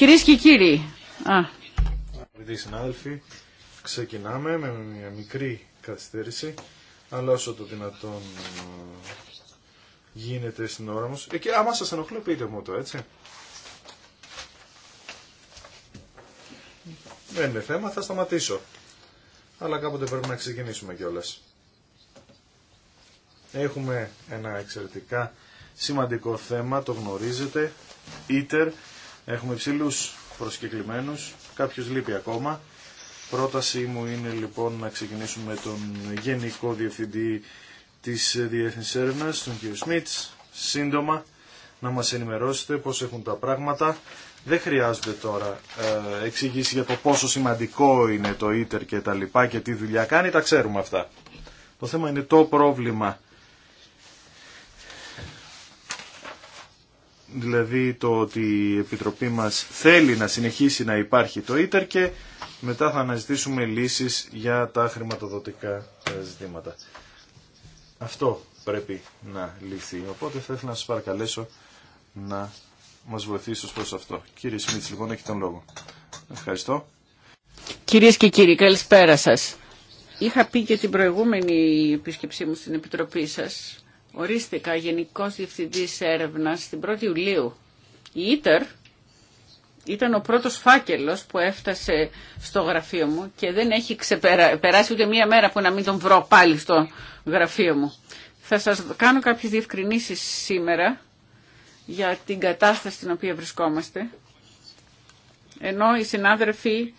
Κυρίε και κύριοι. Αγαπητοί συνάδελφοι, ξεκινάμε με μια μικρή καθυστέρηση, αλλά όσο το δυνατόν ε, γίνεται στην ώρα μας. Ε, και άμα σας ενοχλεί πείτε μου το, έτσι. Δεν είναι θέμα, θα σταματήσω. Αλλά κάποτε πρέπει να ξεκινήσουμε κιόλα. Έχουμε ένα εξαιρετικά σημαντικό θέμα, το γνωρίζετε. Ιτερ, Έχουμε υψηλού προσκεκλημένους, κάποιο λείπει ακόμα. Πρότασή μου είναι λοιπόν να ξεκινήσουμε τον Γενικό Διευθυντή της Διεθνής Έρευνας, τον κ. Σμίτς, σύντομα να μας ενημερώσετε πώς έχουν τα πράγματα. Δεν χρειάζεται τώρα ε, εξηγήσει για το πόσο σημαντικό είναι το ίτερ και τα λοιπά και τι δουλειά κάνει, τα ξέρουμε αυτά. Το θέμα είναι το πρόβλημα δηλαδή το ότι η Επιτροπή μας θέλει να συνεχίσει να υπάρχει το ίτερ και μετά θα αναζητήσουμε λύσεις για τα χρηματοδοτικά ε, ζητήματα. Αυτό πρέπει να λυθεί. Οπότε θα ήθελα να σας παρακαλέσω να μας βοηθήσει ως προς αυτό. Κύριε Σμίτς, λοιπόν, έχει τον λόγο. Ευχαριστώ. Κυρίες και κύριοι, καλησπέρα σας. Είχα πει και την προηγούμενη επίσκεψή μου στην Επιτροπή σας ορίστηκα Γενικός Διευθυντής Έρευνα την 1η Ιουλίου. Η ΙΤΕΡ ήταν ο πρώτος φάκελος που έφτασε στο γραφείο μου και δεν έχει περάσει ούτε μία μέρα που να μην τον βρω πάλι στο γραφείο μου. Θα σας κάνω κάποιες διευκρινήσεις σήμερα για την κατάσταση στην οποία βρισκόμαστε, ενώ οι συνάδελφοι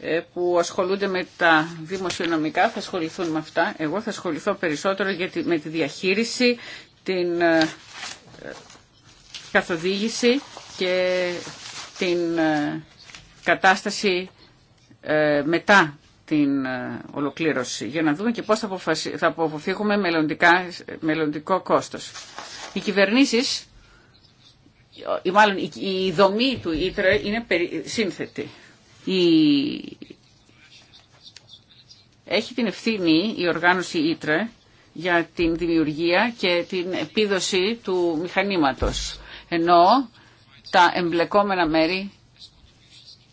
ε, που ασχολούνται με τα δημοσιονομικά θα ασχοληθούν με αυτά. Εγώ θα ασχοληθώ περισσότερο με τη διαχείριση, την ε, καθοδήγηση και την ε, κατάσταση μετά την ολοκλήρωση για να δούμε και πώς θα, αποφύγουμε μελλοντικό κόστος. Οι κυβερνήσεις, ή μάλλον η δομή του ΙΤΡΕ είναι σύνθετη η... έχει την ευθύνη η οργάνωση Ήτρε για την δημιουργία και την επίδοση του μηχανήματος, ενώ τα εμπλεκόμενα μέρη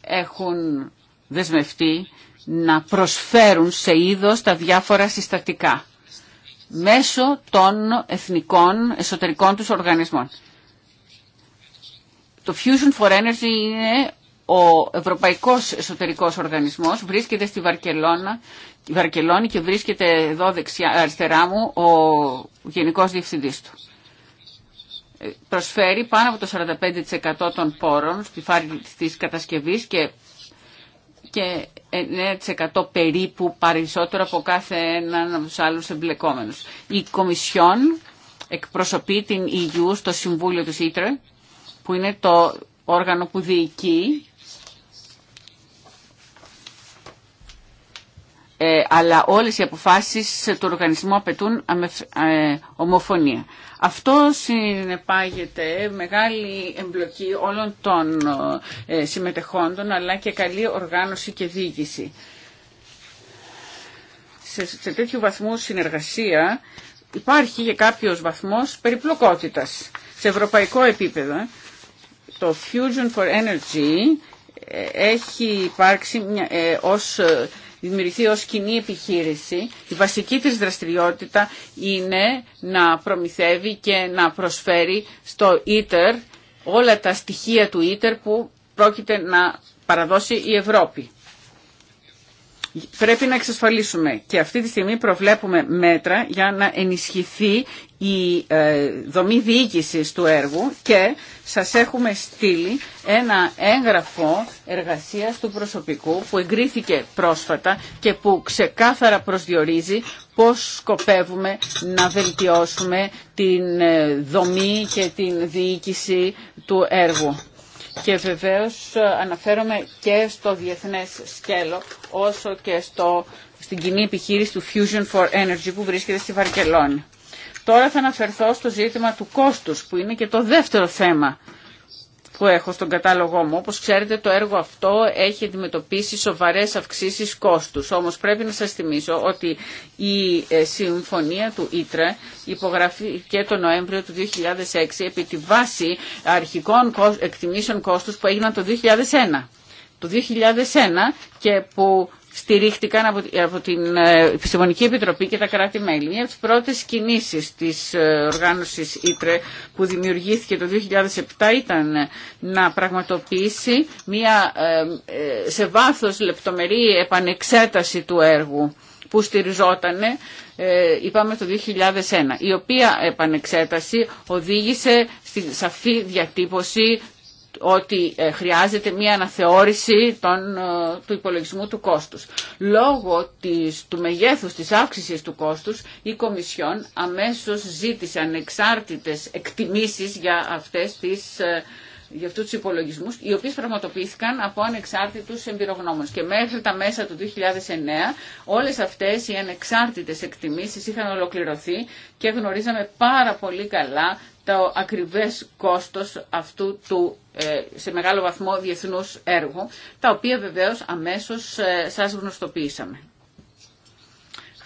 έχουν δεσμευτεί να προσφέρουν σε είδος τα διάφορα συστατικά μέσω των εθνικών εσωτερικών τους οργανισμών. Το Fusion for Energy είναι ο Ευρωπαϊκός Εσωτερικός Οργανισμός βρίσκεται στη Βαρκελόνα, Βαρκελόνη και βρίσκεται εδώ δεξιά, αριστερά μου ο Γενικός Διευθυντής του. Ε, προσφέρει πάνω από το 45% των πόρων στη φάρη της κατασκευής και, και 9% περίπου παρισσότερο από κάθε έναν από τους άλλους εμπλεκόμενους. Η Κομισιόν εκπροσωπεί την EU στο Συμβούλιο του ΣΥΤΡΕ που είναι το όργανο που διοικεί Ε, αλλά όλες οι αποφάσεις του οργανισμού απαιτούν ε, ομοφωνία. Αυτό συνεπάγεται μεγάλη εμπλοκή όλων των ε, συμμετεχόντων, αλλά και καλή οργάνωση και διοίκηση. Σε, τέτοιου βαθμού συνεργασία υπάρχει για κάποιος βαθμός περιπλοκότητας. Σε ευρωπαϊκό επίπεδο το Fusion for Energy έχει υπάρξει μια, ως δημιουργηθεί ως κοινή επιχείρηση, η βασική της δραστηριότητα είναι να προμηθεύει και να προσφέρει στο ίτερ όλα τα στοιχεία του ίτερ που πρόκειται να παραδώσει η Ευρώπη. Πρέπει να εξασφαλίσουμε και αυτή τη στιγμή προβλέπουμε μέτρα για να ενισχυθεί η ε, δομή διοίκηση του έργου και σας έχουμε στείλει ένα έγγραφο εργασίας του προσωπικού που εγκρίθηκε πρόσφατα και που ξεκάθαρα προσδιορίζει πώς σκοπεύουμε να βελτιώσουμε την ε, δομή και την διοίκηση του έργου. Και βεβαίως ε, αναφέρομαι και στο διεθνές σκέλο, όσο και στο, στην κοινή επιχείρηση του Fusion for Energy που βρίσκεται στη Βαρκελόνη. Τώρα θα αναφερθώ στο ζήτημα του κόστους, που είναι και το δεύτερο θέμα που έχω στον κατάλογό μου. Όπως ξέρετε το έργο αυτό έχει αντιμετωπίσει σοβαρές αυξήσεις κόστους. Όμως πρέπει να σας θυμίσω ότι η ε, συμφωνία του υπογραφεί και το Νοέμβριο του 2006 επί τη βάση αρχικών εκτιμήσεων κόστους που έγιναν το 2001. Το 2001 και που στηρίχτηκαν από την ε, Επιστημονική Επιτροπή και τα κράτη-μέλη. Μία από τις πρώτες κινήσεις της ε, οργάνωσης ΙΤΡΕ που δημιουργήθηκε το 2007 ήταν ε, να πραγματοποιήσει μία σε βάθος λεπτομερή επανεξέταση του έργου που στηριζόταν, είπαμε το 2001, η οποία επανεξέταση οδήγησε στη σαφή διατύπωση ότι ε, χρειάζεται μία αναθεώρηση των, ε, του υπολογισμού του κόστους. Λόγω της, του μεγέθους της αύξησης του κόστους, η Κομισιόν αμέσως ζήτησε ανεξάρτητες εκτιμήσεις για, αυτές τις, ε, για αυτούς τους υπολογισμούς, οι οποίες πραγματοποιήθηκαν από ανεξάρτητους εμπειρογνώμους. Και μέχρι τα μέσα του 2009 όλες αυτές οι ανεξάρτητες εκτιμήσεις είχαν ολοκληρωθεί και γνωρίζαμε πάρα πολύ καλά το ακριβές κόστος αυτού του ε, σε μεγάλο βαθμό διεθνούς έργου, τα οποία βεβαίως αμέσως ε, σας γνωστοποίησαμε.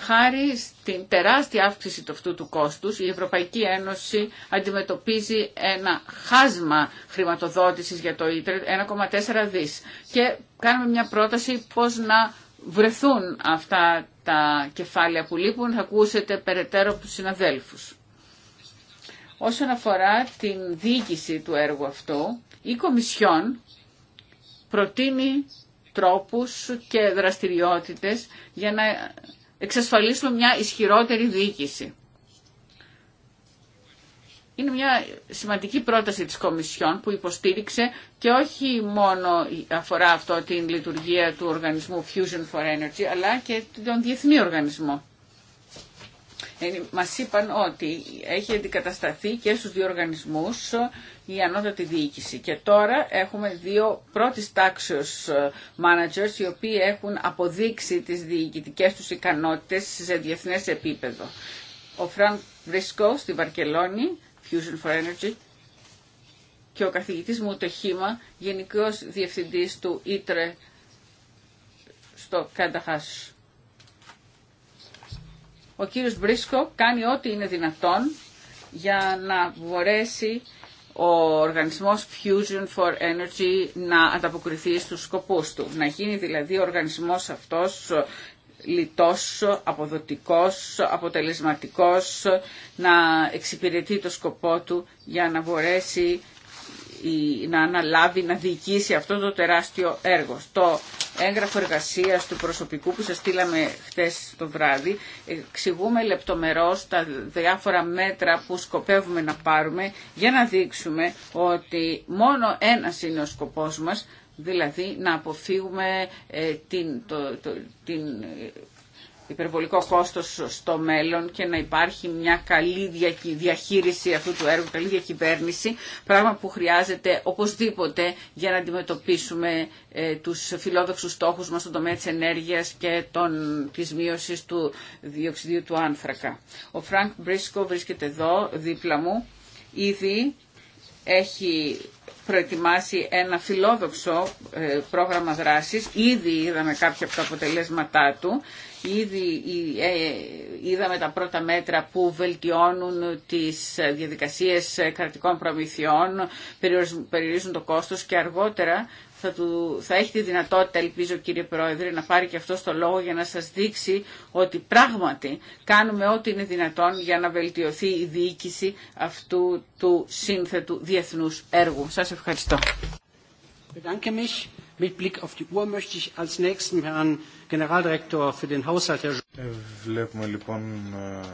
Χάρη στην τεράστια αύξηση του αυτού του κόστους, η Ευρωπαϊκή Ένωση αντιμετωπίζει ένα χάσμα χρηματοδότησης για το ΙΤΡΕ, 1,4 δις. Και κάνουμε μια πρόταση πώς να βρεθούν αυτά τα κεφάλαια που λείπουν. Θα ακούσετε περαιτέρω από τους συναδέλφους. Όσον αφορά την διοίκηση του έργου αυτού, η Κομισιόν προτείνει τρόπους και δραστηριότητες για να εξασφαλίσουμε μια ισχυρότερη διοίκηση. Είναι μια σημαντική πρόταση της Κομισιόν που υποστήριξε και όχι μόνο αφορά αυτό την λειτουργία του οργανισμού Fusion for Energy αλλά και τον διεθνή οργανισμό μας είπαν ότι έχει αντικατασταθεί και στους δύο οργανισμούς η ανώτατη διοίκηση. Και τώρα έχουμε δύο πρώτης τάξεως ε, managers οι οποίοι έχουν αποδείξει τις διοικητικές τους ικανότητες σε διεθνές επίπεδο. Ο Φρανκ Βρίσκο στη Βαρκελόνη, Fusion for Energy, και ο καθηγητής μου το Χήμα, γενικός διευθυντής του Ήτρε στο Κανταχάσου ο κύριος Μπρίσκο κάνει ό,τι είναι δυνατόν για να μπορέσει ο οργανισμός Fusion for Energy να ανταποκριθεί στους σκοπούς του. Να γίνει δηλαδή ο οργανισμός αυτός λιτός, αποδοτικός, αποτελεσματικός, να εξυπηρετεί το σκοπό του για να μπορέσει να αναλάβει, να διοικήσει αυτό το τεράστιο έργο. Το έγγραφο εργασία του προσωπικού που σα στείλαμε χθε το βράδυ εξηγούμε λεπτομερώς τα διάφορα μέτρα που σκοπεύουμε να πάρουμε για να δείξουμε ότι μόνο ένα είναι ο σκοπός μας, δηλαδή να αποφύγουμε ε, την, την υπερβολικό κόστος στο μέλλον και να υπάρχει μια καλή διαχείριση αυτού του έργου, καλή διακυβέρνηση, πράγμα που χρειάζεται οπωσδήποτε για να αντιμετωπίσουμε ε, τους φιλόδοξους στόχους μας στον τομέα της ενέργειας και των, της μείωσης του διοξιδίου του άνθρακα. Ο Φρανκ Μπρίσκο βρίσκεται εδώ δίπλα μου, ήδη έχει προετοιμάσει ένα φιλόδοξο ε, πρόγραμμα δράσης. Ήδη είδαμε κάποια από τα αποτελέσματά του Ήδη ε, είδαμε τα πρώτα μέτρα που βελτιώνουν τις διαδικασίες κρατικών προμηθειών, περιορίζουν το κόστος και αργότερα θα, θα έχει τη δυνατότητα, ελπίζω κύριε Πρόεδρε, να πάρει και αυτό το λόγο για να σας δείξει ότι πράγματι κάνουμε ό,τι είναι δυνατόν για να βελτιωθεί η διοίκηση αυτού του σύνθετου διεθνούς έργου. Σας ευχαριστώ. Mit Blick auf die Uhr möchte ich als nächsten Herrn Generaldirektor für den Haushalt, Herr ε, Βλέπουμε λοιπόν ε,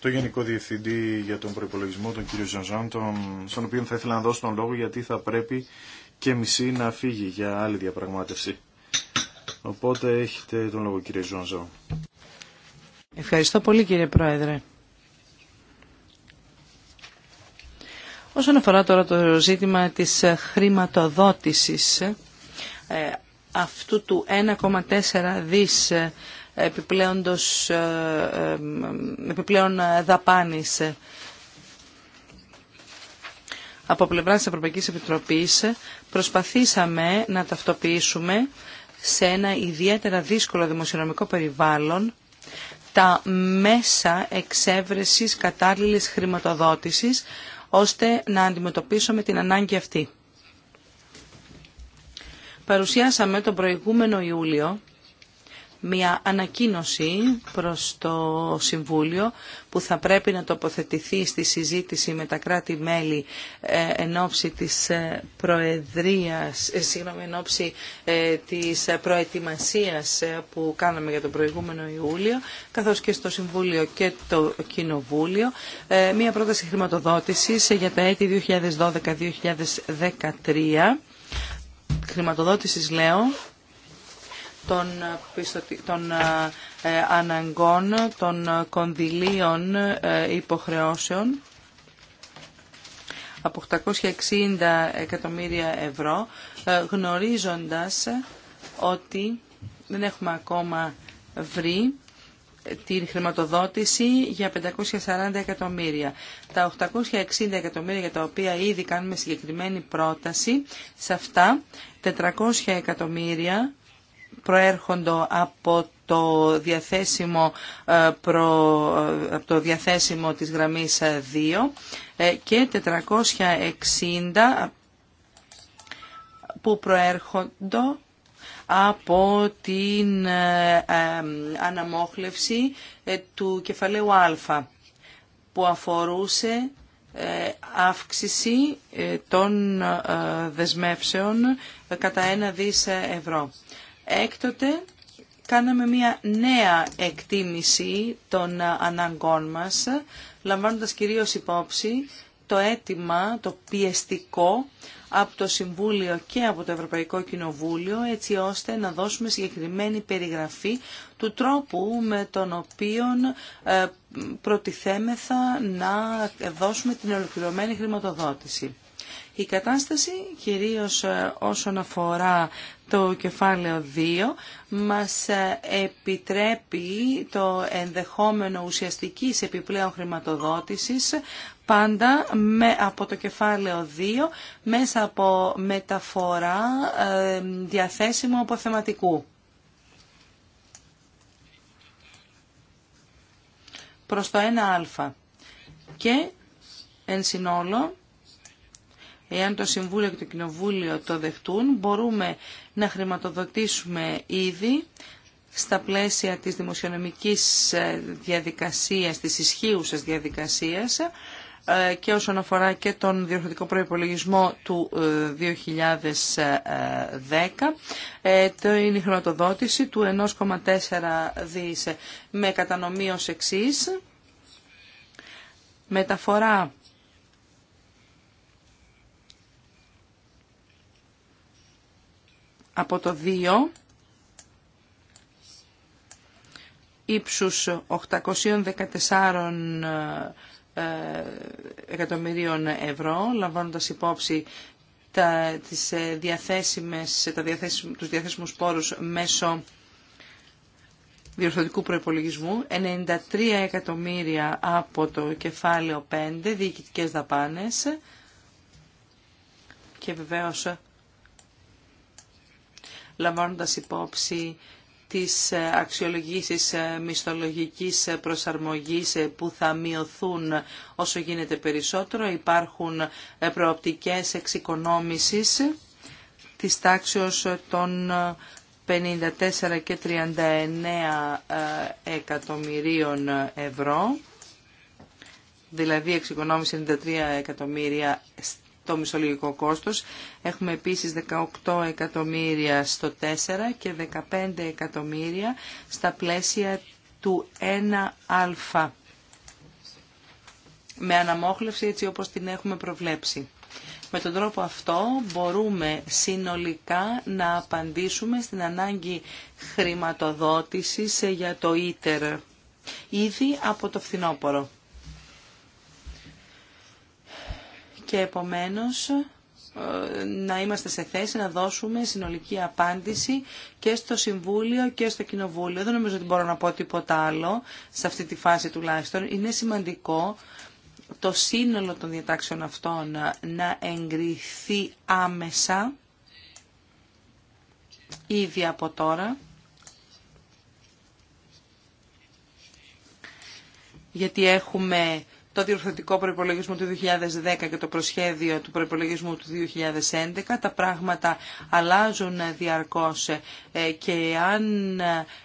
το Γενικό Διευθυντή για τον Προπολογισμό, τον κύριο Ζανζάν, τον, στον οποίο θα ήθελα να δώσω τον λόγο γιατί θα πρέπει και μισή να φύγει για άλλη διαπραγμάτευση. Οπότε έχετε τον λόγο κύριε Ζανζάν. Ευχαριστώ πολύ κύριε Πρόεδρε. Όσον αφορά τώρα το ζήτημα της ε, χρηματοδότησης ε, ε, αυτού του 1,4 δις επιπλέον δαπάνης από πλευρά της Ευρωπαϊκής Επιτροπής προσπαθήσαμε να ταυτοποιήσουμε σε ένα ιδιαίτερα δύσκολο δημοσιονομικό περιβάλλον τα μέσα εξέβρεσης κατάλληλης χρηματοδότησης ώστε να αντιμετωπίσουμε την ανάγκη αυτή. Παρουσιάσαμε τον προηγούμενο Ιούλιο μια ανακοίνωση προς το Συμβούλιο που θα πρέπει να τοποθετηθεί στη συζήτηση με τα κράτη-μέλη ε, εν ώψη της ε, προεδρίας, ε, συγγνώμη, εν της προετοιμασίας που κάναμε για τον προηγούμενο Ιούλιο, καθώς και στο Συμβούλιο και το Κοινοβούλιο, μια πρόταση χρηματοδότησης για τα έτη 2012-2013, χρηματοδότησης λέω, των, των ε, ε, αναγκών, των κονδυλίων ε, υποχρεώσεων από 860 εκατομμύρια ευρώ, γνωρίζοντας ότι δεν έχουμε ακόμα βρει την χρηματοδότηση για 540 εκατομμύρια. Τα 860 εκατομμύρια για τα οποία ήδη κάνουμε συγκεκριμένη πρόταση, σε αυτά 400 εκατομμύρια προέρχοντο από το διαθέσιμο, ε, προ, ε, από το διαθέσιμο της γραμμής 2 ε, και 460 που προέρχοντο από την αναμόχλευση του κεφαλαίου Α που αφορούσε αύξηση των δεσμεύσεων κατά ένα δις ευρώ. Έκτοτε κάναμε μια νέα εκτίμηση των αναγκών μας, λαμβάνοντας κυρίως υπόψη το αίτημα, το πιεστικό από το Συμβούλιο και από το Ευρωπαϊκό Κοινοβούλιο, έτσι ώστε να δώσουμε συγκεκριμένη περιγραφή του τρόπου με τον οποίο ε, προτιθέμεθα να δώσουμε την ολοκληρωμένη χρηματοδότηση. Η κατάσταση, κυρίως ε, όσον αφορά το κεφάλαιο 2, μας ε, επιτρέπει το ενδεχόμενο ουσιαστικής επιπλέον χρηματοδότησης πάντα με, από το κεφάλαιο 2 μέσα από μεταφορά ε, διαθέσιμου αποθεματικού. Προς το 1α και εν συνόλο Εάν το Συμβούλιο και το Κοινοβούλιο το δεχτούν, μπορούμε να χρηματοδοτήσουμε ήδη στα πλαίσια της δημοσιονομικής ε, διαδικασίας, της ισχύουσας διαδικασίας ε, και όσον αφορά και τον διορθωτικό προϋπολογισμό του 2010, ε, το είναι η χρηματοδότηση του 1,4 δις με κατανομή ως εξής, μεταφορά από το 2 ύψους 814 ε, εκατομμυρίων ευρώ, λαμβάνοντας υπόψη τα, τις ε, διαθέσιμες, τα τους διαθέσιμους πόρους μέσω διορθωτικού προϋπολογισμού, 93 εκατομμύρια από το κεφάλαιο 5, διοικητικές δαπάνες και βεβαίως λαμβάνοντας υπόψη τις ε, αξιολογήσεις ε, μισθολογικής ε, προσαρμογής που θα μειωθούν όσο γίνεται περισσότερο. Υπάρχουν προοπτικές εξοικονόμησης της τάξεως των 54 και 39 εκατομμυρίων ευρώ, δηλαδή εξοικονόμηση 93 εκατομμύρια το μισολογικό κόστος. Έχουμε επίσης 18 εκατομμύρια στο 4 και 15 εκατομμύρια στα πλαίσια του 1α με αναμόχλευση έτσι όπως την έχουμε προβλέψει. Με τον τρόπο αυτό μπορούμε συνολικά να απαντήσουμε στην ανάγκη χρηματοδότησης για το ίτερ ήδη από το φθινόπωρο. και επομένως ε, να είμαστε σε θέση να δώσουμε συνολική απάντηση και στο Συμβούλιο και στο Κοινοβούλιο. Δεν νομίζω ότι μπορώ να πω τίποτα άλλο, σε αυτή τη φάση τουλάχιστον. Είναι σημαντικό το σύνολο των διατάξεων αυτών να εγκριθεί άμεσα, ήδη από τώρα, γιατί έχουμε το διορθωτικό προπολογισμό του 2010 και το προσχέδιο του προπολογισμού του 2011. Τα πράγματα αλλάζουν διαρκώς ε, και αν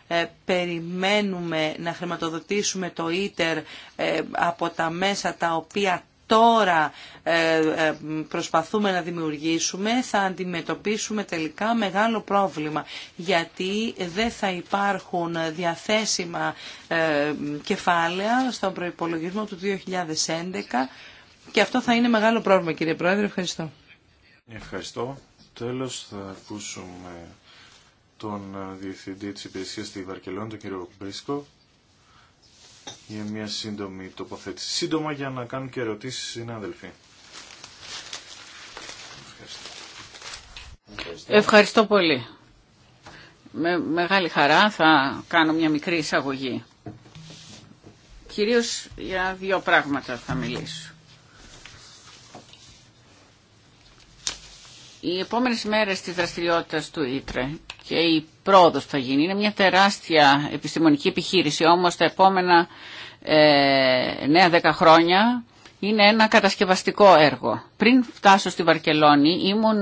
ε, περιμένουμε να χρηματοδοτήσουμε το ίτερ ε, από τα μέσα τα οποία τώρα ε, ε, προσπαθούμε να δημιουργήσουμε θα αντιμετωπίσουμε τελικά μεγάλο πρόβλημα γιατί δεν θα υπάρχουν διαθέσιμα ε, κεφάλαια στον προϋπολογισμό του 2011 και αυτό θα είναι μεγάλο πρόβλημα κύριε Πρόεδρε. Ευχαριστώ. Ευχαριστώ. Τέλος θα ακούσουμε τον Διευθυντή της Υπηρεσίας στη Βαρκελόνη, τον κύριο Μπρίσκο για μια σύντομη τοποθέτηση. Σύντομα για να κάνουν και ερωτήσεις συνάδελφοι. Ευχαριστώ. Ευχαριστώ πολύ. Με μεγάλη χαρά θα κάνω μια μικρή εισαγωγή. Κυρίως για δύο πράγματα θα μιλήσω. Οι επόμενες μέρες της δραστηριότητας του Ήτρε και η πρόοδος που θα γίνει. Είναι μια τεράστια επιστημονική επιχείρηση, όμως τα επόμενα ε, νέα δέκα χρόνια είναι ένα κατασκευαστικό έργο. Πριν φτάσω στη Βαρκελόνη ήμουν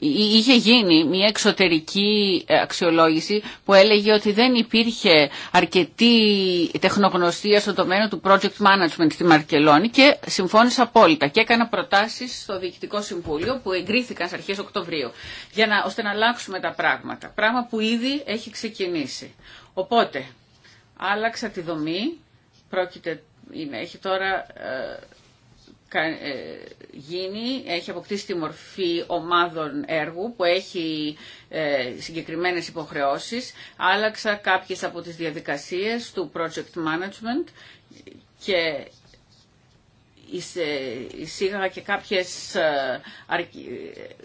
είχε γίνει μια εξωτερική αξιολόγηση που έλεγε ότι δεν υπήρχε αρκετή τεχνογνωσία στον τομέα του project management στη Μαρκελόνη και συμφώνησα απόλυτα και έκανα προτάσεις στο Διοικητικό Συμβούλιο που εγκρίθηκαν στις αρχές Οκτωβρίου για να, ώστε να αλλάξουμε τα πράγματα, πράγμα που ήδη έχει ξεκινήσει. Οπότε, άλλαξα τη δομή, πρόκειται, έχει τώρα... Ε, ε, γίνει, έχει αποκτήσει τη μορφή ομάδων έργου που έχει ε, συγκεκριμένες υποχρεώσεις. Άλλαξα κάποιες από τις διαδικασίες του project management και εισήγαγα και κάποιες ε,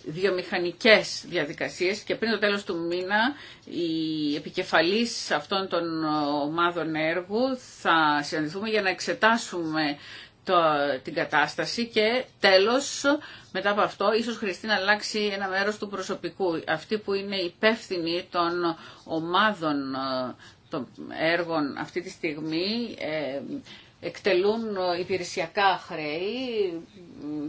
βιομηχανικές διαδικασίες και πριν το τέλος του μήνα οι επικεφαλής αυτών των ομάδων έργου θα συναντηθούμε για να εξετάσουμε το, την κατάσταση και τέλος μετά από αυτό ίσως χρειαστεί να αλλάξει ένα μέρος του προσωπικού. Αυτοί που είναι υπεύθυνοι των ομάδων ε, των έργων αυτή τη στιγμή ε, εκτελούν υπηρεσιακά χρέη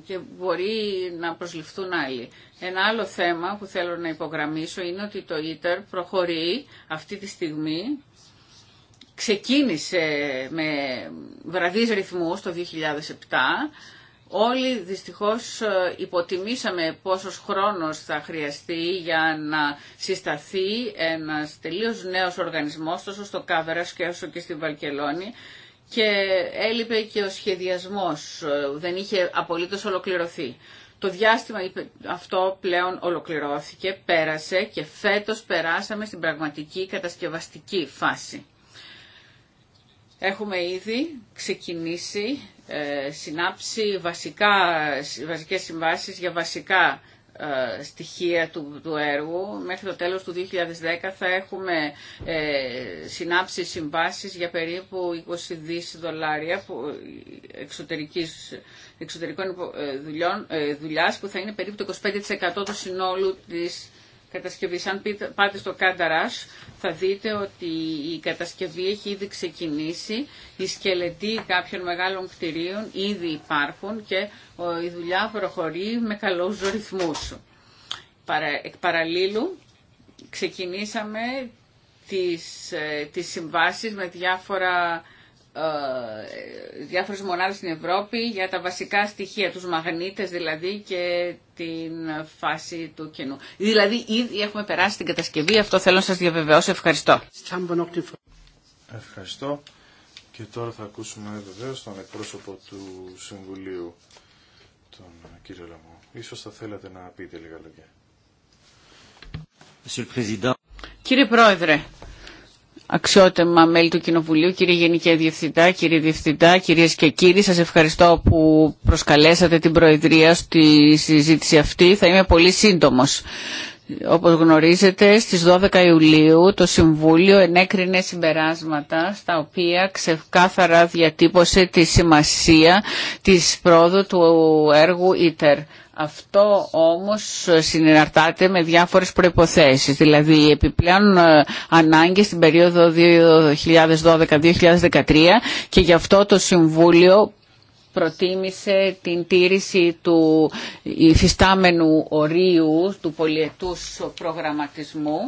και μπορεί να προσληφθούν άλλοι. Ένα άλλο θέμα που θέλω να υπογραμμίσω είναι ότι το ΙΤΕΡ προχωρεί αυτή τη στιγμή ξεκίνησε με βραδείς ρυθμούς το 2007. Όλοι δυστυχώς ε, υποτιμήσαμε πόσος χρόνος θα χρειαστεί για να συσταθεί ένας τελείως νέος οργανισμός τόσο στο Κάβερας και όσο και στην Βαλκελόνη και έλειπε και ο σχεδιασμός, ε, δεν είχε απολύτως ολοκληρωθεί. Το διάστημα αυτό πλέον ολοκληρώθηκε, πέρασε και φέτος περάσαμε στην πραγματική κατασκευαστική φάση. Έχουμε ήδη ξεκινήσει, ε, συνάψει βασικά, βασικές συμβάσεις για βασικά ε, στοιχεία του, του έργου. Μέχρι το τέλος του 2010 θα έχουμε ε, συνάψει συμβάσεις για περίπου 20 δις δολάρια που, εξωτερικής, εξωτερικών ε, δουλειών, ε, δουλειάς που θα είναι περίπου το 25% του συνόλου της αν πάτε στο Κανταράς θα δείτε ότι η κατασκευή έχει ήδη ξεκινήσει, οι σκελετοί κάποιων μεγάλων κτηρίων ήδη υπάρχουν και η δουλειά προχωρεί με καλούς ρυθμούς. Εκ παραλίλου ξεκινήσαμε τις, ε, τις συμβάσεις με διάφορα ε, διάφορες μονάδες στην Ευρώπη για τα βασικά στοιχεία, τους μαγνήτες δηλαδή και την φάση του κενού. Δηλαδή ήδη έχουμε περάσει την κατασκευή, αυτό θέλω να σας διαβεβαιώσω. Ευχαριστώ. Ευχαριστώ. Και τώρα θα ακούσουμε βεβαίως τον εκπρόσωπο του Συμβουλίου, τον κύριο Λαμό. Ίσως θα θέλατε να πείτε λίγα λόγια. Κύριε Πρόεδρε, αξιότιμα μέλη του Κοινοβουλίου, κύριε Γενική Διευθυντά, κύριε Διευθυντά, κυρίες και κύριοι, σας ευχαριστώ που προσκαλέσατε την Προεδρία στη συζήτηση αυτή. Θα είμαι πολύ σύντομο. Όπως γνωρίζετε, στις 12 Ιουλίου το Συμβούλιο ενέκρινε συμπεράσματα στα οποία ξεκάθαρα διατύπωσε τη σημασία της πρόοδου του έργου ΙΤΕΡ. Αυτό όμως συνεναρτάται με διάφορες προϋποθέσεις, δηλαδή επιπλέον ε, ανάγκες στην περίοδο 2012-2013 και γι' αυτό το Συμβούλιο προτίμησε την τήρηση του υφιστάμενου ορίου του πολιετούς προγραμματισμού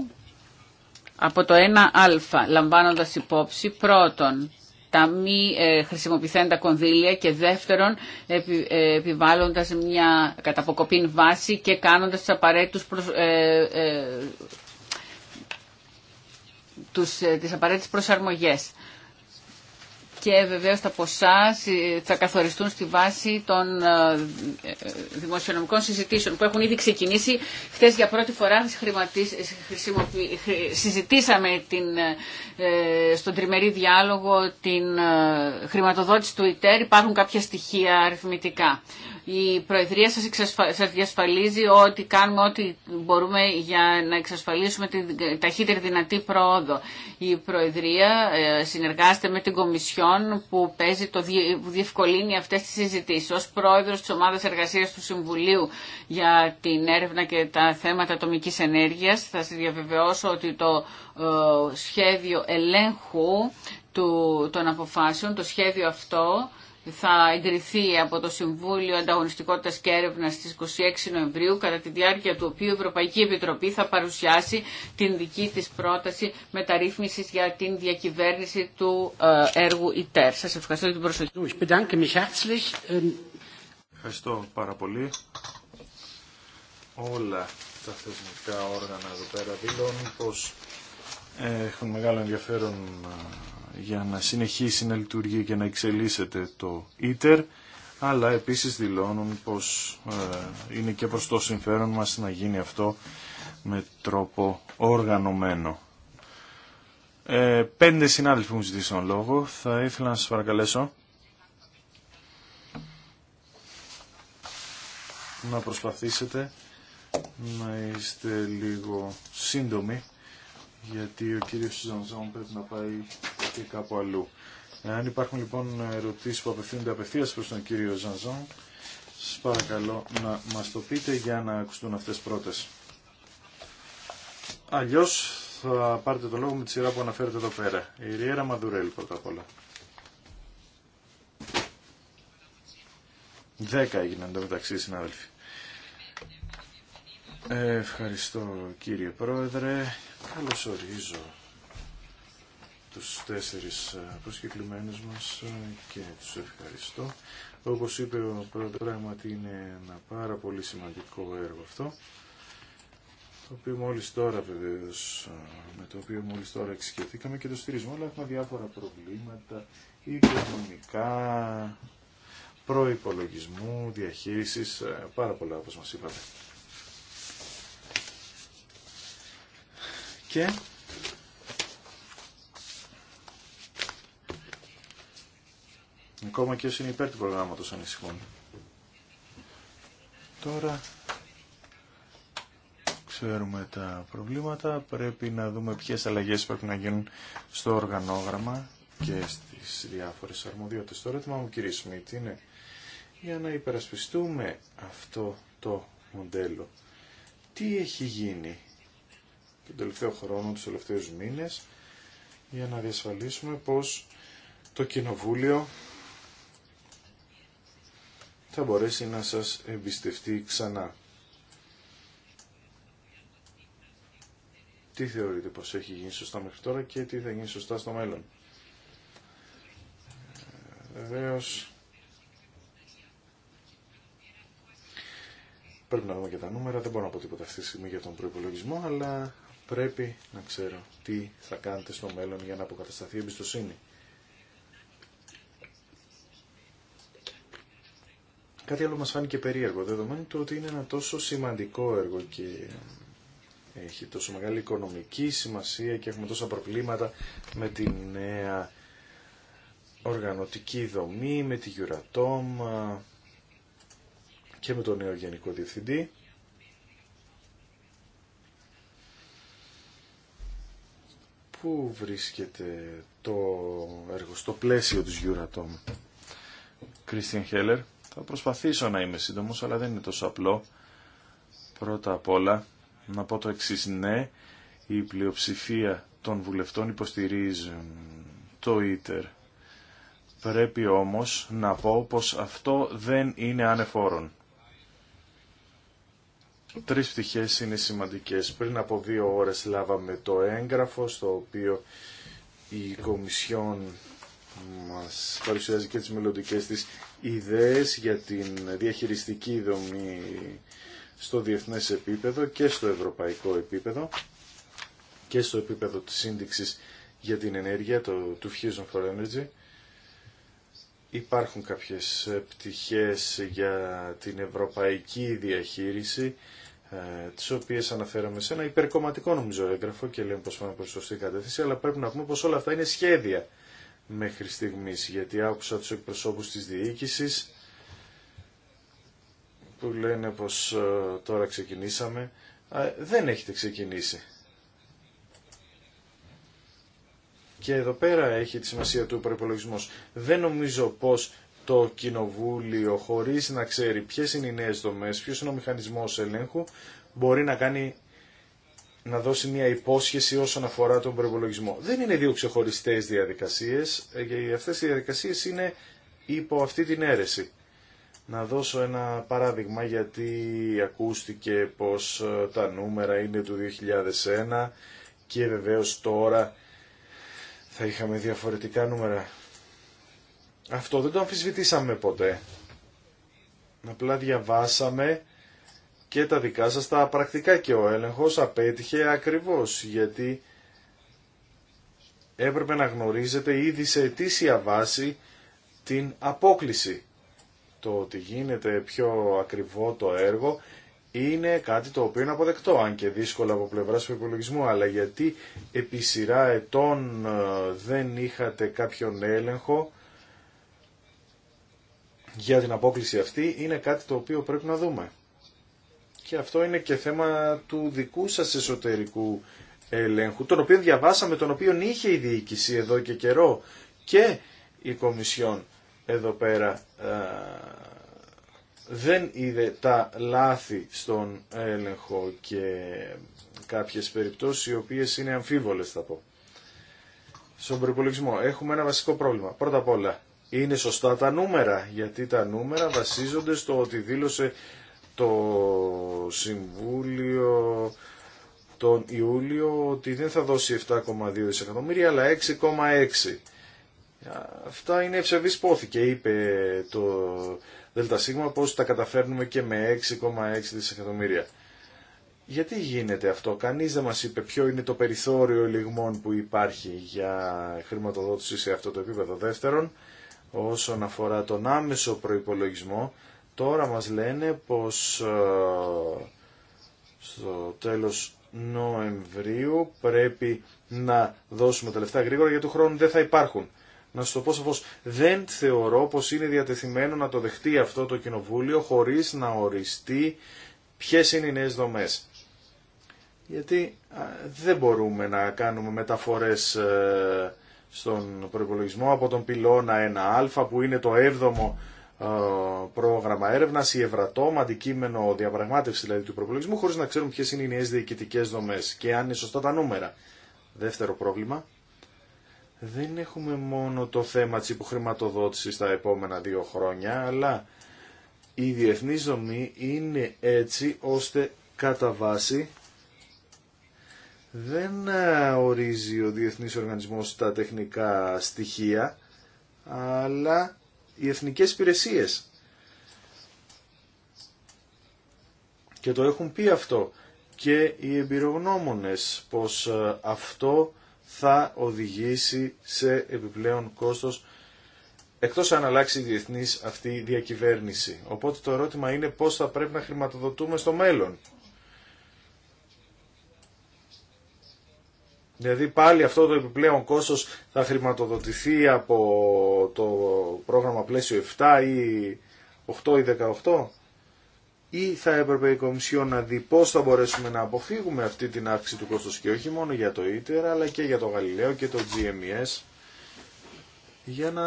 από το 1α, λαμβάνοντας υπόψη πρώτον τα μη ε, χρησιμοποιηθέντα κονδύλια και δεύτερον ε, επιβάλλοντας μια καταποκοπήν βάση και κάνοντας τους απαραίτητους προσαρμογέ. Ε, τις απαραίτητες προσαρμογές και βεβαίως τα ποσά θα καθοριστούν στη βάση των ε, ε, δημοσιονομικών συζητήσεων που έχουν ήδη ξεκινήσει. Χθες για πρώτη φορά συζητήσαμε την, ε, στον τριμερή διάλογο την χρηματοδότηση του ΙΤΕΡ. Υπάρχουν κάποια στοιχεία αριθμητικά η Προεδρία σας διασφαλίζει ότι κάνουμε ό,τι μπορούμε για να εξασφαλίσουμε την ταχύτερη δυνατή πρόοδο. Η Προεδρία ε, συνεργάζεται με την Κομισιόν που, παίζει το, διευκολύνει αυτές τις συζητήσεις. Ως Πρόεδρος της Ομάδας Εργασίας του Συμβουλίου για την έρευνα και τα θέματα ατομικής ενέργειας θα σας διαβεβαιώσω ότι το ε, σχέδιο ελέγχου του, των αποφάσεων, το σχέδιο αυτό θα εγκριθεί από το Συμβούλιο Ανταγωνιστικότητα και έρευνα στι 26 Νοεμβρίου, κατά τη διάρκεια του οποίου η Ευρωπαϊκή Επιτροπή θα παρουσιάσει την δική τη πρόταση μεταρρύθμιση για την διακυβέρνηση του ε, έργου ΙΤΕΡ. Σα ευχαριστώ για την προσοχή. Ähm, ευχαριστώ πάρα πολύ. Όλα τα θεσμικά όργανα εδώ πέρα δηλώνουν πως ε, έχουν μεγάλο ενδιαφέρον ε, για να συνεχίσει να λειτουργεί και να εξελίσσεται το ίτερ αλλά επίσης δηλώνουν πως ε, είναι και προς το συμφέρον μας να γίνει αυτό με τρόπο οργανωμένο. Ε, πέντε συνάδελφοι μου ζητήσαν λόγο. Θα ήθελα να σας παρακαλέσω να προσπαθήσετε να είστε λίγο σύντομοι γιατί ο κύριος Ζανζόν πρέπει να πάει και κάπου αλλού. Αν υπάρχουν λοιπόν ερωτήσεις που απευθύνονται απευθείας προς τον κύριο Ζανζόν, σας παρακαλώ να μας το πείτε για να ακουστούν αυτές πρώτες. Αλλιώς θα πάρετε το λόγο με τη σειρά που αναφέρετε εδώ πέρα. Η Ριέρα Μαδουρέλ πρώτα απ' όλα. Δέκα έγιναν το μεταξύ συνάδελφοι. Ε, ευχαριστώ κύριε Πρόεδρε. Καλώς ορίζω τους τέσσερις ε, προσκεκλημένους μας ε, και τους ευχαριστώ. Όπως είπε ο πρώτος, πράγματι είναι ένα πάρα πολύ σημαντικό έργο αυτό, το οποίο μόλις τώρα βεβαίω, ε, με το οποίο μόλις τώρα εξοικειωθήκαμε και το στηρίζουμε, αλλά έχουμε διάφορα προβλήματα, οικονομικά, προϋπολογισμού, διαχείρισης, πάρα πολλά όπως μας είπατε. Και Ακόμα και όσοι είναι υπέρ του προγράμματος ανησυχούν. Τώρα ξέρουμε τα προβλήματα, πρέπει να δούμε ποιες αλλαγές πρέπει να γίνουν στο οργανόγραμμα και στις διάφορες αρμοδιότητες. Το ερώτημα μου κύριε Σμίτ είναι για να υπερασπιστούμε αυτό το μοντέλο. Τι έχει γίνει τον τελευταίο χρόνο, του τελευταίους μήνες για να διασφαλίσουμε πως το Κοινοβούλιο θα μπορέσει να σας εμπιστευτεί ξανά. Τι θεωρείτε πως έχει γίνει σωστά μέχρι τώρα και τι θα γίνει σωστά στο μέλλον. Βεβαίω. Πρέπει να δούμε και τα νούμερα, δεν μπορώ να πω τίποτα αυτή τη στιγμή για τον προπολογισμό, αλλά πρέπει να ξέρω τι θα κάνετε στο μέλλον για να αποκατασταθεί η εμπιστοσύνη. Κάτι άλλο μας φάνηκε περίεργο, δεδομένου του ότι είναι ένα τόσο σημαντικό έργο και έχει τόσο μεγάλη οικονομική σημασία και έχουμε τόσα προβλήματα με τη νέα οργανωτική δομή, με τη Γιουρατόμα και με τον νέο Γενικό Διευθυντή. Πού βρίσκεται το έργο στο πλαίσιο της γιουρατόμ, Κρίστιαν Χέλλερ. Θα προσπαθήσω να είμαι σύντομος, αλλά δεν είναι τόσο απλό. Πρώτα απ' όλα, να πω το εξής, ναι, η πλειοψηφία των βουλευτών υποστηρίζουν το ίτερ. Πρέπει όμως να πω πως αυτό δεν είναι ανεφόρον. Τρεις πτυχές είναι σημαντικές. Πριν από δύο ώρες λάβαμε το έγγραφο στο οποίο η Κομισιόν μας παρουσιάζει και τις μελλοντικές της ιδέες για την διαχειριστική δομή στο διεθνές επίπεδο και στο ευρωπαϊκό επίπεδο και στο επίπεδο της σύνδεξης για την ενέργεια, το, του Fusion for Energy. Υπάρχουν κάποιες πτυχές για την ευρωπαϊκή διαχείριση, ε, τις οποίες αναφέραμε σε ένα υπερκομματικό νομίζω έγγραφο και λέμε πως πάμε προς σωστή κατεύθυνση, αλλά πρέπει να πούμε πως όλα αυτά είναι σχέδια μέχρι στιγμής, γιατί άκουσα τους εκπροσώπους της διοίκησης που λένε πως ε, τώρα ξεκινήσαμε. Δεν έχετε ξεκινήσει. Και εδώ πέρα έχει τη σημασία του προπολογισμού. Δεν νομίζω πως το κοινοβούλιο χωρίς να ξέρει ποιες είναι οι νέες δομές, ποιος είναι ο μηχανισμός ελέγχου, μπορεί να κάνει να δώσει μια υπόσχεση όσον αφορά τον προπολογισμό. Δεν είναι δύο ξεχωριστέ διαδικασίες, γιατί ε, αυτές οι διαδικασίες είναι υπό αυτή την αίρεση. Να δώσω ένα παράδειγμα γιατί ακούστηκε πως ε, τα νούμερα είναι του 2001 και βεβαίως τώρα θα είχαμε διαφορετικά νούμερα. Αυτό δεν το αμφισβητήσαμε ποτέ. Απλά διαβάσαμε και τα δικά σας τα πρακτικά και ο έλεγχος απέτυχε ακριβώς γιατί έπρεπε να γνωρίζετε ήδη σε αιτήσια βάση την απόκληση. Το ότι γίνεται πιο ακριβό το έργο είναι κάτι το οποίο είναι αποδεκτό, αν και δύσκολο από πλευράς του υπολογισμού, αλλά γιατί επί σειρά ετών ε, δεν είχατε κάποιον έλεγχο για την απόκληση αυτή, είναι κάτι το οποίο πρέπει να δούμε και αυτό είναι και θέμα του δικού σας εσωτερικού ελέγχου, τον οποίο διαβάσαμε, τον οποίο είχε η διοίκηση εδώ και καιρό και η Κομισιόν εδώ πέρα ε, δεν είδε τα λάθη στον έλεγχο και κάποιες περιπτώσεις οι οποίες είναι αμφίβολες θα πω. Στον προπολογισμό έχουμε ένα βασικό πρόβλημα. Πρώτα απ' όλα είναι σωστά τα νούμερα γιατί τα νούμερα βασίζονται στο ότι δήλωσε το Συμβούλιο τον Ιούλιο ότι δεν θα δώσει 7,2 δισεκατομμύρια αλλά 6,6. Αυτά είναι ευσεβείς πόθη και είπε το ΔΣ πως τα καταφέρνουμε και με 6,6 δισεκατομμύρια. Γιατί γίνεται αυτό, κανείς δεν μας είπε ποιο είναι το περιθώριο λιγμών που υπάρχει για χρηματοδότηση σε αυτό το επίπεδο. Δεύτερον, όσον αφορά τον άμεσο προϋπολογισμό, Τώρα μας λένε πως ε, στο τέλος Νοεμβρίου πρέπει να δώσουμε τα λεφτά γρήγορα γιατί του χρόνου δεν θα υπάρχουν. Να σου το πω σαφώς, δεν θεωρώ πως είναι διατεθειμένο να το δεχτεί αυτό το κοινοβούλιο χωρίς να οριστεί ποιες είναι οι νέες δομές. Γιατί δεν μπορούμε να κάνουμε μεταφορές ε, στον προπολογισμό από τον πυλώνα 1α που είναι το 7ο ε, πρόγραμμα έρευνα ή ευρατόμα αντικείμενο διαπραγμάτευση δηλαδή του προπολογισμού χωρί να ξέρουν ποιε είναι οι νέε διοικητικέ δομέ και αν είναι σωστά τα νούμερα. Δεύτερο πρόβλημα. Δεν έχουμε μόνο το θέμα της υποχρηματοδότησης τα επόμενα δύο χρόνια, αλλά η διεθνή δομή είναι έτσι ώστε κατά βάση δεν ε, ορίζει ο Διεθνής Οργανισμός τα τεχνικά στοιχεία, αλλά οι εθνικές υπηρεσίες. Και το έχουν πει αυτό και οι εμπειρογνώμονες πως ε, αυτό θα οδηγήσει σε επιπλέον κόστος εκτός αν αλλάξει η διεθνής αυτή διακυβέρνηση. Οπότε το ερώτημα είναι πώς θα πρέπει να χρηματοδοτούμε στο μέλλον Δηλαδή πάλι αυτό το επιπλέον κόστος θα χρηματοδοτηθεί από το πρόγραμμα πλαίσιο 7 ή 8 ή 18 ή θα έπρεπε η Κομισιόν να δει πώς θα μπορέσουμε να αποφύγουμε αυτή την αύξηση του κόστος και όχι μόνο για το ITER αλλά και για το Γαλιλαίο και το GMES για να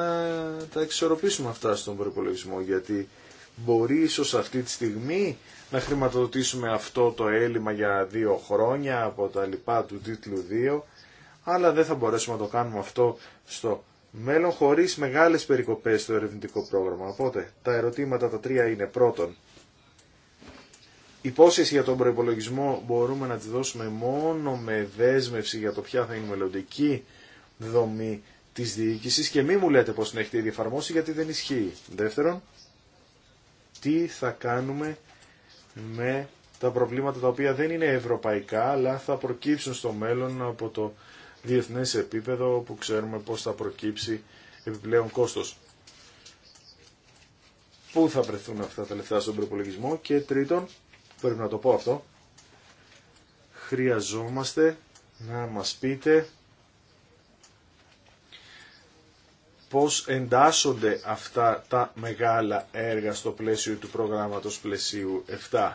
τα εξορροπήσουμε αυτά στον προπολογισμό γιατί μπορεί ίσως αυτή τη στιγμή να χρηματοδοτήσουμε αυτό το έλλειμμα για δύο χρόνια από τα λοιπά του τίτλου 2, αλλά δεν θα μπορέσουμε να το κάνουμε αυτό στο μέλλον χωρίς μεγάλες περικοπές στο ερευνητικό πρόγραμμα. Οπότε τα ερωτήματα τα τρία είναι πρώτον, υπόσχεση για τον προπολογισμό μπορούμε να τη δώσουμε μόνο με δέσμευση για το ποια θα είναι η μελλοντική δομή τη διοίκηση και μη μου λέτε πώ την έχετε ήδη εφαρμόσει γιατί δεν ισχύει. Δεύτερον, τι θα κάνουμε με τα προβλήματα τα οποία δεν είναι ευρωπαϊκά αλλά θα προκύψουν στο μέλλον από το διεθνές επίπεδο που ξέρουμε πώς θα προκύψει επιπλέον κόστος. Πού θα βρεθούν αυτά τα λεφτά στον προπολογισμό και τρίτον, πρέπει να το πω αυτό, χρειαζόμαστε να μας πείτε πώς εντάσσονται αυτά τα μεγάλα έργα στο πλαίσιο του προγράμματος πλαισίου 7.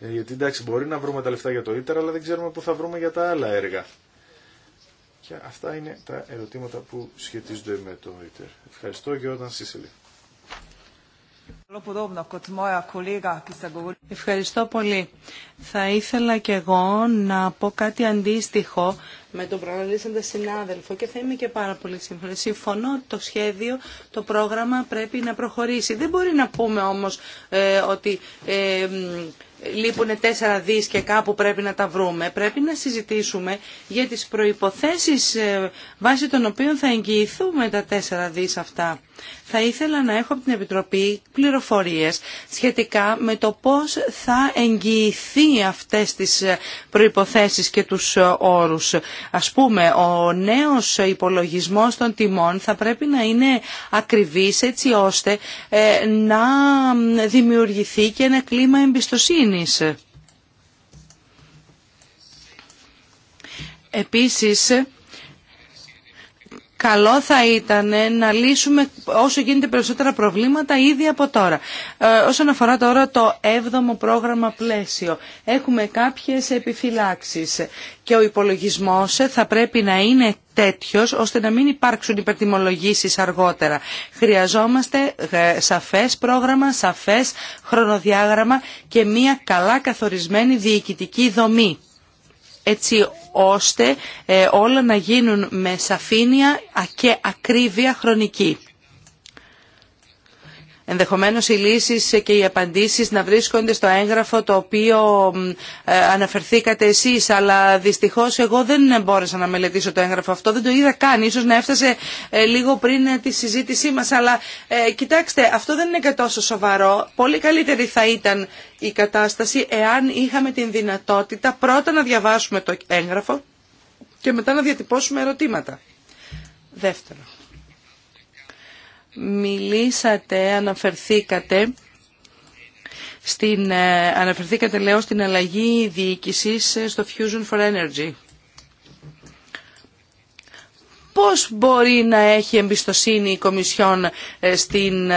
Ε, γιατί εντάξει μπορεί να βρούμε τα λεφτά για το ίτερ αλλά δεν ξέρουμε που θα βρούμε για τα άλλα έργα. Και αυτά είναι τα ερωτήματα που σχετίζονται με το ίτερ. Ευχαριστώ και όταν Σίσελη. Ευχαριστώ πολύ. Θα ήθελα και εγώ να πω κάτι αντίστοιχο με τον προαναλύσαντα συνάδελφο και θα είμαι και πάρα πολύ σύμφωνη. Συμφωνώ το σχέδιο, το πρόγραμμα πρέπει να προχωρήσει. Δεν μπορεί να πούμε όμως ε, ότι... Ε, λείπουν τέσσερα δις και κάπου πρέπει να τα βρούμε. Πρέπει να συζητήσουμε για τις προϋποθέσεις ε, βάσει των οποίων θα εγγυηθούμε τα τέσσερα δις αυτά. Θα ήθελα να έχω από την Επιτροπή πληροφορίες σχετικά με το πώς θα εγγυηθεί αυτές τις ε, προϋποθέσεις και τους ε, όρους. Ας πούμε, ο νέος υπολογισμός των τιμών θα πρέπει να είναι ακριβής έτσι ώστε ε, να δημιουργηθεί και ένα κλίμα εμπιστοσύνης. Επίσης, καλό θα ήταν να λύσουμε όσο γίνεται περισσότερα προβλήματα ήδη από τώρα. Ε, όσον αφορά τώρα το 7ο πρόγραμμα πλαίσιο, έχουμε κάποιες επιφυλάξεις και ο υπολογισμός θα πρέπει να είναι τέτοιος ώστε να μην υπάρξουν υπερτιμολογήσεις αργότερα. Χρειαζόμαστε ε, σαφές πρόγραμμα, σαφές χρονοδιάγραμμα και μια καλά καθορισμένη διοικητική δομή έτσι ώστε ε, όλα να γίνουν με σαφήνεια και ακρίβεια χρονική. Ενδεχομένως οι λύσεις και οι απαντήσεις να βρίσκονται στο έγγραφο το οποίο ε, αναφερθήκατε εσείς, αλλά δυστυχώς εγώ δεν μπόρεσα να μελετήσω το έγγραφο αυτό, δεν το είδα καν, ίσως να έφτασε ε, λίγο πριν ε, τη συζήτησή μας, αλλά κοιτάξτε, αυτό δεν είναι και τόσο σοβαρό. Πολύ καλύτερη θα ήταν η κατάσταση εάν είχαμε την δυνατότητα πρώτα να διαβάσουμε το έγγραφο και μετά να διατυπώσουμε ερωτήματα. Δεύτερο μιλήσατε, αναφερθήκατε στην, ε, αναφερθήκατε λέω στην αλλαγή διοίκησης ε, στο Fusion for Energy. Πώς μπορεί να έχει εμπιστοσύνη η Κομισιόν ε, στην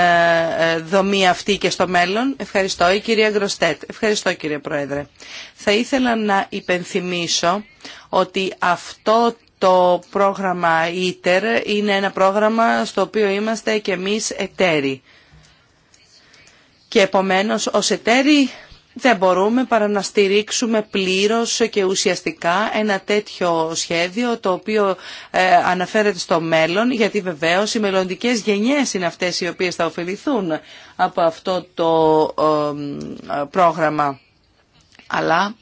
δομή αυτή και στο μέλλον. Ευχαριστώ η κυρία Γκροστέτ. Ευχαριστώ κύριε Πρόεδρε. Θα ήθελα να υπενθυμίσω ότι αυτό το πρόγραμμα ITER είναι ένα πρόγραμμα στο οποίο είμαστε και εμείς εταίροι. Και επομένως ως εταίροι δεν μπορούμε παρά να στηρίξουμε πλήρως και ουσιαστικά ένα τέτοιο σχέδιο το οποίο ε, αναφέρεται στο μέλλον γιατί βεβαίως οι μελλοντικέ γενιές είναι αυτές οι οποίες θα ωφεληθούν από αυτό το ε, ε, πρόγραμμα. Αλλά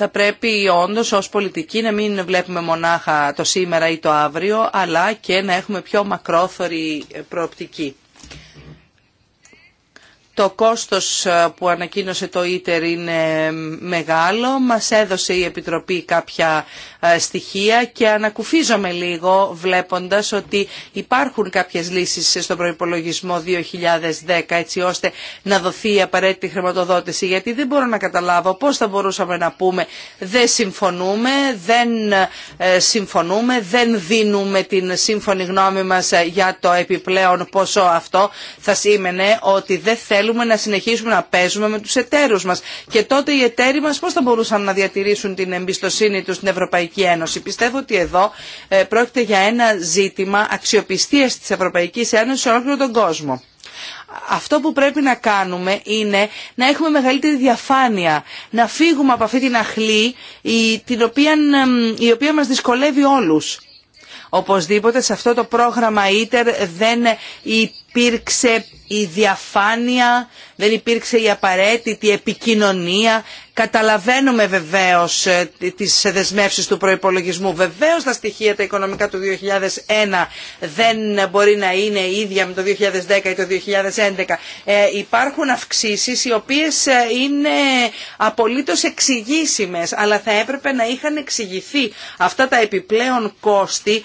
θα πρέπει όντω ω πολιτικοί να μην βλέπουμε μονάχα το σήμερα ή το αύριο, αλλά και να έχουμε πιο μακρόθωρη προοπτική. Το κόστος ε, που ανακοίνωσε το ίτερ είναι μεγάλο. Μας έδωσε η Επιτροπή κάποια ε, στοιχεία και ανακουφίζομαι λίγο βλέποντας ότι υπάρχουν κάποιες λύσεις στον προϋπολογισμό 2010 έτσι ώστε να δοθεί η απαραίτητη χρηματοδότηση γιατί δεν μπορώ να καταλάβω πώς θα μπορούσαμε να πούμε δεν συμφωνούμε, δεν ε, συμφωνούμε, δεν δίνουμε την σύμφωνη γνώμη μας για το επιπλέον πόσο αυτό θα σήμαινε ότι δεν θέλουμε θέλουμε να συνεχίσουμε να παίζουμε με τους εταίρους μας. Και τότε οι εταίροι μας πώς θα μπορούσαν να διατηρήσουν την εμπιστοσύνη τους στην Ευρωπαϊκή Ένωση. Πιστεύω ότι εδώ ε, πρόκειται για ένα ζήτημα αξιοπιστίας της Ευρωπαϊκής Ένωσης σε όλο τον κόσμο. Αυτό που πρέπει να κάνουμε είναι να έχουμε μεγαλύτερη διαφάνεια, να φύγουμε από αυτή την αχλή οποία, η οποία μας δυσκολεύει όλους. Οπωσδήποτε σε αυτό το πρόγραμμα ITER δεν υπήρξε η διαφάνεια, δεν υπήρξε η απαραίτητη επικοινωνία. Καταλαβαίνουμε βεβαίως ε, τις δεσμεύσεις του προϋπολογισμού. Βεβαίως τα στοιχεία τα οικονομικά του 2001 δεν μπορεί να είναι ίδια με το 2010 ή το 2011. Ε, υπάρχουν αυξήσεις οι οποίες ε, είναι απολύτως εξηγήσιμες, αλλά θα έπρεπε να είχαν εξηγηθεί αυτά τα επιπλέον κόστη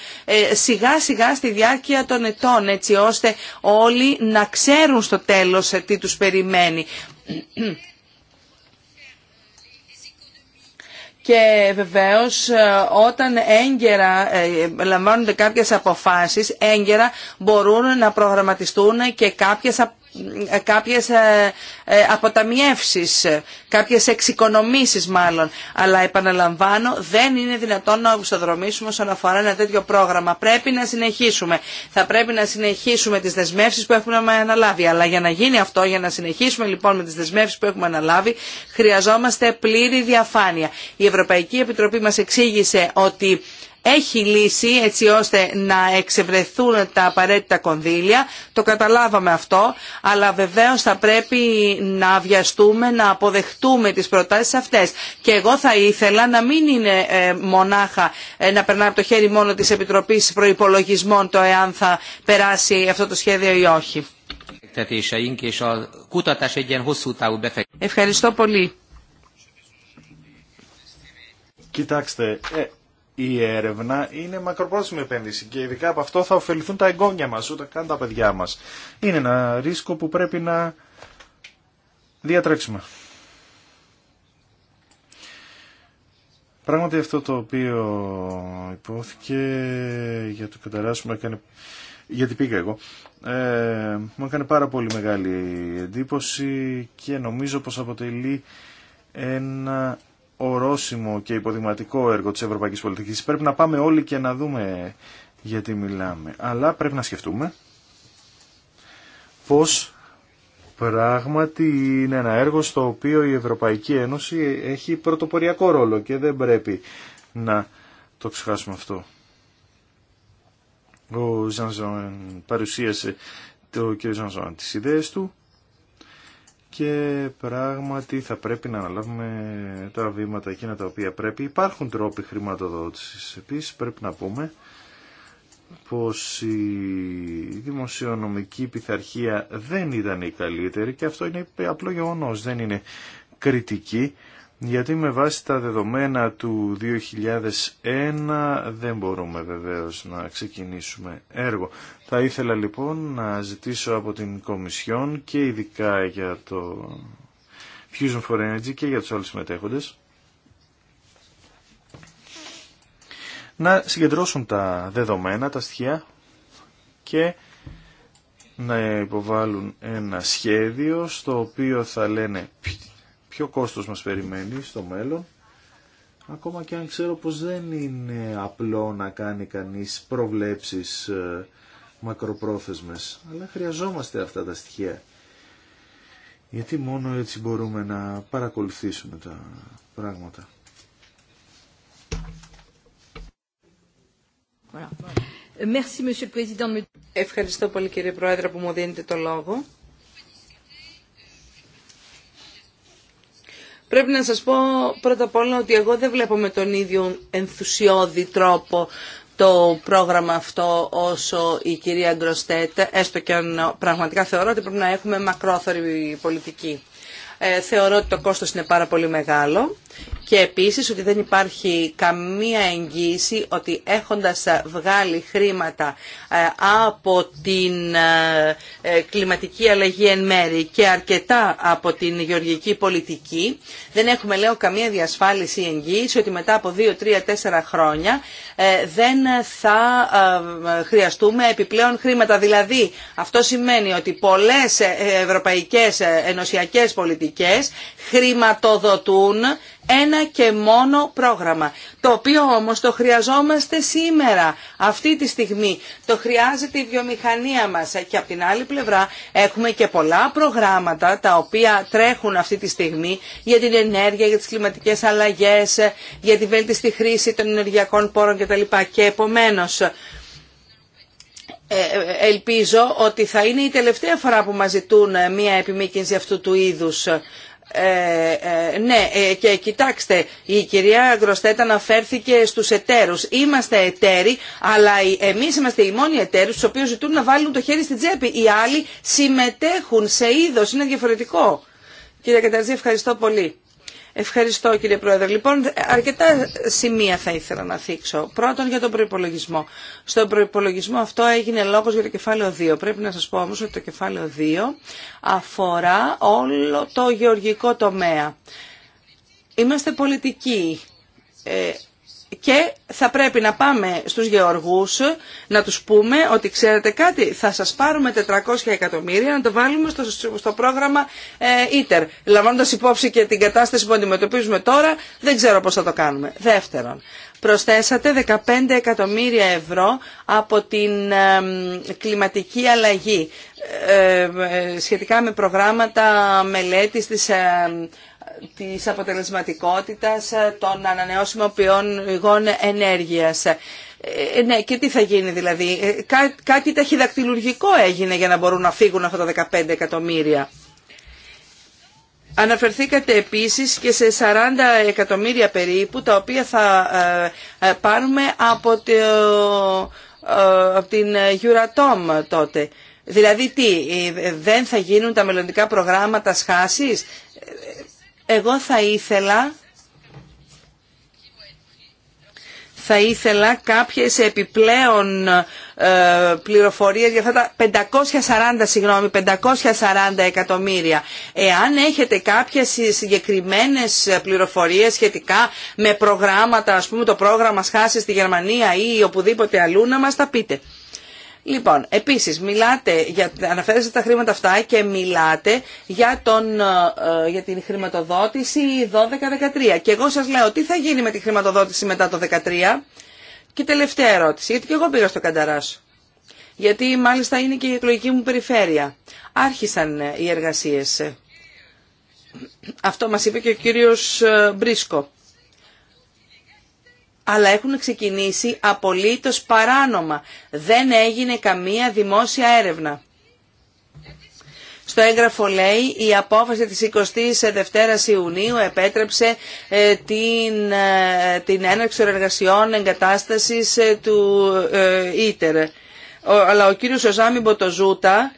σιγά σιγά στη διάρκεια των ετών, έτσι ώστε ο όλοι να ξέρουν στο τέλος ε, τι τους περιμένει. Και βεβαίως ε, όταν έγκαιρα ε, λαμβάνονται κάποιες αποφάσεις, έγκαιρα μπορούν να προγραμματιστούν και κάποιες ε, κάποιες ε, ε, αποταμιεύσεις, κάποιες εξοικονομήσεις μάλλον. Αλλά επαναλαμβάνω, δεν είναι δυνατόν να ουσοδρομήσουμε όσον αφορά ένα τέτοιο πρόγραμμα. Πρέπει να συνεχίσουμε. Θα πρέπει να συνεχίσουμε τις δεσμεύσεις που έχουμε αναλάβει. Αλλά για να γίνει αυτό, για να συνεχίσουμε λοιπόν με τις δεσμεύσεις που έχουμε αναλάβει, χρειαζόμαστε πλήρη διαφάνεια. Η Ευρωπαϊκή Επιτροπή μας εξήγησε ότι έχει λύση έτσι ώστε να εξευρεθούν τα απαραίτητα κονδύλια. Το καταλάβαμε αυτό, αλλά βεβαίως θα πρέπει να βιαστούμε, να αποδεχτούμε τις προτάσεις αυτές. Και εγώ θα ήθελα να μην είναι ε, μονάχα ε, να περνάει από το χέρι μόνο της Επιτροπής Προϋπολογισμών το εάν θα περάσει αυτό το σχέδιο ή όχι. Ευχαριστώ πολύ. Κοιτάξτε, ε, η έρευνα είναι μακροπρόθεσμη επένδυση και ειδικά από αυτό θα ωφεληθούν τα εγγόνια μας, ούτε καν τα παιδιά μας. Είναι ένα ρίσκο που πρέπει να διατρέξουμε. Πράγματι αυτό το οποίο υπόθηκε για το καταράσμα γιατί πήγα εγώ, ε, μου έκανε πάρα πολύ μεγάλη εντύπωση και νομίζω πως αποτελεί ένα ορόσημο και υποδειγματικό έργο της ευρωπαϊκής πολιτικής. Πρέπει να πάμε όλοι και να δούμε γιατί μιλάμε. Αλλά πρέπει να σκεφτούμε πώς πράγματι είναι ένα έργο στο οποίο η Ευρωπαϊκή Ένωση έχει πρωτοποριακό ρόλο και δεν πρέπει να το ξεχάσουμε αυτό. Ο Ζανζόν παρουσίασε το κ. Ζανζόν τις ιδέες του και πράγματι θα πρέπει να αναλάβουμε τα βήματα εκείνα τα οποία πρέπει. Υπάρχουν τρόποι χρηματοδότησης. Επίσης πρέπει να πούμε πως η δημοσιονομική πειθαρχία δεν ήταν η καλύτερη και αυτό είναι απλό γεγονό. δεν είναι κριτική γιατί με βάση τα δεδομένα του 2001 δεν μπορούμε βεβαίως να ξεκινήσουμε έργο. Θα ήθελα λοιπόν να ζητήσω από την Κομισιόν και ειδικά για το Fusion for Energy και για τους άλλους συμμετέχοντες να συγκεντρώσουν τα δεδομένα, τα στοιχεία και να υποβάλουν ένα σχέδιο στο οποίο θα λένε ποιο κόστος μας περιμένει στο μέλλον. Ακόμα και αν ξέρω πως δεν είναι απλό να κάνει κανείς προβλέψεις ε, μακροπρόθεσμες, αλλά χρειαζόμαστε αυτά τα στοιχεία. Γιατί μόνο έτσι μπορούμε να παρακολουθήσουμε τα πράγματα. Ευχαριστώ πολύ κύριε Πρόεδρε που μου δίνετε το λόγο. Πρέπει να σας πω πρώτα απ' όλα ότι εγώ δεν βλέπω με τον ίδιο ενθουσιώδη τρόπο το πρόγραμμα αυτό όσο η κυρία Γκροστέτ, έστω και αν πραγματικά θεωρώ ότι πρέπει να έχουμε μακρόθωρη πολιτική. Ε, θεωρώ ότι το κόστος είναι πάρα πολύ μεγάλο και επίσης ότι δεν υπάρχει καμία εγγύηση ότι έχοντας βγάλει χρήματα ε, από την ε, κλιματική αλλαγή εν μέρη και αρκετά από την γεωργική πολιτική δεν έχουμε λέω καμία διασφάλιση εγγύηση ότι μετά από 2, 3, 4 χρόνια δεν θα χρειαστούμε επιπλέον χρήματα. Δηλαδή αυτό σημαίνει ότι πολλές ευρωπαϊκές ενωσιακές πολιτικές πολιτικές χρηματοδοτούν ένα και μόνο πρόγραμμα, το οποίο όμως το χρειαζόμαστε σήμερα, αυτή τη στιγμή. Το χρειάζεται η βιομηχανία μας και από την άλλη πλευρά έχουμε και πολλά προγράμματα τα οποία τρέχουν αυτή τη στιγμή για την ενέργεια, για τις κλιματικές αλλαγές, για τη βέλτιστη χρήση των ενεργειακών πόρων κτλ. Και επομένως ε, ε, ελπίζω ότι θα είναι η τελευταία φορά που μας ζητούν ε, μια επιμήκυνση αυτού του είδους. ναι, και κοιτάξτε, η κυρία Γκροστέτα αναφέρθηκε στους εταίρους. Είμαστε εταίροι, αλλά εμείς είμαστε οι μόνοι εταίρους, στους οποίους ζητούν να βάλουν το χέρι στην τσέπη. Οι άλλοι συμμετέχουν σε είδος, είναι διαφορετικό. Κύριε Καταρζή, ευχαριστώ πολύ. Ευχαριστώ κύριε Πρόεδρε. Λοιπόν, αρκετά σημεία θα ήθελα να θίξω. Πρώτον για τον προπολογισμό. Στον προπολογισμό αυτό έγινε λόγο για το κεφάλαιο 2. Πρέπει να σα πω όμω ότι το κεφάλαιο 2 αφορά όλο το γεωργικό τομέα. Είμαστε πολιτικοί. Ε, και θα πρέπει να πάμε στους γεωργούς να τους πούμε ότι ξέρετε κάτι, θα σας πάρουμε 400 εκατομμύρια να το βάλουμε στο, στο πρόγραμμα ε, ITER. Λαμβάνοντας υπόψη και την κατάσταση που αντιμετωπίζουμε τώρα, δεν ξέρω πώς θα το κάνουμε. Δεύτερον, προσθέσατε 15 εκατομμύρια ευρώ από την κλιματική αλλαγή ε, ε, σχετικά με προγράμματα μελέτης της ε, της αποτελεσματικότητας των ανανεώσιμων πηγών ενέργειας. Ε, ναι, και τι θα γίνει δηλαδή. Ε, Κά, κάτι ταχυδακτηλουργικό έγινε για να μπορούν να φύγουν αυτά τα 15 εκατομμύρια. Αναφερθήκατε επίσης και σε 40 εκατομμύρια περίπου τα οποία θα ε, πάρουμε από, από την Euratom τότε. Δηλαδή τι, δεν θα γίνουν τα μελλοντικά προγράμματα σχάσης, εγώ θα ήθελα θα ήθελα κάποιες επιπλέον ε, πληροφορίες για αυτά τα 540, συγγνώμη, 540 εκατομμύρια. Εάν έχετε κάποιες συγκεκριμένες πληροφορίες σχετικά με προγράμματα, ας πούμε το πρόγραμμα σχάσης στη Γερμανία ή οπουδήποτε αλλού, να μας τα πείτε. Λοιπόν, επίσης μιλάτε, για, αναφέρεστε τα χρήματα αυτά και μιλάτε για, τον, ε, ε, για την χρηματοδότηση 12-13. Και εγώ σας λέω τι θα γίνει με τη χρηματοδότηση μετά το 13. Και τελευταία ερώτηση, γιατί και εγώ πήγα στο Κανταρά. Γιατί μάλιστα είναι και η εκλογική μου περιφέρεια. Άρχισαν ε, οι εργασίες. Αυτό μας είπε και ο κύριο Μπρίσκο αλλά έχουν ξεκινήσει απολύτως παράνομα. Δεν έγινε καμία δημόσια έρευνα. Στο έγγραφο λέει η απόφαση της 22ης Ιουνίου επέτρεψε ε, την, ε, την έναρξη εργασιών εγκατάστασης ε, του ΙΤΕΡ. αλλά ο κύριος Σοζάμι Μποτοζούτα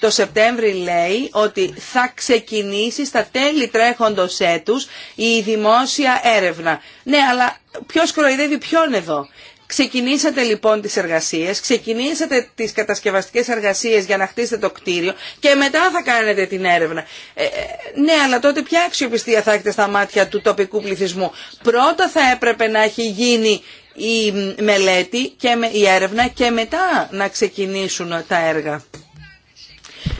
το Σεπτέμβρη λέει ότι θα ξεκινήσει στα τέλη τρέχοντος έτους η δημόσια έρευνα. Ναι, αλλά ποιος κροϊδεύει ποιον εδώ. Ξεκινήσατε λοιπόν τις εργασίες, ξεκινήσατε τις κατασκευαστικές εργασίες για να χτίσετε το κτίριο και μετά θα κάνετε την έρευνα. Ε, ε ναι, αλλά τότε ποια αξιοπιστία θα έχετε στα μάτια του τοπικού πληθυσμού. Πρώτα θα έπρεπε να έχει γίνει η μελέτη και η έρευνα και μετά να ξεκινήσουν τα έργα.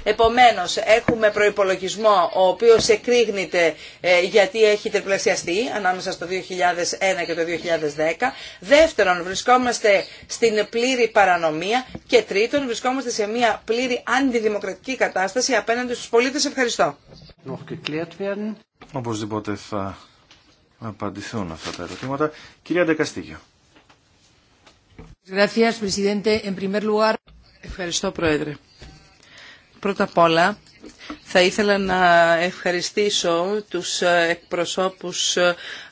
Επομένως, έχουμε προϋπολογισμό ο οποίος εκρήγνεται ε, γιατί έχει τριπλασιαστεί ανάμεσα στο 2001 και το 2010. Δεύτερον, βρισκόμαστε στην πλήρη παρανομία και τρίτον, βρισκόμαστε σε μια πλήρη αντιδημοκρατική κατάσταση απέναντι στους πολίτες. Ευχαριστώ. Οπωσδήποτε θα απαντηθούν αυτά τα ερωτήματα. Κυρία Ντεκαστήγιο. Ευχαριστώ, Πρόεδρε. Πρώτα απ' όλα θα ήθελα να ευχαριστήσω τους εκπροσώπους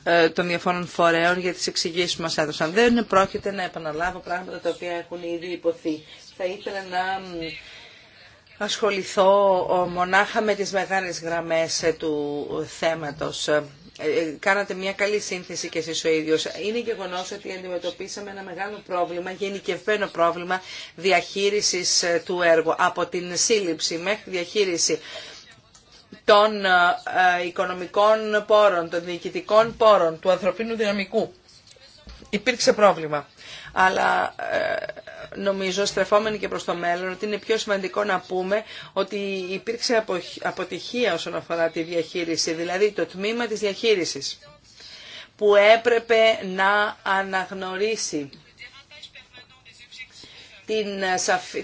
ε, των διαφόρων φορέων για τις εξηγήσεις που μας έδωσαν. Δεν πρόκειται να επαναλάβω πράγματα τα οποία έχουν ήδη υποθεί. Θα ήθελα να ασχοληθώ μονάχα με τις μεγάλες γραμμές ε, του θέματος. Ε, ε, κάνατε μια καλή σύνθεση και εσείς ο ίδιος. Είναι γεγονός ότι αντιμετωπίσαμε ένα μεγάλο πρόβλημα, γενικευμένο πρόβλημα διαχείρισης ε, του έργου. Από την σύλληψη μέχρι διαχείριση των οικονομικών πόρων, των διοικητικών πόρων, του ανθρωπίνου δυναμικού. Υπήρξε πρόβλημα. Αλλά νομίζω στρεφόμενοι και προς το μέλλον ότι είναι πιο σημαντικό να πούμε ότι υπήρξε αποτυχία όσον αφορά τη διαχείριση, δηλαδή το τμήμα της διαχείρισης που έπρεπε να αναγνωρίσει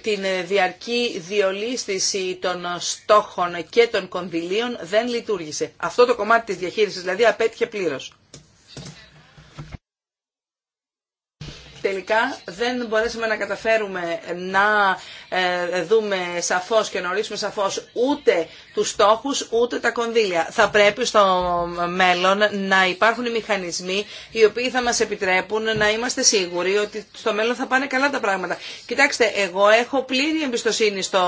την, διαρκή διολίστηση των στόχων και των κονδυλίων δεν λειτουργήσε. Αυτό το κομμάτι της διαχείρισης δηλαδή απέτυχε πλήρως. τελικά δεν μπορέσαμε να καταφέρουμε να ε, δούμε σαφώς και να ορίσουμε σαφώς ούτε τους στόχους ούτε τα κονδύλια. Θα πρέπει στο μέλλον να υπάρχουν οι μηχανισμοί οι οποίοι θα μας επιτρέπουν να είμαστε σίγουροι ότι στο μέλλον θα πάνε καλά τα πράγματα. Κοιτάξτε, εγώ έχω πλήρη εμπιστοσύνη στο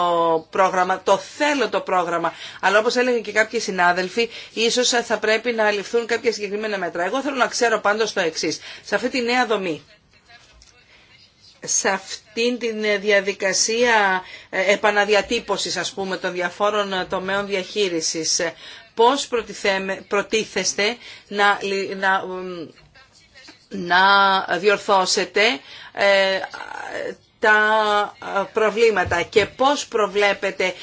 πρόγραμμα, το θέλω το πρόγραμμα, αλλά όπως έλεγαν και κάποιοι συνάδελφοι, ίσως θα πρέπει να ληφθούν κάποια συγκεκριμένα μέτρα. Εγώ θέλω να ξέρω πάντως το εξή. Σε αυτή τη νέα δομή, σε αυτήν την ε, διαδικασία ε, επαναδιατύπωσης ας πούμε των διαφόρων ε, τομέων διαχείρισης πώς προτίθεστε να, να, διορθώσετε τα προβλήματα και πώς προβλέπετε,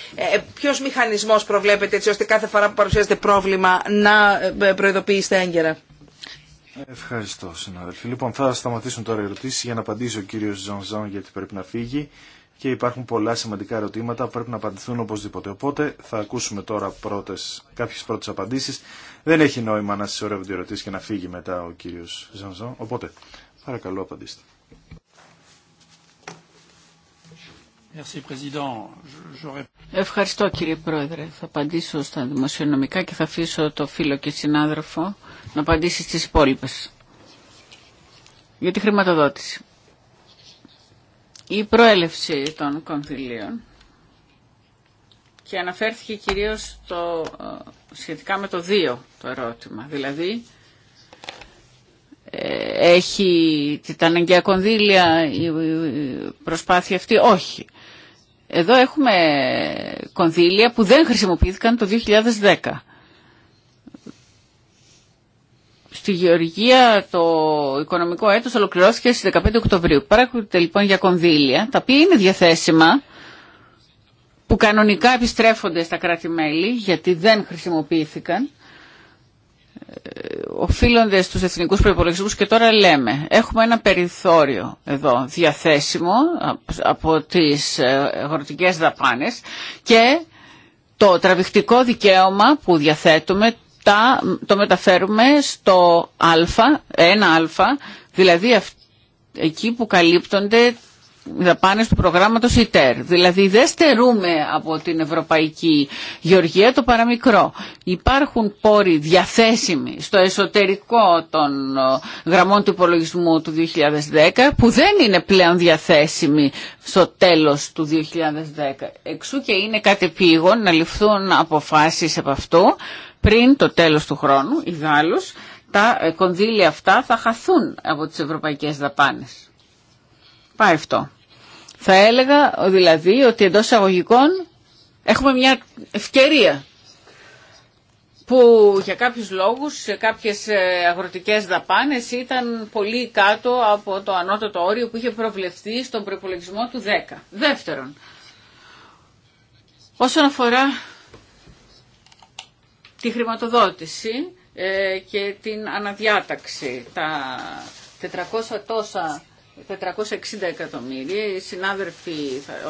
ποιος μηχανισμός προβλέπετε έτσι ώστε κάθε φορά που παρουσιάζεται πρόβλημα να προειδοποιήσετε έγκαιρα. Ευχαριστώ, συνάδελφοι. Λοιπόν, θα σταματήσουν τώρα οι ερωτήσει για να απαντήσει ο κύριο Ζανζάν γιατί πρέπει να φύγει και υπάρχουν πολλά σημαντικά ερωτήματα που πρέπει να απαντηθούν οπωσδήποτε. Οπότε θα ακούσουμε τώρα κάποιε πρώτε απαντήσει. Δεν έχει νόημα να συσσωρεύονται ερωτήσει και να φύγει μετά ο κύριο Ζανζάν. Οπότε, παρακαλώ απαντήστε. Ευχαριστώ κύριε Πρόεδρε. Θα απαντήσω στα δημοσιονομικά και θα αφήσω το φίλο και συνάδελφο να απαντήσει στις υπόλοιπε. Για τη χρηματοδότηση. Η προέλευση των κονδυλίων και αναφέρθηκε κυρίως το, ε, σχετικά με το 2 το ερώτημα. Δηλαδή, ε, έχει τα αναγκαία κονδύλια η προσπάθεια αυτή. Όχι. Εδώ έχουμε κονδύλια που δεν χρησιμοποιήθηκαν το 2010. στη Γεωργία το οικονομικό έτος ολοκληρώθηκε στις 15 Οκτωβρίου. Παρακολουθείτε λοιπόν για κονδύλια, τα οποία είναι διαθέσιμα, που κανονικά επιστρέφονται στα κράτη-μέλη, γιατί δεν χρησιμοποιήθηκαν, ε, οφείλονται στους εθνικούς προϋπολογισμούς και τώρα λέμε, έχουμε ένα περιθώριο εδώ διαθέσιμο από τις ε, αγροτικές δαπάνες και το τραβηχτικό δικαίωμα που διαθέτουμε τα, το μεταφέρουμε στο α, 1α, δηλαδή εκεί που καλύπτονται οι δαπάνες του προγράμματος ΙΤΕΡ. Δηλαδή δεν στερούμε από την Ευρωπαϊκή Γεωργία το παραμικρό. Υπάρχουν πόροι διαθέσιμοι στο εσωτερικό των ε, γραμμών του υπολογισμού του 2010 που δεν είναι πλέον διαθέσιμοι στο τέλος του 2010. Εξού και είναι κάτι να ληφθούν αποφάσεις από αυτού πριν το τέλος του χρόνου, Γάλλους, τα ε, κονδύλια αυτά θα χαθούν από τις ευρωπαϊκές δαπάνες. Πάει αυτό. Θα έλεγα δηλαδή ότι εντός αγωγικών έχουμε μια ευκαιρία που για κάποιους λόγους σε κάποιες ε, αγροτικές δαπάνες ήταν πολύ κάτω από το ανώτατο όριο που είχε προβλεφθεί στον προπολογισμό του 10. Δεύτερον, όσον αφορά τη χρηματοδότηση ε, και την αναδιάταξη. Τα 460 εκατομμύρια. Οι ο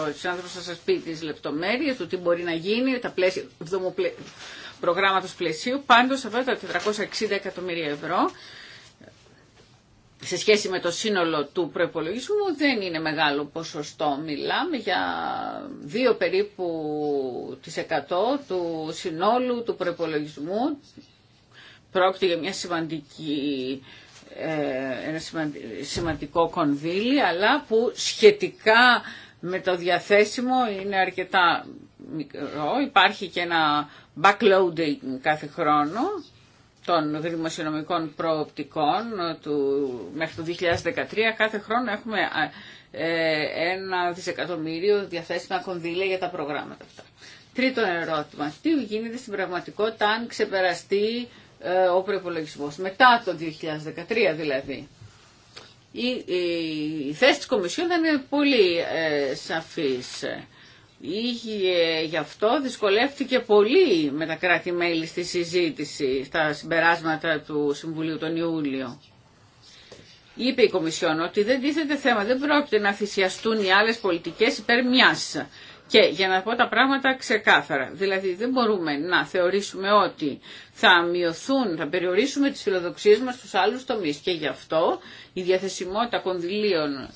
συνάδελφος θα σας πει τις λεπτομέρειες του τι μπορεί να γίνει, τα πλαίσια, προγράμματος πλαισίου. Πάντως αυτά τα 460 εκατομμύρια ευρώ σε σχέση με το σύνολο του προπολογισμού δεν είναι μεγάλο ποσοστό. Μιλάμε για 2 περίπου της 100 του συνόλου του προπολογισμού. Πρόκειται για μια σημαντική, ε, ένα σημαντικό κονδύλι, αλλά που σχετικά με το διαθέσιμο είναι αρκετά μικρό. Υπάρχει και ένα backloading κάθε χρόνο των δημοσιονομικών προοπτικών του, μέχρι το 2013 κάθε χρόνο έχουμε ε, ένα δισεκατομμύριο διαθέσιμα κονδύλια για τα προγράμματα αυτά. Τρίτο ερώτημα. Τι γίνεται στην πραγματικότητα αν ξεπεραστεί ε, ο προπολογισμό μετά το 2013 δηλαδή. Η, η, η θέση της Κομισιόν είναι πολύ ε, σαφής. Είχε γι' αυτό δυσκολεύτηκε πολύ με τα κράτη-μέλη στη συζήτηση στα συμπεράσματα του Συμβουλίου τον Ιούλιο. Είπε η Κομισιόν ότι δεν τίθεται θέμα, δεν πρόκειται να θυσιαστούν οι άλλες πολιτικές υπέρ Και για να πω τα πράγματα ξεκάθαρα, δηλαδή δεν μπορούμε να θεωρήσουμε ότι θα μειωθούν, θα περιορίσουμε τις φιλοδοξίες μας στους άλλους τομείς και γι' αυτό η διαθεσιμότητα κονδυλίων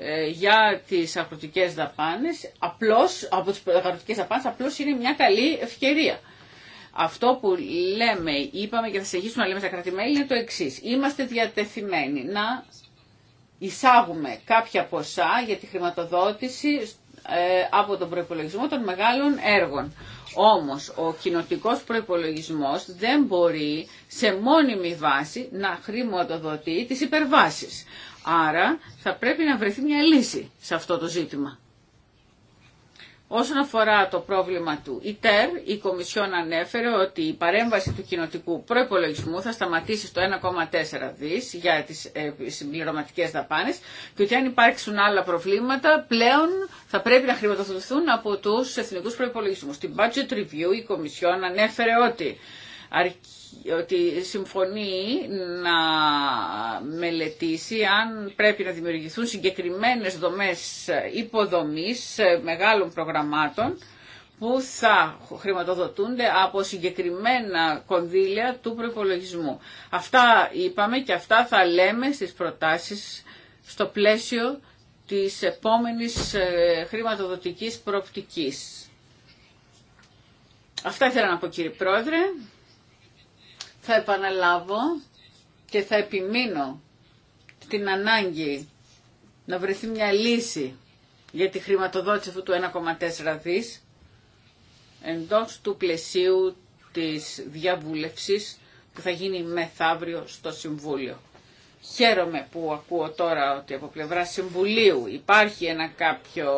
ε, για τις αγροτικές δαπάνες, απλώς, από τις αγροτικές δαπάνες, απλώς είναι μια καλή ευκαιρία. Αυτό που λέμε, είπαμε και θα συνεχίσουμε να λέμε στα κρατημέλη είναι το εξή. Είμαστε διατεθειμένοι να εισάγουμε κάποια ποσά για τη χρηματοδότηση ε, από τον προϋπολογισμό των μεγάλων έργων. Όμως ο κοινοτικός προϋπολογισμός δεν μπορεί σε μόνιμη βάση να χρηματοδοτεί τις υπερβάσεις. Άρα θα πρέπει να βρεθεί μια λύση σε αυτό το ζήτημα. Όσον αφορά το πρόβλημα του ΙΤΕΡ, η Κομισιόν ανέφερε ότι η παρέμβαση του κοινοτικού προϋπολογισμού θα σταματήσει στο 1,4 δις για ε, τις συμπληρωματικές δαπάνες και ότι αν υπάρξουν άλλα προβλήματα πλέον θα πρέπει να χρηματοδοτηθούν από τους εθνικούς προϋπολογισμούς. Στην Budget Review η Κομισιόν ανέφερε ότι ότι συμφωνεί να μελετήσει αν πρέπει να δημιουργηθούν συγκεκριμένες δομές υποδομής ε, μεγάλων προγραμμάτων που θα χρηματοδοτούνται από συγκεκριμένα κονδύλια του προϋπολογισμού. Αυτά είπαμε και αυτά θα λέμε στις προτάσεις στο πλαίσιο της επόμενης ε, χρηματοδοτικής προοπτικής. Αυτά ήθελα να πω κύριε Πρόεδρε. Θα επαναλάβω και θα επιμείνω την ανάγκη να βρεθεί μια λύση για τη χρηματοδότηση αυτού του 1,4 δις εντός του πλαισίου της διαβούλευσης που θα γίνει μεθαύριο στο Συμβούλιο. Χαίρομαι που ακούω τώρα ότι από πλευρά Συμβουλίου υπάρχει ένα κάποιο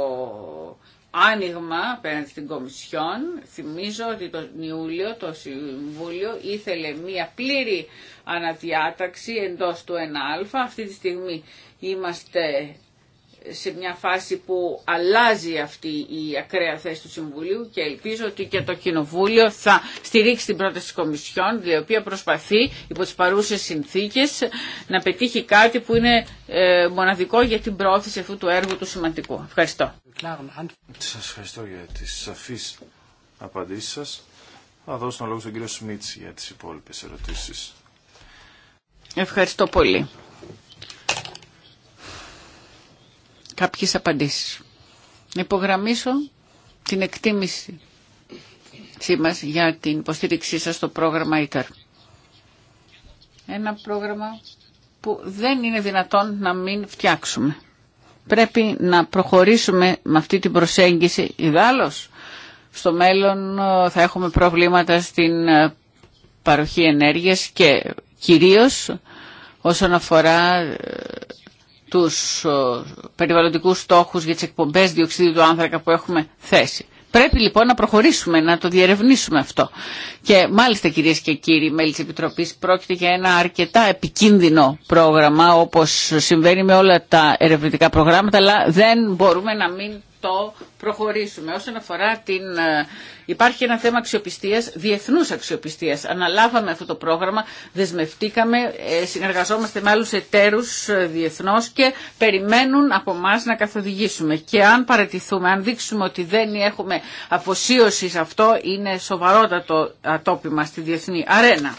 άνοιγμα απέναντι στην Κομισιόν. Θυμίζω ότι τον Ιούλιο το Συμβούλιο ήθελε μία πλήρη αναδιάταξη εντός του 1α. Αυτή τη στιγμή είμαστε σε μια φάση που αλλάζει αυτή η ακραία θέση του Συμβουλίου και ελπίζω ότι και το Κοινοβούλιο θα στηρίξει την πρόταση της Κομισιόν, η οποία προσπαθεί υπό τις παρούσες συνθήκες να πετύχει κάτι που είναι ε, μοναδικό για την πρόθεση αυτού του έργου του σημαντικού. Ευχαριστώ. Σας ευχαριστώ για τις σαφείς απαντήσεις σας. Θα δώσω τον λόγο στον κύριο Σμίτση για τις υπόλοιπες ερωτήσεις. Ευχαριστώ πολύ. κάποιες απαντήσεις. Να υπογραμμίσω την εκτίμηση μας για την υποστήριξή σας στο πρόγραμμα ΙΚΑΡ. Ένα πρόγραμμα που δεν είναι δυνατόν να μην φτιάξουμε. Πρέπει να προχωρήσουμε με αυτή την προσέγγιση. Ιδάλλως, στο μέλλον ε, θα έχουμε προβλήματα στην ε, παροχή ενέργειας και κυρίως όσον αφορά ε, τους ε, περιβαλλοντικούς στόχους για τις εκπομπές διοξίδιου του άνθρακα που έχουμε θέσει. Πρέπει λοιπόν να προχωρήσουμε, να το διερευνήσουμε αυτό. Και μάλιστα κυρίες και κύριοι μέλη της Επιτροπής πρόκειται για ένα αρκετά επικίνδυνο πρόγραμμα όπως συμβαίνει με όλα τα ερευνητικά προγράμματα αλλά δεν μπορούμε να μην το προχωρήσουμε. Όσον αφορά την... Ε, υπάρχει ένα θέμα αξιοπιστίας, διεθνούς αξιοπιστίας. Αναλάβαμε αυτό το πρόγραμμα, δεσμευτήκαμε, ε, συνεργαζόμαστε με άλλους εταίρους ε, διεθνώς και περιμένουν από εμά να καθοδηγήσουμε. Και αν παρατηθούμε, αν δείξουμε ότι δεν έχουμε αφοσίωση σε αυτό, είναι σοβαρότατο ατόπιμα στη διεθνή αρένα.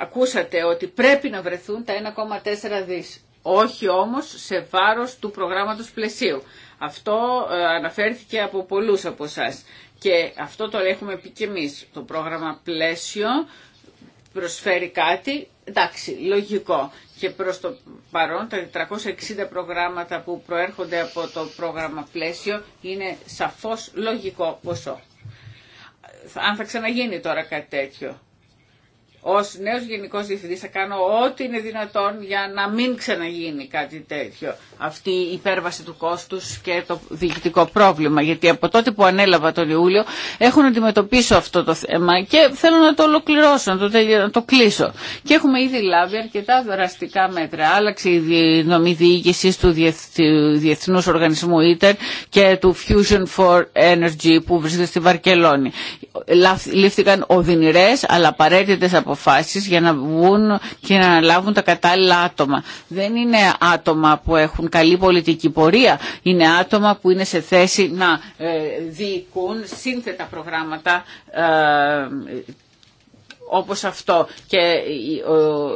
Ακούσατε ότι πρέπει να βρεθούν τα 1,4 δις όχι όμως σε βάρος του προγράμματος πλαισίου. Αυτό ε, αναφέρθηκε από πολλούς από εσά. Και αυτό το έχουμε πει και εμείς. Το πρόγραμμα πλαίσιο προσφέρει κάτι, εντάξει, λογικό. Και προς το παρόν τα 360 προγράμματα που προέρχονται από το πρόγραμμα πλαίσιο είναι σαφώς λογικό ποσό. Αν θα ξαναγίνει τώρα κάτι τέτοιο. Ω νέο γενικό διευθυντή θα κάνω ό,τι είναι δυνατόν για να μην ξαναγίνει κάτι τέτοιο. Αυτή η υπέρβαση του κόστου και το διοικητικό πρόβλημα. Γιατί από τότε που ανέλαβα τον Ιούλιο έχω να αντιμετωπίσω αυτό το θέμα και θέλω να το ολοκληρώσω, να το, να το κλείσω. Και έχουμε ήδη λάβει αρκετά δραστικά μέτρα. Άλλαξε η νομή διοίκηση του Διεθνού Οργανισμού ITER και του Fusion for Energy που βρίσκεται στη Βαρκελόνη. Λήφθηκαν οδυνηρέ αλλά απαραίτητε από αποφάσεις για να βγουν και να αναλάβουν τα κατάλληλα άτομα. Δεν είναι άτομα που έχουν καλή πολιτική πορεία, είναι άτομα που είναι σε θέση να ε, διοικούν σύνθετα προγράμματα ε, όπως αυτό. Και ε, ο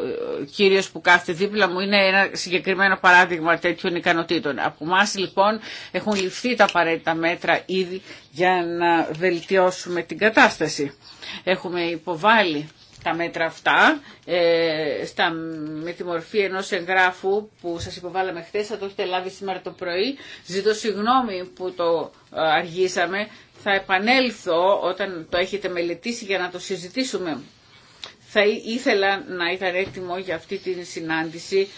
κύριος που κάθεται δίπλα μου είναι ένα συγκεκριμένο παράδειγμα τέτοιων ικανοτήτων. Από εμά λοιπόν έχουν ληφθεί τα απαραίτητα μέτρα ήδη για να βελτιώσουμε την κατάσταση. Έχουμε υποβάλει τα μέτρα αυτά ε, στα, με τη μορφή ενός εγγράφου που σας υποβάλαμε χθες, θα το έχετε λάβει σήμερα το πρωί. Ζητώ συγγνώμη που το ε, αργήσαμε. Θα επανέλθω όταν το έχετε μελετήσει για να το συζητήσουμε. Θα ήθελα να ήταν έτοιμο για αυτή τη συνάντηση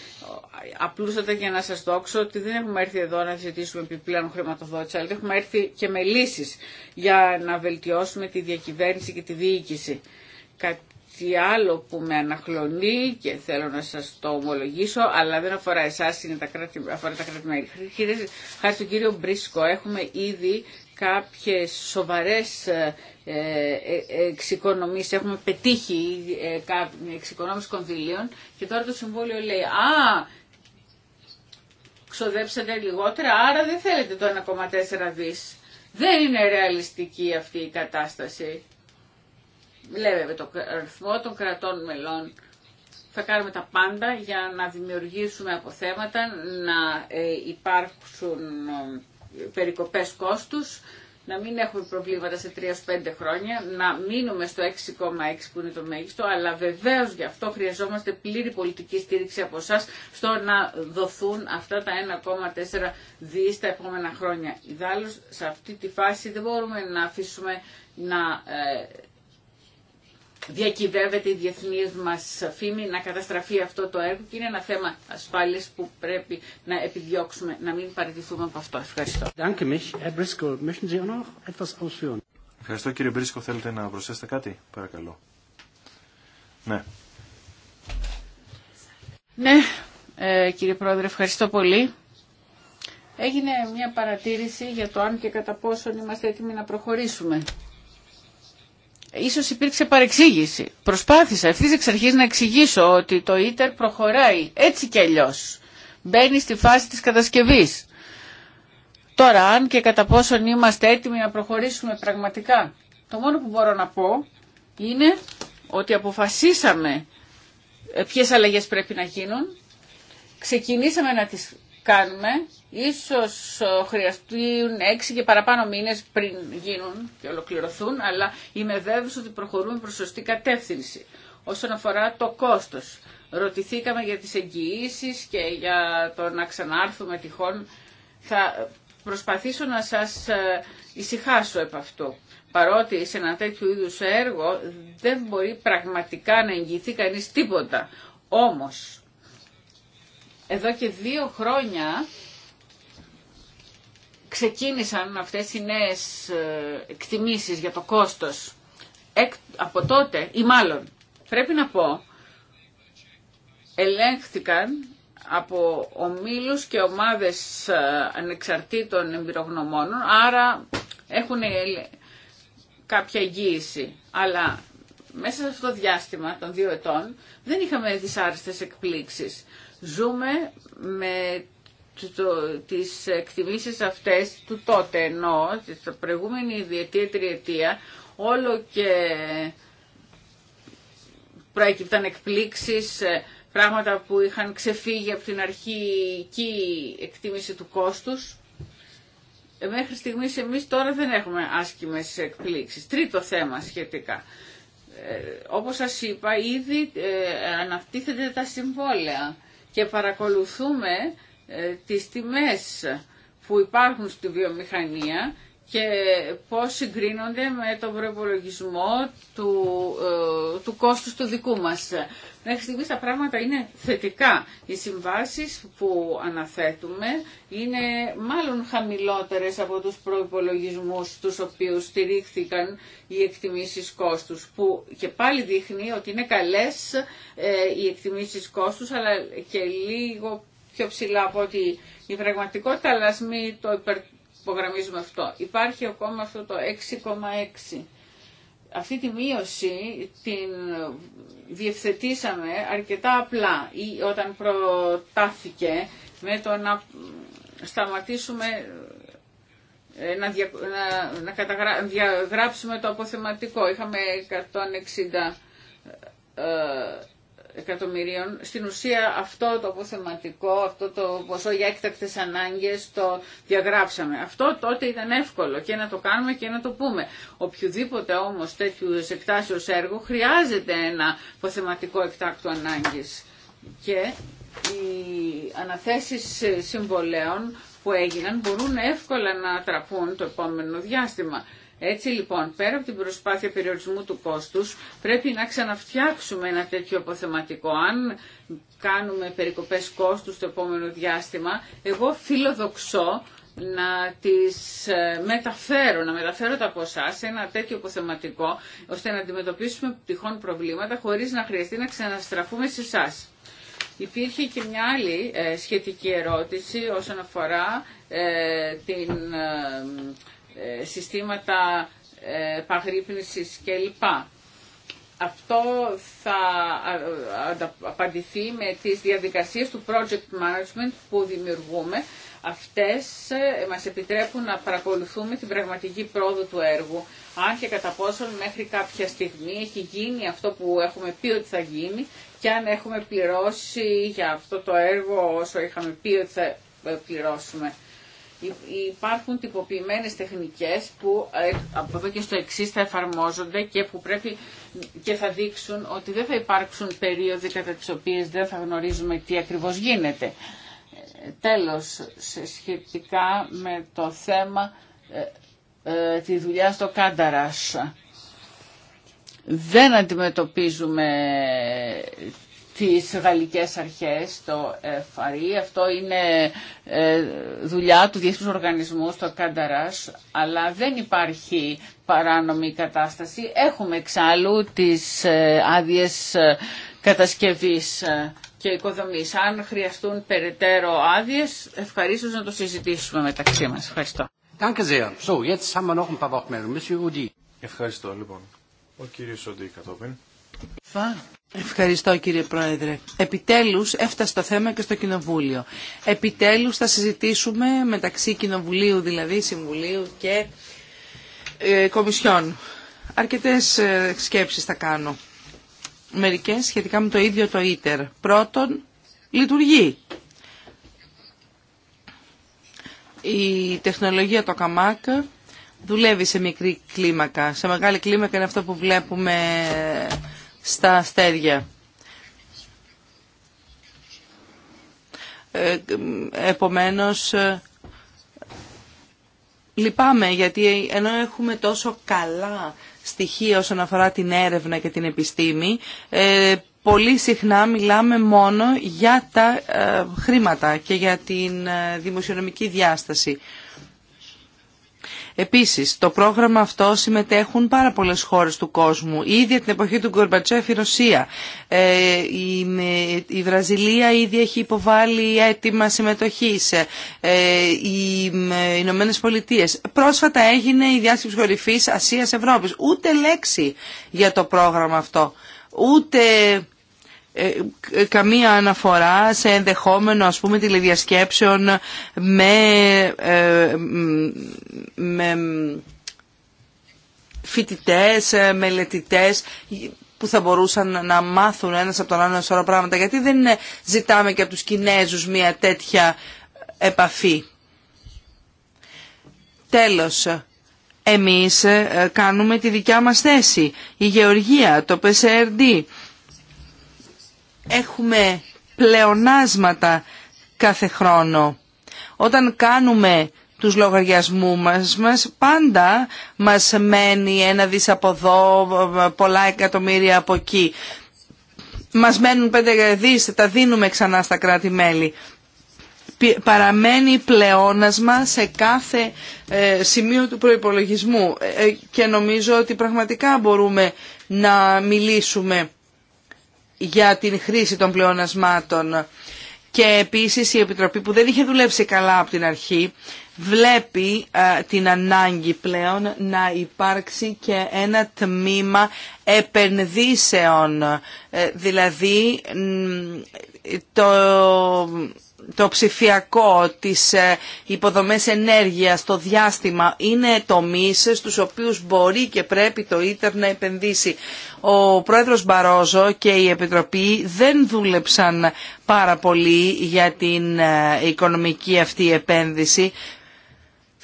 απλούστατα για να σας δώξω ότι δεν έχουμε έρθει εδώ να ζητήσουμε επιπλέον χρηματοδότηση, αλλά έχουμε έρθει και με λύσεις για να βελτιώσουμε τη διακυβέρνηση και τη διοίκηση τι άλλο που με αναχλονεί και θέλω να σας το ομολογήσω, αλλά δεν αφορά εσάς, είναι τα κράτη, αφορά τα κράτη-μέλη. Χάρη στον κύριο Μπρίσκο έχουμε ήδη κάποιες σοβαρές ε, ε, εξοικονομήσεις, έχουμε πετύχει ε, εξοικονόμηση κονδυλίων και τώρα το Συμβούλιο λέει «Α, ξοδέψατε λιγότερα, άρα δεν θέλετε το 1,4 δις». Δεν είναι ρεαλιστική αυτή η κατάσταση λέμε με τον αριθμό των κρατών μελών θα κάνουμε τα πάντα για να δημιουργήσουμε αποθέματα, να ε, υπάρξουν ε, περικοπές κόστους, να μην έχουμε προβλήματα σε 3-5 χρόνια, να μείνουμε στο 6,6 που είναι το μέγιστο, αλλά βεβαίως γι' αυτό χρειαζόμαστε πλήρη πολιτική στήριξη από εσά στο να δοθούν αυτά τα 1,4 δι τα επόμενα χρόνια. Ιδάλλως, σε αυτή τη φάση δεν μπορούμε να αφήσουμε να ε, διακυβεύεται η διεθνή μας φήμη να καταστραφεί αυτό το έργο και είναι ένα θέμα ασφάλεια που πρέπει να επιδιώξουμε να μην παραιτηθούμε από αυτό. Ευχαριστώ. Ευχαριστώ κύριε Μπρίσκο. Θέλετε να προσθέσετε κάτι, παρακαλώ. Ναι. Ναι, ε, κύριε Πρόεδρε, ευχαριστώ πολύ. Έγινε μια παρατήρηση για το αν και κατά πόσον είμαστε έτοιμοι να προχωρήσουμε ίσως υπήρξε παρεξήγηση. Προσπάθησα ευθύς εξ αρχής να εξηγήσω ότι το ίτερ προχωράει έτσι και αλλιώ. Μπαίνει στη φάση της κατασκευής. Τώρα αν και κατά πόσον είμαστε έτοιμοι να προχωρήσουμε πραγματικά. Το μόνο που μπορώ να πω είναι ότι αποφασίσαμε ε, ποιες αλλαγές πρέπει να γίνουν. Ξεκινήσαμε να τις κάνουμε. Ίσως ε, χρειαστούν έξι και παραπάνω μήνες πριν γίνουν και ολοκληρωθούν, αλλά είμαι βέβαιος ότι προχωρούμε προς σωστή κατεύθυνση. Όσον αφορά το κόστος, ρωτηθήκαμε για τις εγγυήσει και για το να ξανάρθουμε τυχόν. Θα προσπαθήσω να σας ε, ησυχάσω επ' αυτό. Παρότι σε ένα τέτοιο είδου έργο δεν μπορεί πραγματικά να εγγυηθεί κανείς τίποτα. Όμως, εδώ και δύο χρόνια ξεκίνησαν αυτές οι νέες ε, εκτιμήσεις για το κόστος. από τότε, ή μάλλον, πρέπει να πω, ελέγχθηκαν από ομίλους και ομάδες ε, ανεξαρτήτων εμπειρογνωμόνων, άρα έχουν κάποια εγγύηση. Αλλά μέσα σε αυτό το διάστημα των δύο ετών δεν είχαμε δυσάρεστες εκπλήξεις. Ζούμε με το, τις εκτιμήσεις αυτές του τότε ενώ στην προηγούμενη διετία τριετία όλο και προέκυπταν εκπλήξεις ε, πράγματα που είχαν ξεφύγει από την αρχική εκτίμηση του κόστους ε, μέχρι στιγμής εμείς τώρα δεν έχουμε άσκημες εκπλήξεις. Τρίτο θέμα σχετικά. Ε, όπως σας είπα, ήδη ε, τα συμβόλαια και παρακολουθούμε ε, τις τιμές που υπάρχουν στη βιομηχανία και πώς συγκρίνονται με τον προπολογισμό του, ε, του κόστους του δικού μας. Μέχρι στιγμής τα πράγματα είναι θετικά. Οι συμβάσεις που αναθέτουμε είναι μάλλον χαμηλότερες από τους προϋπολογισμούς τους οποίους στηρίχθηκαν οι εκτιμήσεις κόστους που και πάλι δείχνει ότι είναι καλές ε, οι εκτιμήσεις κόστους αλλά και λίγο πιο ψηλά από ότι η πραγματικότητα, αλλά το, υπερ, υπογραμμίζουμε αυτό. Υπάρχει ακόμα αυτό το 6,6. Αυτή τη μείωση την διευθετήσαμε αρκετά απλά ή όταν προτάθηκε με το να σταματήσουμε ε, να, να, διαγράψουμε το αποθεματικό. Είχαμε 160 εκατομμυρίων. Στην ουσία αυτό το αποθεματικό, αυτό το ποσό για έκτακτες ανάγκες το διαγράψαμε. Αυτό τότε ήταν εύκολο και να το κάνουμε και να το πούμε. Οποιουδήποτε όμως τέτοιου εκτάσεως έργου χρειάζεται ένα αποθεματικό εκτάκτου ανάγκης. Και οι αναθέσεις συμβολέων που έγιναν μπορούν εύκολα να τραπούν το επόμενο διάστημα. Έτσι λοιπόν, πέρα από την προσπάθεια περιορισμού του κόστους, πρέπει να ξαναφτιάξουμε ένα τέτοιο αποθεματικό. Αν κάνουμε περικοπές κόστους το επόμενο διάστημα, εγώ φιλοδοξώ να τις ε, μεταφέρω, να μεταφέρω τα ποσά σε ένα τέτοιο αποθεματικό, ώστε να αντιμετωπίσουμε τυχόν προβλήματα χωρίς να χρειαστεί να ξαναστραφούμε σε εσά. Υπήρχε και μια άλλη ε, σχετική ερώτηση όσον αφορά ε, την ε, συστήματα ε, παγρύπνησης κλπ. Αυτό θα απαντηθεί με τις διαδικασίες του project management που δημιουργούμε. Αυτές ε, μας επιτρέπουν να παρακολουθούμε την πραγματική πρόοδο του έργου. Αν και κατά πόσον μέχρι κάποια στιγμή έχει γίνει αυτό που έχουμε πει ότι θα γίνει και αν έχουμε πληρώσει για αυτό το έργο όσο είχαμε πει ότι θα πληρώσουμε υπάρχουν τυποποιημένες τεχνικές που ε, από εδώ και στο εξή θα εφαρμόζονται και που πρέπει και θα δείξουν ότι δεν θα υπάρξουν περίοδοι κατά τις οποίες δεν θα γνωρίζουμε τι ακριβώς γίνεται. Ε, τέλος, σχετικά με το θέμα ε, ε, τη δουλειά στο Κάνταρας. Δεν αντιμετωπίζουμε τις γαλλικές αρχές, το ΕΦΑΡΗ. E. Αυτό είναι ε, δουλειά του Διεθνούς Οργανισμού στο Κανταράς, αλλά δεν υπάρχει παράνομη κατάσταση. Έχουμε εξάλλου τις ε, άδειες ε, κατασκευής και οικοδομής. Αν χρειαστούν περαιτέρω άδειες, ευχαρίστως να το συζητήσουμε μεταξύ μας. Ευχαριστώ. Ευχαριστώ λοιπόν. Ο κύριος Οντή κατόπιν. Ευχαριστώ κύριε Πρόεδρε. Επιτέλους έφτασε το θέμα και στο Κοινοβούλιο. Επιτέλους θα συζητήσουμε μεταξύ Κοινοβουλίου, δηλαδή Συμβουλίου και ε, Κομισιόν. Αρκετές ε, σκέψεις θα κάνω. Μερικές σχετικά με το ίδιο το ίτερ. Πρώτον, λειτουργεί. Η τεχνολογία το ΚΑΜΑΚ δουλεύει σε μικρή κλίμακα. Σε μεγάλη κλίμακα είναι αυτό που βλέπουμε στα αστέρια. Ε, επομένως, ε, λυπάμαι γιατί ενώ έχουμε τόσο καλά στοιχεία όσον αφορά την έρευνα και την επιστήμη, ε, πολύ συχνά μιλάμε μόνο για τα χρήματα και για την δημοσιονομική διάσταση. Επίσης, το πρόγραμμα αυτό συμμετέχουν πάρα πολλές χώρες του κόσμου. Ήδη την εποχή του Γκορμπατσέφ η Ρωσία. Ε, η, Βραζιλία ήδη έχει υποβάλει αίτημα συμμετοχής. Ε, οι Ηνωμένε Πολιτείε. Πρόσφατα έγινε η διάσκεψη κορυφής Ασίας-Ευρώπης. Ούτε λέξη για το πρόγραμμα αυτό. Ούτε ε, ε, καμία αναφορά σε ενδεχόμενο ας πούμε τηλεδιασκέψεων με, ε, με φοιτητές, μελετητές που θα μπορούσαν να μάθουν ένας από τον άλλον σωρό πράγματα. Γιατί δεν ζητάμε και από τους Κινέζους μια τέτοια επαφή. Τέλος, εμείς κάνουμε τη δικιά μας θέση. Η Γεωργία, το PSRD, έχουμε πλεονάσματα κάθε χρόνο. Όταν κάνουμε τους λογαριασμού μας, πάντα μας μένει ένα δις από εδώ, πολλά εκατομμύρια από εκεί. Μας μένουν πέντε δις, τα δίνουμε ξανά στα κράτη-μέλη. Παραμένει πλεόνασμα σε κάθε ε, σημείο του προϋπολογισμού ε, ε, και νομίζω ότι πραγματικά μπορούμε να μιλήσουμε για την χρήση των πλεονασμάτων. Και επίσης η Επιτροπή που δεν είχε δουλέψει καλά από την αρχή βλέπει ε, την ανάγκη πλέον να υπάρξει και ένα τμήμα επενδύσεων. Ε, δηλαδή το το ψηφιακό, τις ε, υποδομές ενέργειας, το διάστημα είναι τομείς στους οποίους μπορεί και πρέπει το ίτερ να επενδύσει. Ο πρόεδρος Μπαρόζο και η Επιτροπή δεν δούλεψαν πάρα πολύ για την ε, οικονομική αυτή επένδυση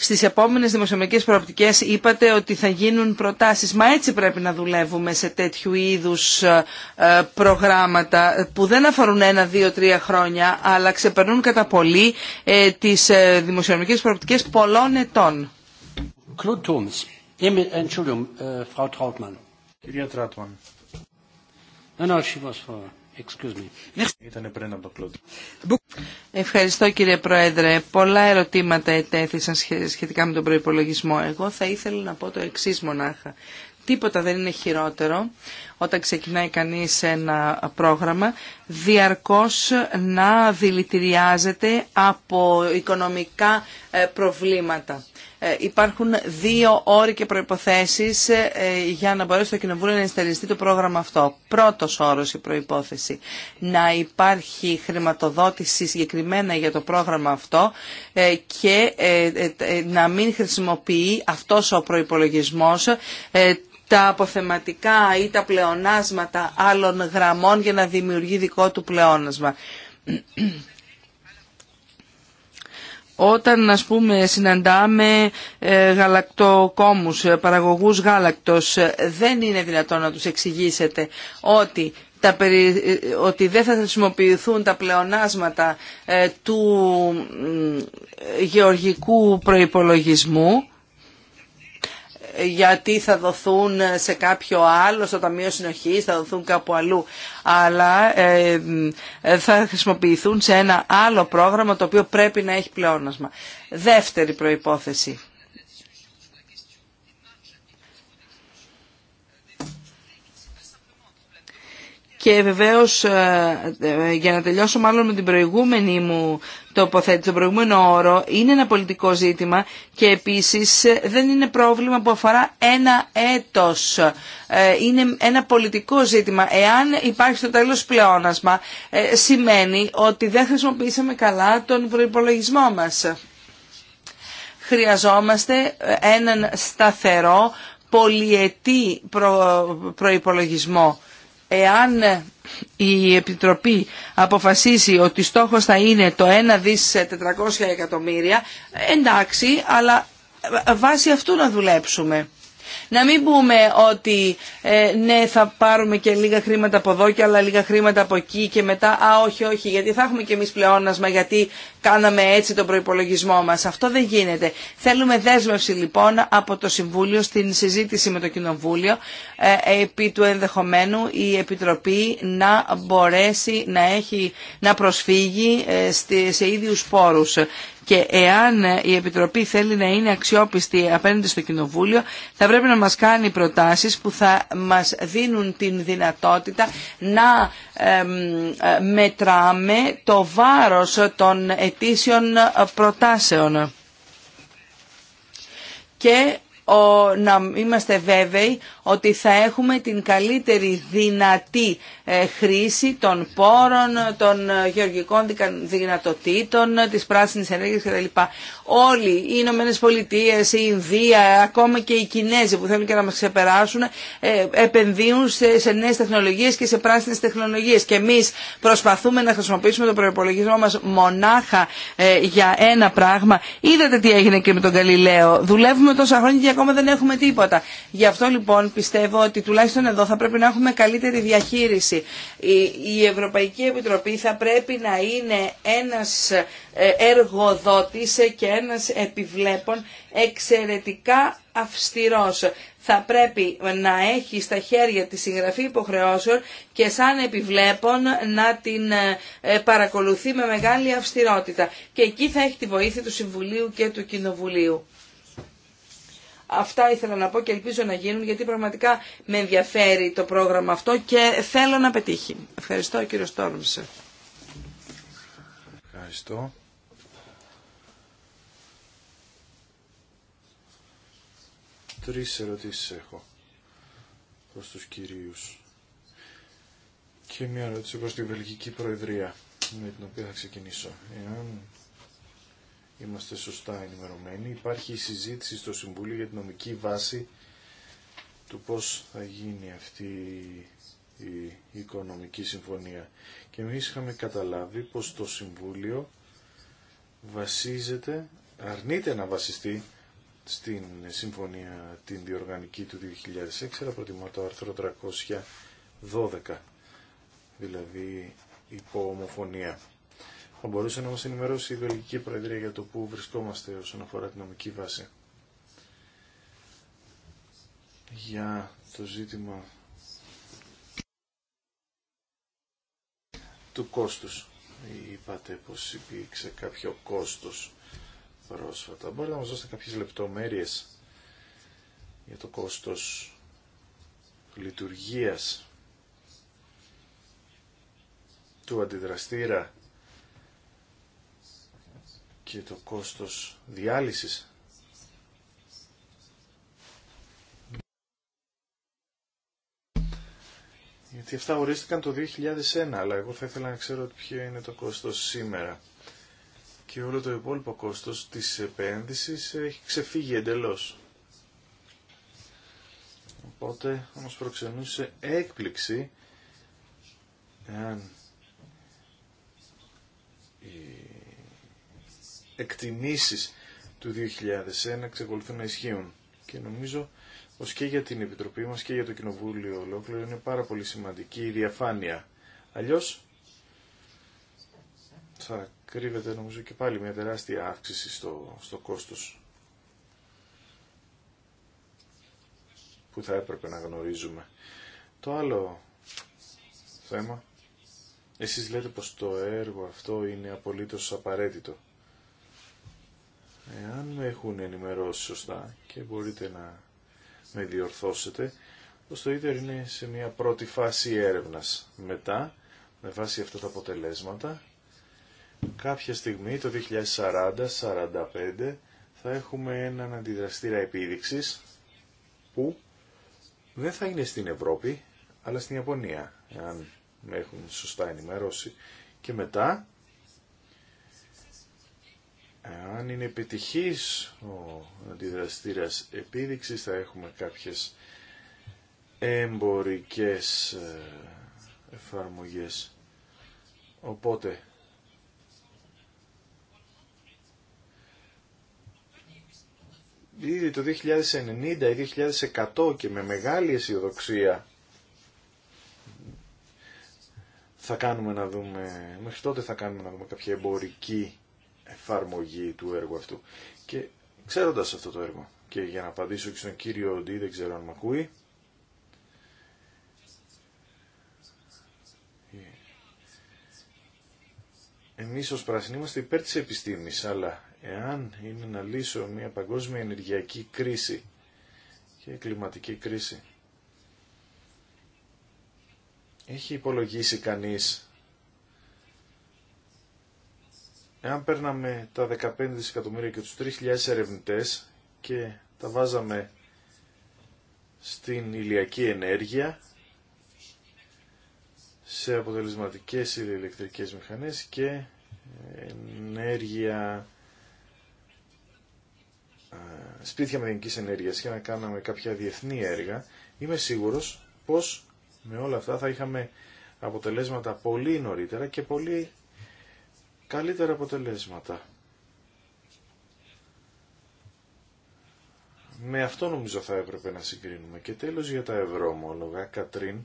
στις επόμενε δημοσιονομικές προοπτικέ είπατε ότι θα γίνουν προτάσεις. Μα έτσι πρέπει να δουλεύουμε σε τέτοιου είδου ε, ε, προγράμματα που δεν αφορούν ένα, δύο, τρία χρόνια αλλά ξεπερνούν κατά πολύ ε, τις δημοσιονομικέ προοπτικέ πολλών ετών. Ευχαριστώ κύριε Πρόεδρε. Πολλά ερωτήματα ετέθησαν σχετικά με τον προϋπολογισμό. Εγώ θα ήθελα να πω το εξής μονάχα. Τίποτα δεν είναι χειρότερο όταν ξεκινάει κανείς ένα πρόγραμμα διαρκώς να δηλητηριάζεται από οικονομικά ε, προβλήματα. Ε, υπάρχουν δύο όροι και προϋποθέσεις ε, για να μπορέσει το Κοινοβούλιο να ενστεριστεί το πρόγραμμα αυτό. Πρώτος όρος η προϋπόθεση. Να υπάρχει χρηματοδότηση συγκεκριμένα για το πρόγραμμα αυτό ε, και να μην χρησιμοποιεί αυτός ο προϋπολογισμός τα αποθεματικά ή τα πλεονάσματα άλλων γραμμών για να δημιουργεί δικό του πλεόνασμα όταν ας πούμε συναντάμε ε, γαλακτοκόμους, ε, παραγωγούς γάλακτος, ε, δεν είναι δυνατόν να τους εξηγήσετε ότι τα ότι δεν θα χρησιμοποιηθούν τα πλεονάσματα του γεωργικού προϋπολογισμού γιατί θα δοθούν σε κάποιο άλλο, στο Ταμείο Συνοχής, θα δοθούν κάπου αλλού, αλλά ε, ε, θα χρησιμοποιηθούν σε ένα άλλο πρόγραμμα το οποίο πρέπει να έχει πλεόνασμα. Δεύτερη προϋπόθεση Και βεβαίως ε, ε, για να τελειώσω μάλλον με την προηγούμενη μου τοποθέτηση, το προηγούμενο όρο, είναι ένα πολιτικό ζήτημα και επίσης ε, δεν είναι πρόβλημα που αφορά ένα έτος. Είναι ένα πολιτικό ζήτημα. Εάν υπάρχει το τέλος πλεόνασμα, σημαίνει ότι δεν χρησιμοποιήσαμε καλά τον προϋπολογισμό μας. Χρειαζόμαστε έναν σταθερό πολυετή προϋπολογισμό εάν η Επιτροπή αποφασίσει ότι στόχος θα είναι το 1 δις 400 εκατομμύρια, εντάξει, αλλά βάσει αυτού να δουλέψουμε. Να μην πούμε ότι ε, ναι θα πάρουμε και λίγα χρήματα από εδώ και άλλα λίγα χρήματα από εκεί και μετά α όχι όχι γιατί θα έχουμε και εμείς πλεόνασμα γιατί κάναμε έτσι τον προϋπολογισμό μας. Αυτό δεν γίνεται. Θέλουμε δέσμευση λοιπόν από το Συμβούλιο στην συζήτηση με το Κοινοβούλιο ε, επί του ενδεχομένου η Επιτροπή να μπορέσει να, έχει, να προσφύγει ε, σε ίδιους πόρους και εάν ε, η Επιτροπή θέλει να είναι αξιόπιστη απέναντι στο Κοινοβούλιο θα πρέπει να μας κάνει προτάσεις που θα μας δίνουν την δυνατότητα να ε, μετράμε το βάρος των ετήσιων προτάσεων και να είμαστε βέβαιοι ότι θα έχουμε την καλύτερη δυνατή ε, χρήση των πόρων, των ε, γεωργικών δυνατοτήτων, ε, της πράσινης ενέργειας κτλ. Όλοι οι Ηνωμένε Πολιτείε, η Ινδία, ακόμα και οι Κινέζοι που θέλουν και να μας ξεπεράσουν, επενδύουν σε, σε νέες τεχνολογίες και σε πράσινες τεχνολογίες. Και εμείς προσπαθούμε να χρησιμοποιήσουμε το προπολογισμό μας μονάχα για ένα πράγμα. Είδατε τι έγινε και με τον Καλλιλέο Δουλεύουμε τόσα χρόνια και ακόμα δεν έχουμε τίποτα. Γι' αυτό λοιπόν πιστεύω ότι τουλάχιστον εδώ θα πρέπει να έχουμε καλύτερη διαχείριση η Ευρωπαϊκή Επιτροπή θα πρέπει να είναι ένας ε, εργοδότης και ένας επιβλέπων εξαιρετικά αυστηρός. Θα πρέπει να έχει στα χέρια τη συγγραφή υποχρεώσεων και σαν επιβλέπων να την ε, ε, παρακολουθεί με μεγάλη αυστηρότητα. Και εκεί θα έχει τη βοήθεια του Συμβουλίου και του Κοινοβουλίου. Αυτά ήθελα να πω και ελπίζω να γίνουν γιατί πραγματικά με ενδιαφέρει το πρόγραμμα αυτό και θέλω να πετύχει. Ευχαριστώ κύριο Στόρμσερ. Ευχαριστώ. Τρεις ερωτήσεις έχω προς τους κυρίους και μια ερώτηση προς τη Βελγική Προεδρία με την οποία θα ξεκινήσω. Εάν είμαστε σωστά ενημερωμένοι. Υπάρχει συζήτηση στο Συμβούλιο για την νομική βάση του πώς θα γίνει αυτή η οικονομική συμφωνία. Και εμείς είχαμε καταλάβει πως το Συμβούλιο βασίζεται, αρνείται να βασιστεί στην συμφωνία την διοργανική του 2006, αλλά προτιμά το άρθρο 312, δηλαδή υπό ομοφωνία. Θα μπορούσε να μας ενημερώσει η Βελγική Προεδρία για το πού βρισκόμαστε όσον αφορά την νομική βάση. Για το ζήτημα του κόστους. Είπατε πως υπήρξε κάποιο κόστος πρόσφατα. Μπορείτε να μας δώσετε κάποιες λεπτομέρειες για το κόστος λειτουργίας του αντιδραστήρα και το κόστος διάλυσης. Γιατί αυτά ορίστηκαν το 2001, αλλά εγώ θα ήθελα να ξέρω ποιο είναι το κόστος σήμερα. Και όλο το υπόλοιπο κόστος της επένδυσης έχει ξεφύγει εντελώς. Οπότε όμως προξενούσε έκπληξη εάν η εκτιμήσεις του 2001 εξακολουθούν να ισχύουν. Και νομίζω πως και για την Επιτροπή μας και για το Κοινοβούλιο ολόκληρο είναι πάρα πολύ σημαντική η διαφάνεια. Αλλιώς θα κρύβεται νομίζω και πάλι μια τεράστια αύξηση στο, στο κόστος που θα έπρεπε να γνωρίζουμε. Το άλλο θέμα, εσείς λέτε πως το έργο αυτό είναι απολύτως απαραίτητο. Εάν με έχουν ενημερώσει σωστά και μπορείτε να με διορθώσετε, το ίδιο είναι σε μια πρώτη φάση έρευνας. Μετά, με βάση αυτά τα αποτελέσματα, κάποια στιγμή το 2040-45 θα έχουμε έναν αντιδραστήρα επίδειξης που δεν θα είναι στην Ευρώπη, αλλά στην Ιαπωνία, αν με έχουν σωστά ενημερώσει. Και μετά αν είναι επιτυχής ο αντιδραστήρας επίδειξης θα έχουμε κάποιες εμπορικές ε, εφαρμογές. Οπότε ήδη το 2090 ή 2100 και με μεγάλη αισιοδοξία θα κάνουμε να δούμε, μέχρι τότε θα κάνουμε να δούμε κάποια εμπορική εφαρμογή του έργου αυτού. Και ξέροντας αυτό το έργο και για να απαντήσω και στον κύριο Ντί, δεν ξέρω αν με ακούει, εμείς ως πράσινοι είμαστε υπέρ της επιστήμης, αλλά εάν είναι να λύσω μια παγκόσμια ενεργειακή κρίση και κλιματική κρίση, έχει υπολογίσει κανείς Εάν παίρναμε τα 15 δισεκατομμύρια και τους 3.000 ερευνητές και τα βάζαμε στην ηλιακή ενέργεια, σε αποτελεσματικές ηλεκτρικές μηχανές και ενέργεια σπίτια μηδενικής ενέργειας για να κάναμε κάποια διεθνή έργα, είμαι σίγουρος πως με όλα αυτά θα είχαμε αποτελέσματα πολύ νωρίτερα και πολύ καλύτερα αποτελέσματα. Με αυτό νομίζω θα έπρεπε να συγκρίνουμε. Και τέλος για τα ευρωομόλογα, Κατρίν,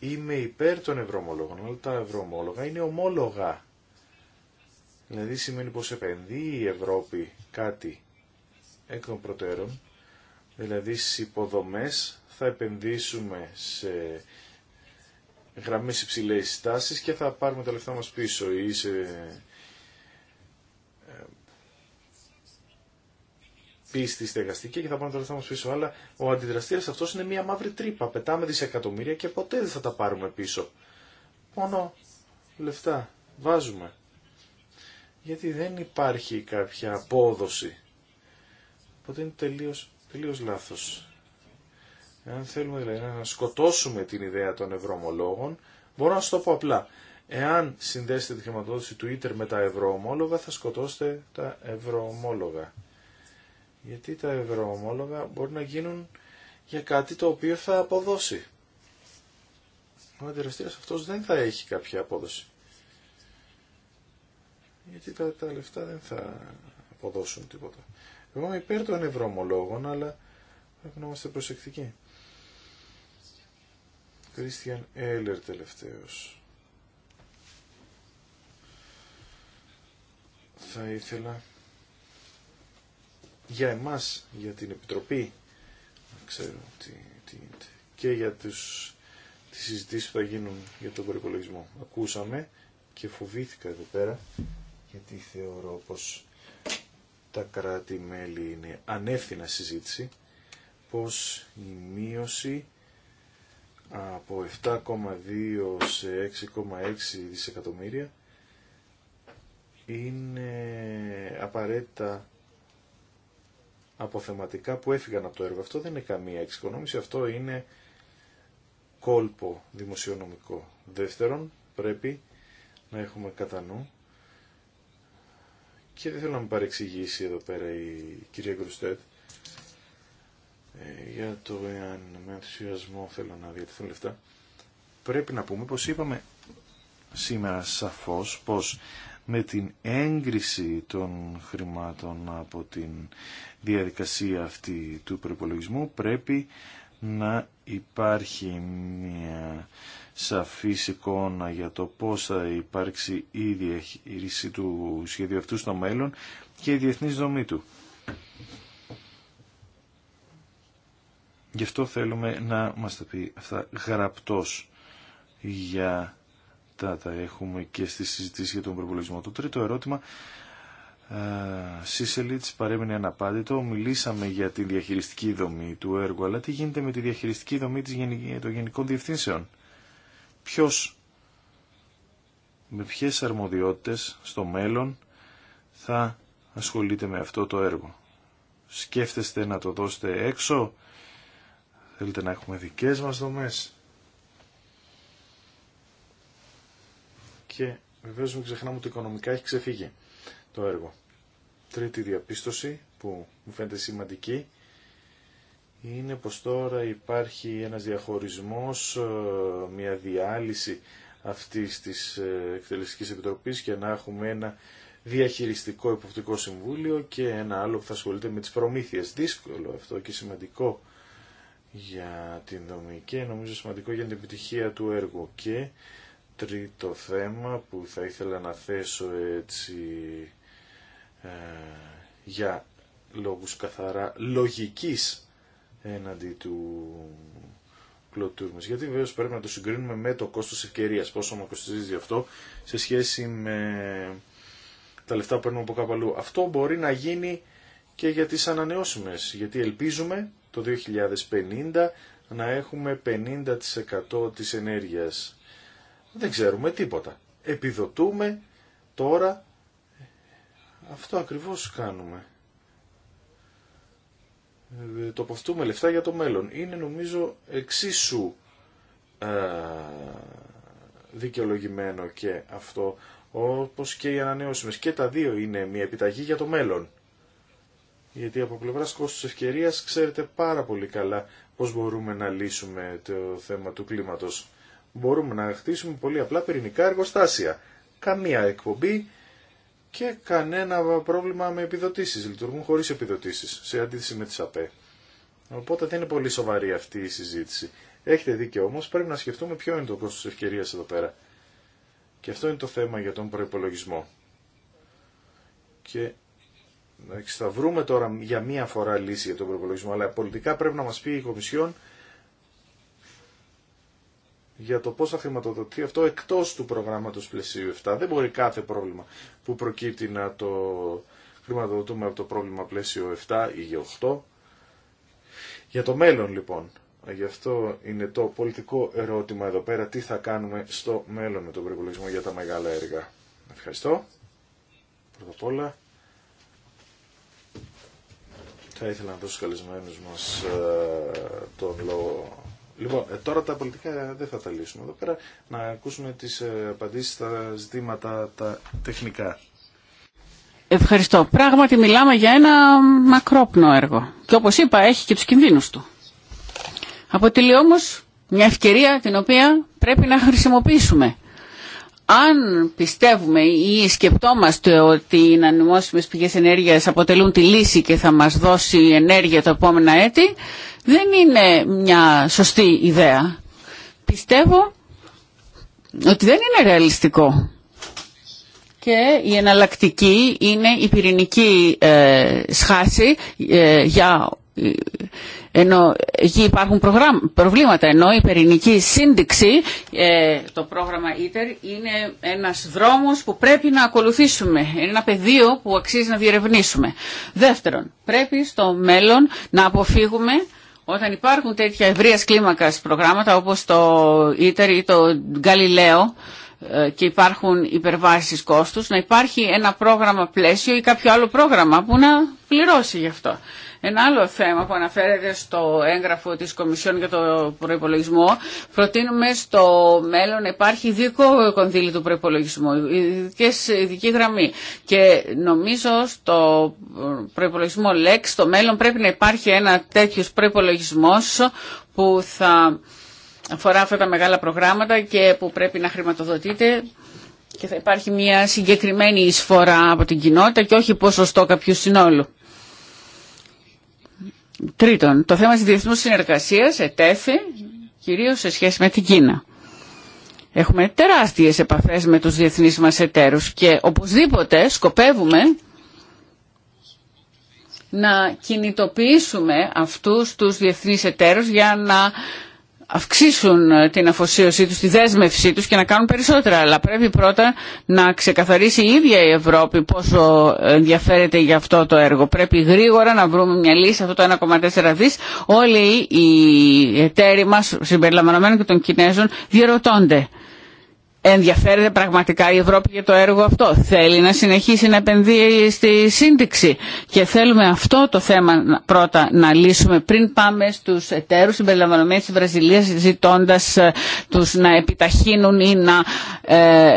είμαι υπέρ των ευρωομόλογων, αλλά τα ευρωομόλογα είναι ομόλογα. Δηλαδή σημαίνει πως επενδύει η Ευρώπη κάτι εκ των προτέρων, δηλαδή στις υποδομές θα επενδύσουμε σε γραμμές υψηλές στάσεις και θα πάρουμε τα λεφτά μα πίσω ή σε πίστη στεγαστική και θα πάρουμε τα λεφτά μα πίσω. Αλλά ο αντιδραστήρα αυτό είναι μια μαύρη τρύπα. Πετάμε δισεκατομμύρια και ποτέ δεν θα τα πάρουμε πίσω. Μόνο λεφτά βάζουμε. Γιατί δεν υπάρχει κάποια απόδοση. Οπότε είναι τελείω τελείως λάθος. Εάν θέλουμε δηλαδή, να σκοτώσουμε την ιδέα των ευρωομολόγων, μπορώ να σου το πω απλά. Εάν συνδέσετε τη χρηματοδότηση Twitter με τα ευρωομόλογα, θα σκοτώσετε τα ευρωομόλογα. Γιατί τα ευρωομόλογα μπορεί να γίνουν για κάτι το οποίο θα αποδώσει. Ο αντιραστήρας αυτός δεν θα έχει κάποια απόδοση. Γιατί τα, τα λεφτά δεν θα αποδώσουν τίποτα. Εγώ είμαι υπέρ των ευρωομολόγων, αλλά πρέπει να είμαστε προσεκτικοί. Κρίστιαν Έλερ τελευταίος. Θα ήθελα για εμάς, για την Επιτροπή, ξέρω τι, και για τους, τις συζητήσεις που θα γίνουν για τον προϋπολογισμό. Ακούσαμε και φοβήθηκα εδώ πέρα, γιατί θεωρώ πως τα κράτη-μέλη είναι ανεύθυνα συζήτηση, πως η μείωση από 7,2 σε 6,6 δισεκατομμύρια είναι απαραίτητα αποθεματικά που έφυγαν από το έργο. Αυτό δεν είναι καμία εξοικονόμηση, αυτό είναι κόλπο δημοσιονομικό. Δεύτερον, πρέπει να έχουμε κατά νου και δεν θέλω να με παρεξηγήσει εδώ πέρα η κυρία Γκρουστέτ, ε, για το εάν με ενθουσιασμό θέλω να διατηθούν λεφτά, πρέπει να πούμε πως είπαμε σήμερα σαφώς πως με την έγκριση των χρημάτων από την διαδικασία αυτή του προπολογισμού πρέπει να υπάρχει μια σαφή εικόνα για το πώς θα υπάρξει η διαχείριση του σχεδίου αυτού στο μέλλον και η διεθνής δομή του. Γι' αυτό θέλουμε να μας τα πει αυτά γραπτός για τα τα έχουμε και στη συζήτηση για τον προβολισμό. Το τρίτο ερώτημα, Σίσελιτς παρέμεινε αναπάντητο. Μιλήσαμε για τη διαχειριστική δομή του έργου, αλλά τι γίνεται με τη διαχειριστική δομή της, των γενικών διευθύνσεων. Ποιος, με ποιες αρμοδιότητες στο μέλλον θα ασχολείται με αυτό το έργο. Σκέφτεστε να το δώσετε έξω Θέλετε να έχουμε δικές μας δομές. Και βεβαίως μην ξεχνάμε ότι οικονομικά έχει ξεφύγει το έργο. Τρίτη διαπίστωση που μου φαίνεται σημαντική είναι πως τώρα υπάρχει ένας διαχωρισμός, ε, μια διάλυση αυτής της ε, εκτελεστικής επιτροπής και να έχουμε ένα διαχειριστικό υποπτικό συμβούλιο και ένα άλλο που θα ασχολείται με τις προμήθειες. Δύσκολο αυτό και σημαντικό για την δομή και νομίζω σημαντικό για την επιτυχία του έργου. Και τρίτο θέμα που θα ήθελα να θέσω έτσι ε, για λόγους καθαρά λογικής έναντι του κλωτούρμες. Γιατί βέβαια πρέπει να το συγκρίνουμε με το κόστος ευκαιρίας, πόσο μα κοστίζει αυτό σε σχέση με τα λεφτά που παίρνουμε από κάπου αλλού. Αυτό μπορεί να γίνει και για τις ανανεώσιμες, γιατί ελπίζουμε το 2050 να έχουμε 50% της ενέργειας. Δεν ξέρουμε τίποτα. Επιδοτούμε τώρα. Αυτό ακριβώς κάνουμε. Ε, Τοποθετούμε λεφτά για το μέλλον. Είναι νομίζω εξίσου ε, δικαιολογημένο και αυτό όπως και οι ανανεώσιμες. Και τα δύο είναι μια επιταγή για το μέλλον. Γιατί από πλευρά κόστου ευκαιρία ξέρετε πάρα πολύ καλά πώ μπορούμε να λύσουμε το θέμα του κλίματο. Μπορούμε να χτίσουμε πολύ απλά πυρηνικά εργοστάσια. Καμία εκπομπή και κανένα πρόβλημα με επιδοτήσει. Λειτουργούν χωρί επιδοτήσει σε αντίθεση με τις ΑΠΕ. Οπότε δεν είναι πολύ σοβαρή αυτή η συζήτηση. Έχετε δίκιο όμω, πρέπει να σκεφτούμε ποιο είναι το κόστο ευκαιρία εδώ πέρα. Και αυτό είναι το θέμα για τον προπολογισμό. Και θα βρούμε τώρα για μία φορά λύση για τον προπολογισμό, αλλά πολιτικά πρέπει να μας πει η Κομισιόν για το πώς θα χρηματοδοτεί αυτό εκτός του προγράμματος πλαισίου 7. Δεν μπορεί κάθε πρόβλημα που προκύπτει να το χρηματοδοτούμε από το πρόβλημα πλαίσιο 7 ή 8. Για το μέλλον λοιπόν, γι' αυτό είναι το πολιτικό ερώτημα εδώ πέρα, τι θα κάνουμε στο μέλλον με τον προπολογισμό για τα μεγάλα έργα. Ευχαριστώ. Πρώτα απ' όλα. Θα ήθελα να δώσω καλεσμένους μας ε, τον λόγο. Λοιπόν, ε, τώρα τα πολιτικά δεν θα τα λύσουμε εδώ πέρα. Να ακούσουμε τις ε, απαντήσεις στα ζητήματα τα τεχνικά. Ευχαριστώ. Πράγματι μιλάμε για ένα μακρόπνο έργο. Και όπως είπα έχει και τους κινδύνους του. Αποτελεί όμως μια ευκαιρία την οποία πρέπει να χρησιμοποιήσουμε αν πιστεύουμε ή σκεπτόμαστε ότι οι ανανεώσιμες πηγές ενέργειας αποτελούν τη λύση και θα μας δώσει ενέργεια τα επόμενα έτη, δεν είναι μια σωστή ιδέα. Πιστεύω ότι δεν είναι ρεαλιστικό. Και η εναλλακτική είναι η πυρηνική ε, σχάση ε, για ενώ εκεί υπάρχουν προβλήματα, ενώ η περινική σύνδεξη, ε, το πρόγραμμα ITER, είναι ένας δρόμος που πρέπει να ακολουθήσουμε, είναι ένα πεδίο που αξίζει να διερευνήσουμε. Δεύτερον, πρέπει στο μέλλον να αποφύγουμε όταν υπάρχουν τέτοια ευρεία κλίμακα προγράμματα όπως το ITER ή το Galileo, ε, και υπάρχουν υπερβάσεις κόστους, να υπάρχει ένα πρόγραμμα πλαίσιο ή κάποιο άλλο πρόγραμμα που να πληρώσει γι' αυτό. Ένα άλλο θέμα που αναφέρεται στο έγγραφο της Κομισιόν για το προϋπολογισμό προτείνουμε στο μέλλον να υπάρχει ειδικό κονδύλι του προϋπολογισμού, ειδική γραμμή. Και νομίζω στο προϋπολογισμό ΛΕΚ στο μέλλον πρέπει να υπάρχει ένα τέτοιο προϋπολογισμό που θα αφορά αυτά τα μεγάλα προγράμματα και που πρέπει να χρηματοδοτείται και θα υπάρχει μια συγκεκριμένη εισφορά από την κοινότητα και όχι ποσοστό κάποιου συνόλου. Τρίτον, το θέμα της διεθνούς συνεργασίας ετέθη κυρίως σε σχέση με την Κίνα. Έχουμε τεράστιες επαφές με τους διεθνείς μας εταίρους και οπωσδήποτε σκοπεύουμε να κινητοποιήσουμε αυτούς τους διεθνείς εταίρους για να αυξήσουν ε, την αφοσίωσή τους, τη δέσμευσή τους και να κάνουν περισσότερα. Αλλά πρέπει πρώτα να ξεκαθαρίσει η ίδια η Ευρώπη πόσο ενδιαφέρεται για αυτό το έργο. Πρέπει γρήγορα να βρούμε μια λύση αυτό το 1,4 δις. Όλοι οι εταίροι μας, συμπεριλαμβανομένων και των Κινέζων, διερωτώνται ενδιαφέρεται πραγματικά η Ευρώπη για το έργο αυτό. Θέλει να συνεχίσει να επενδύει στη σύνδεξη και θέλουμε αυτό το θέμα πρώτα να λύσουμε πριν πάμε στους εταίρους συμπεριλαμβανομένου τη Βραζιλία ζητώντας ε, τους να επιταχύνουν ή να ε,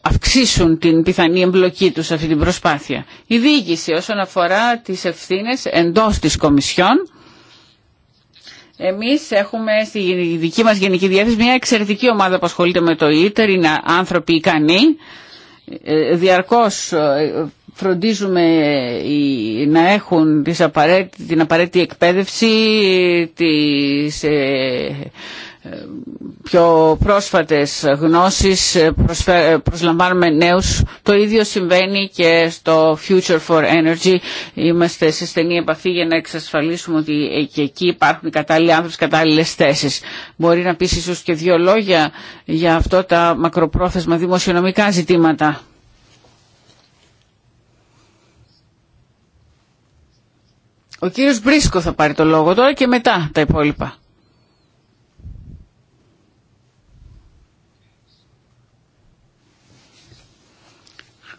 αυξήσουν την πιθανή εμπλοκή του σε αυτή την προσπάθεια. Η διοίκηση όσον αφορά τις ευθύνε εντό τη Κομισιόν εμείς έχουμε στη δική μας Γενική Διεύθυνση μια εξαιρετική ομάδα που ασχολείται με το ίτερ, είναι άνθρωποι ικανοί, ε, διαρκώς ε, φροντίζουμε να έχουν την απαραίτητη εκπαίδευση, ε, τις πιο πρόσφατες γνώσεις προσλαμβάνουμε νέους. Το ίδιο συμβαίνει και στο Future for Energy. Είμαστε σε στενή επαφή για να εξασφαλίσουμε ότι και εκεί υπάρχουν κατάλληλοι άνθρωποι, κατάλληλες θέσεις. Μπορεί να πεις ίσως και δύο λόγια για αυτό τα μακροπρόθεσμα δημοσιονομικά ζητήματα. Ο κύριος Μπρίσκο θα πάρει το λόγο τώρα και μετά τα υπόλοιπα.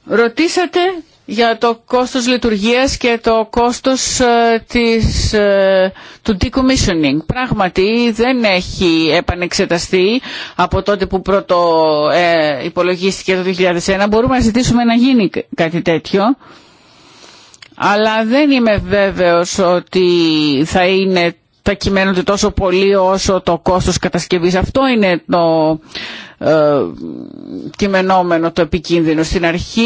Ρωτήσατε για το κόστος λειτουργίας και το κόστος ε, της, ε, του decommissioning. Πράγματι δεν έχει επανεξεταστεί από τότε που πρώτο ε, υπολογίστηκε το 2001. Μπορούμε να ζητήσουμε να γίνει κάτι τέτοιο. Αλλά δεν είμαι βέβαιος ότι θα είναι τα κυμαίνονται τόσο πολύ όσο το κόστος κατασκευής. Αυτό είναι το ε, κειμενόμενο, το επικίνδυνο. Στην αρχή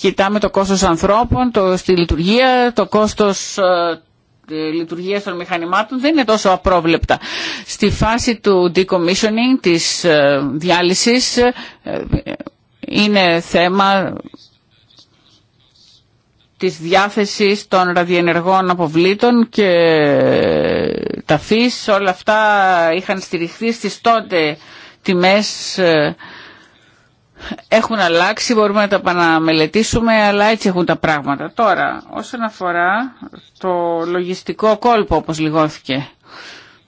κοιτάμε το κόστος ανθρώπων, το, στη λειτουργία, το κόστος ε, λειτουργίας των μηχανημάτων δεν είναι τόσο απρόβλεπτα. Στη φάση του decommissioning, της ε, διάλυσης, ε, ε, είναι θέμα της διάθεσης των ραδιενεργών αποβλήτων και τα ταφής. Όλα αυτά είχαν στηριχθεί στις τότε τιμές έχουν αλλάξει, μπορούμε να τα επαναμελετήσουμε, αλλά έτσι έχουν τα πράγματα. Τώρα, όσον αφορά το λογιστικό κόλπο, όπως λιγόθηκε,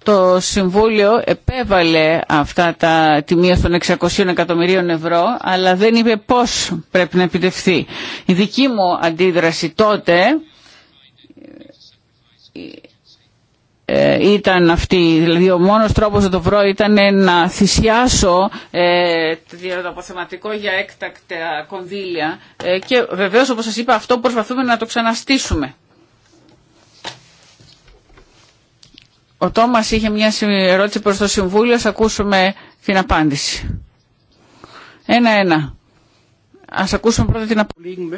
το Συμβούλιο επέβαλε αυτά τα τιμία των 600 εκατομμυρίων ευρώ, αλλά δεν είπε πώς πρέπει να επιτευχθεί. Η δική μου αντίδραση τότε ε, ήταν αυτή. Δηλαδή ο μόνος τρόπος να το βρω ήταν να θυσιάσω ε, το αποθεματικό για έκτακτα κονδύλια ε, και βεβαίως όπως σας είπα αυτό προσπαθούμε να το ξαναστήσουμε. Ο Τόμας είχε μια ερώτηση προς το Συμβούλιο, θα ακούσουμε την απάντηση. Ένα-ένα. Ας ακούσουμε πρώτα την απάντηση.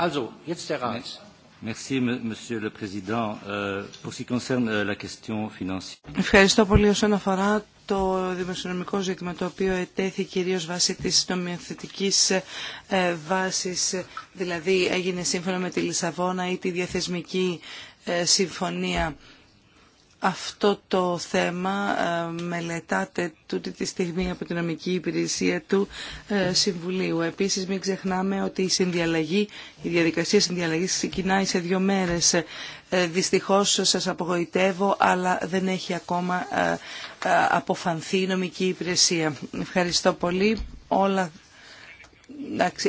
Also, jetzt der Rat. Ευχαριστώ πολύ όσον αφορά το δημοσιονομικό ζήτημα το οποίο ετέθη κυρίως βάσει της νομιοθετικής ε, βάσης, ε, δηλαδή έγινε σύμφωνα με τη Λισαβόνα ή τη διαθεσμική ε, συμφωνία αυτό το θέμα ε, μελετάτε τούτη τη στιγμή από την νομική υπηρεσία του ε, Συμβουλίου. Επίσης μην ξεχνάμε ότι η συνδιαλλαγή, η διαδικασία συνδιαλλαγής ξεκινάει σε δύο μέρες. Ε, δυστυχώς σας απογοητεύω, αλλά δεν έχει ακόμα αποφανθεί η νομική υπηρεσία. Ευχαριστώ πολύ. Όλα...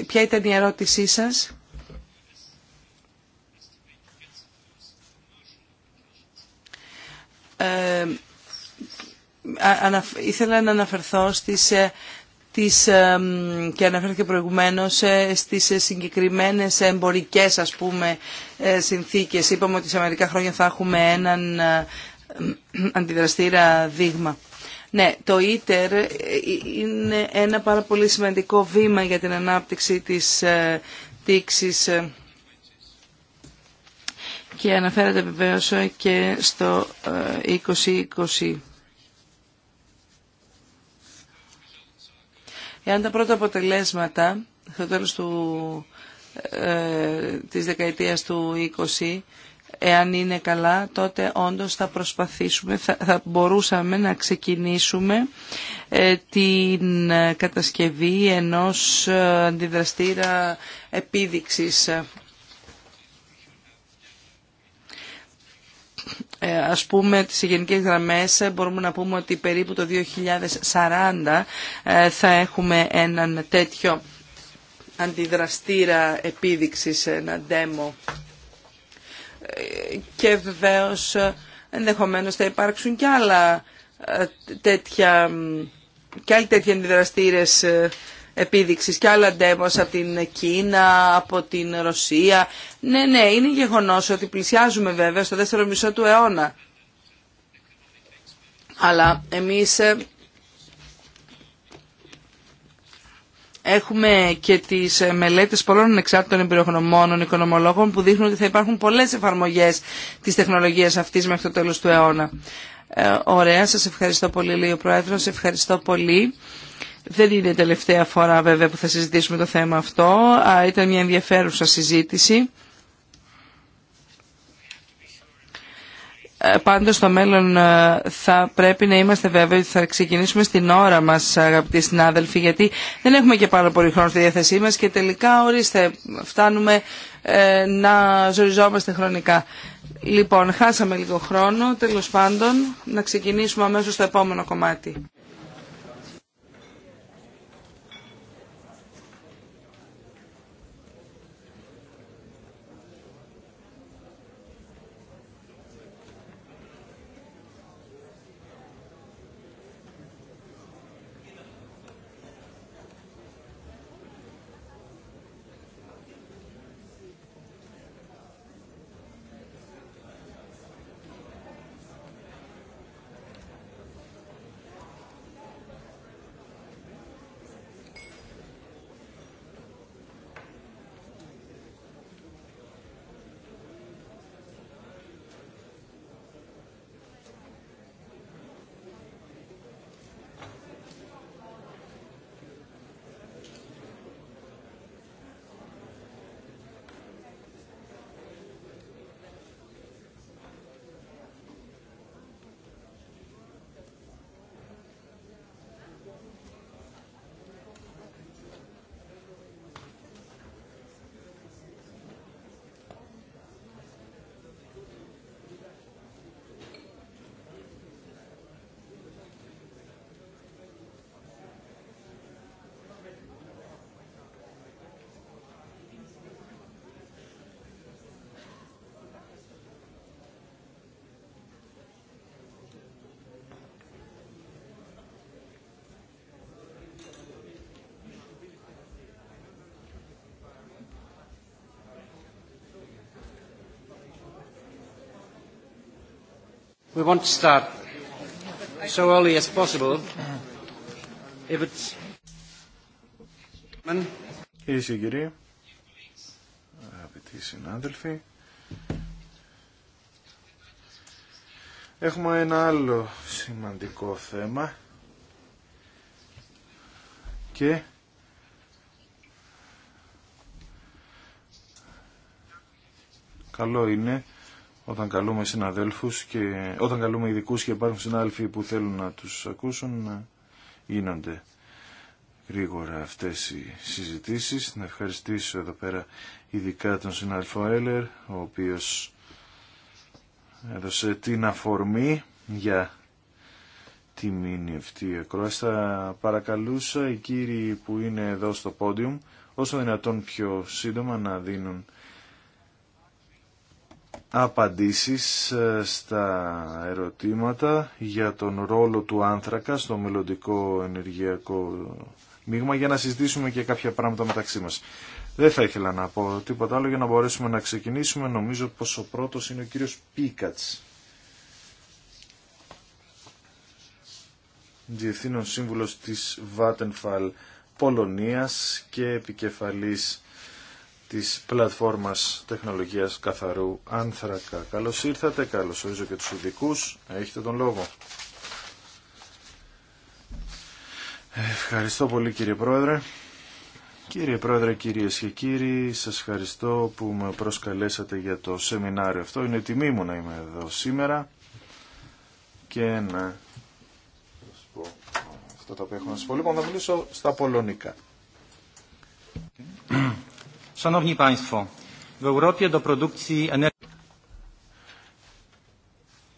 Ποια ήταν η ερώτησή σας? Ε, ήθελα να αναφερθώ στις ε, τις, ε, και αναφέρθηκε προηγουμένως στις συγκεκριμένες εμπορικές ας πούμε συνθήκες. Είπαμε ότι σε μερικά χρόνια θα έχουμε έναν αντιδραστήρα δείγμα. Ναι, το ίτερ είναι ένα πάρα πολύ σημαντικό βήμα για την ανάπτυξη της τήξης και αναφέρεται βεβαίως και στο 2020. Ε, εάν τα πρώτα αποτελέσματα στο τέλος του, ε, της δεκαετίας του 20 εάν είναι καλά, τότε όντως θα προσπαθήσουμε, θα, μπορούσαμε να ξεκινήσουμε ε, την κατασκευή ενός αντιδραστήρα επίδειξης Ε, ας πούμε τις γενικές γραμμές ε, μπορούμε να πούμε ότι περίπου το 2040 ε, θα έχουμε έναν τέτοιο αντιδραστήρα επίδειξης, ένα demo. Και βεβαίως ενδεχομένως θα υπάρξουν και άλλα τέτοια και άλλοι τέτοιοι αντιδραστήρες επίδειξης και άλλα demos από την Κίνα, από την Ρωσία. Ναι, ναι, είναι γεγονός ότι πλησιάζουμε βέβαια στο δεύτερο μισό του αιώνα. Αλλά εμείς ε, Έχουμε και τις ε, μελέτες πολλών εξάρτητων εμπειρογνωμόνων, οικονομολόγων που δείχνουν ότι θα υπάρχουν πολλές εφαρμογές της τεχνολογίας αυτής μέχρι το τέλος του αιώνα. Ε, ωραία, σας ευχαριστώ πολύ λέει ο Πρόεδρος, ευχαριστώ πολύ. Δεν είναι η τελευταία φορά βέβαια που θα συζητήσουμε το θέμα αυτό. Ήταν μια ενδιαφέρουσα συζήτηση. Ε, πάντως στο μέλλον ε, θα πρέπει να είμαστε βέβαιοι ότι θα ξεκινήσουμε στην ώρα μας αγαπητοί συνάδελφοι γιατί δεν έχουμε και πάρα πολύ χρόνο στη διάθεσή μας και τελικά ορίστε φτάνουμε ε, να ζοριζόμαστε χρονικά. Λοιπόν, χάσαμε λίγο χρόνο, τέλος πάντων να ξεκινήσουμε αμέσως στο επόμενο κομμάτι. We want to start so early as possible. If it's... Κυρίε και κύριοι, αγαπητοί συνάδελφοι, έχουμε ένα άλλο σημαντικό θέμα και καλό είναι όταν καλούμε συναδέλφους και όταν καλούμε ειδικούς και υπάρχουν συνάδελφοι που θέλουν να τους ακούσουν να γίνονται γρήγορα αυτές οι συζητήσεις. Να ευχαριστήσω εδώ πέρα ειδικά τον συνάδελφο Έλερ, ο οποίος έδωσε την αφορμή για τη μήνυ αυτή ακρόαση. Θα παρακαλούσα οι κύριοι που είναι εδώ στο πόντιουμ όσο δυνατόν πιο σύντομα να δίνουν απαντήσεις ε, στα ερωτήματα για τον ρόλο του άνθρακα στο μελλοντικό ενεργειακό μείγμα για να συζητήσουμε και κάποια πράγματα μεταξύ μας. Δεν θα ήθελα να πω τίποτα άλλο για να μπορέσουμε να ξεκινήσουμε. Νομίζω πως ο πρώτος είναι ο κύριος Πίκατς. Διευθύνων Σύμβουλος της Βάτενφαλ Πολωνίας και επικεφαλής της πλατφόρμας τεχνολογίας καθαρού άνθρακα. Καλώς ήρθατε, καλώς ορίζω και τους ειδικού. Έχετε τον λόγο. Ευχαριστώ πολύ κύριε Πρόεδρε. Κύριε Πρόεδρε, κυρίες και κύριοι, σας ευχαριστώ που με προσκαλέσατε για το σεμινάριο αυτό. Είναι τιμή μου να είμαι εδώ σήμερα και να σας πω αυτά τα οποία έχω να σας πω. Λοιπόν, θα μιλήσω στα πολωνικά. Szanowni Państwo, w Europie do produkcji energii...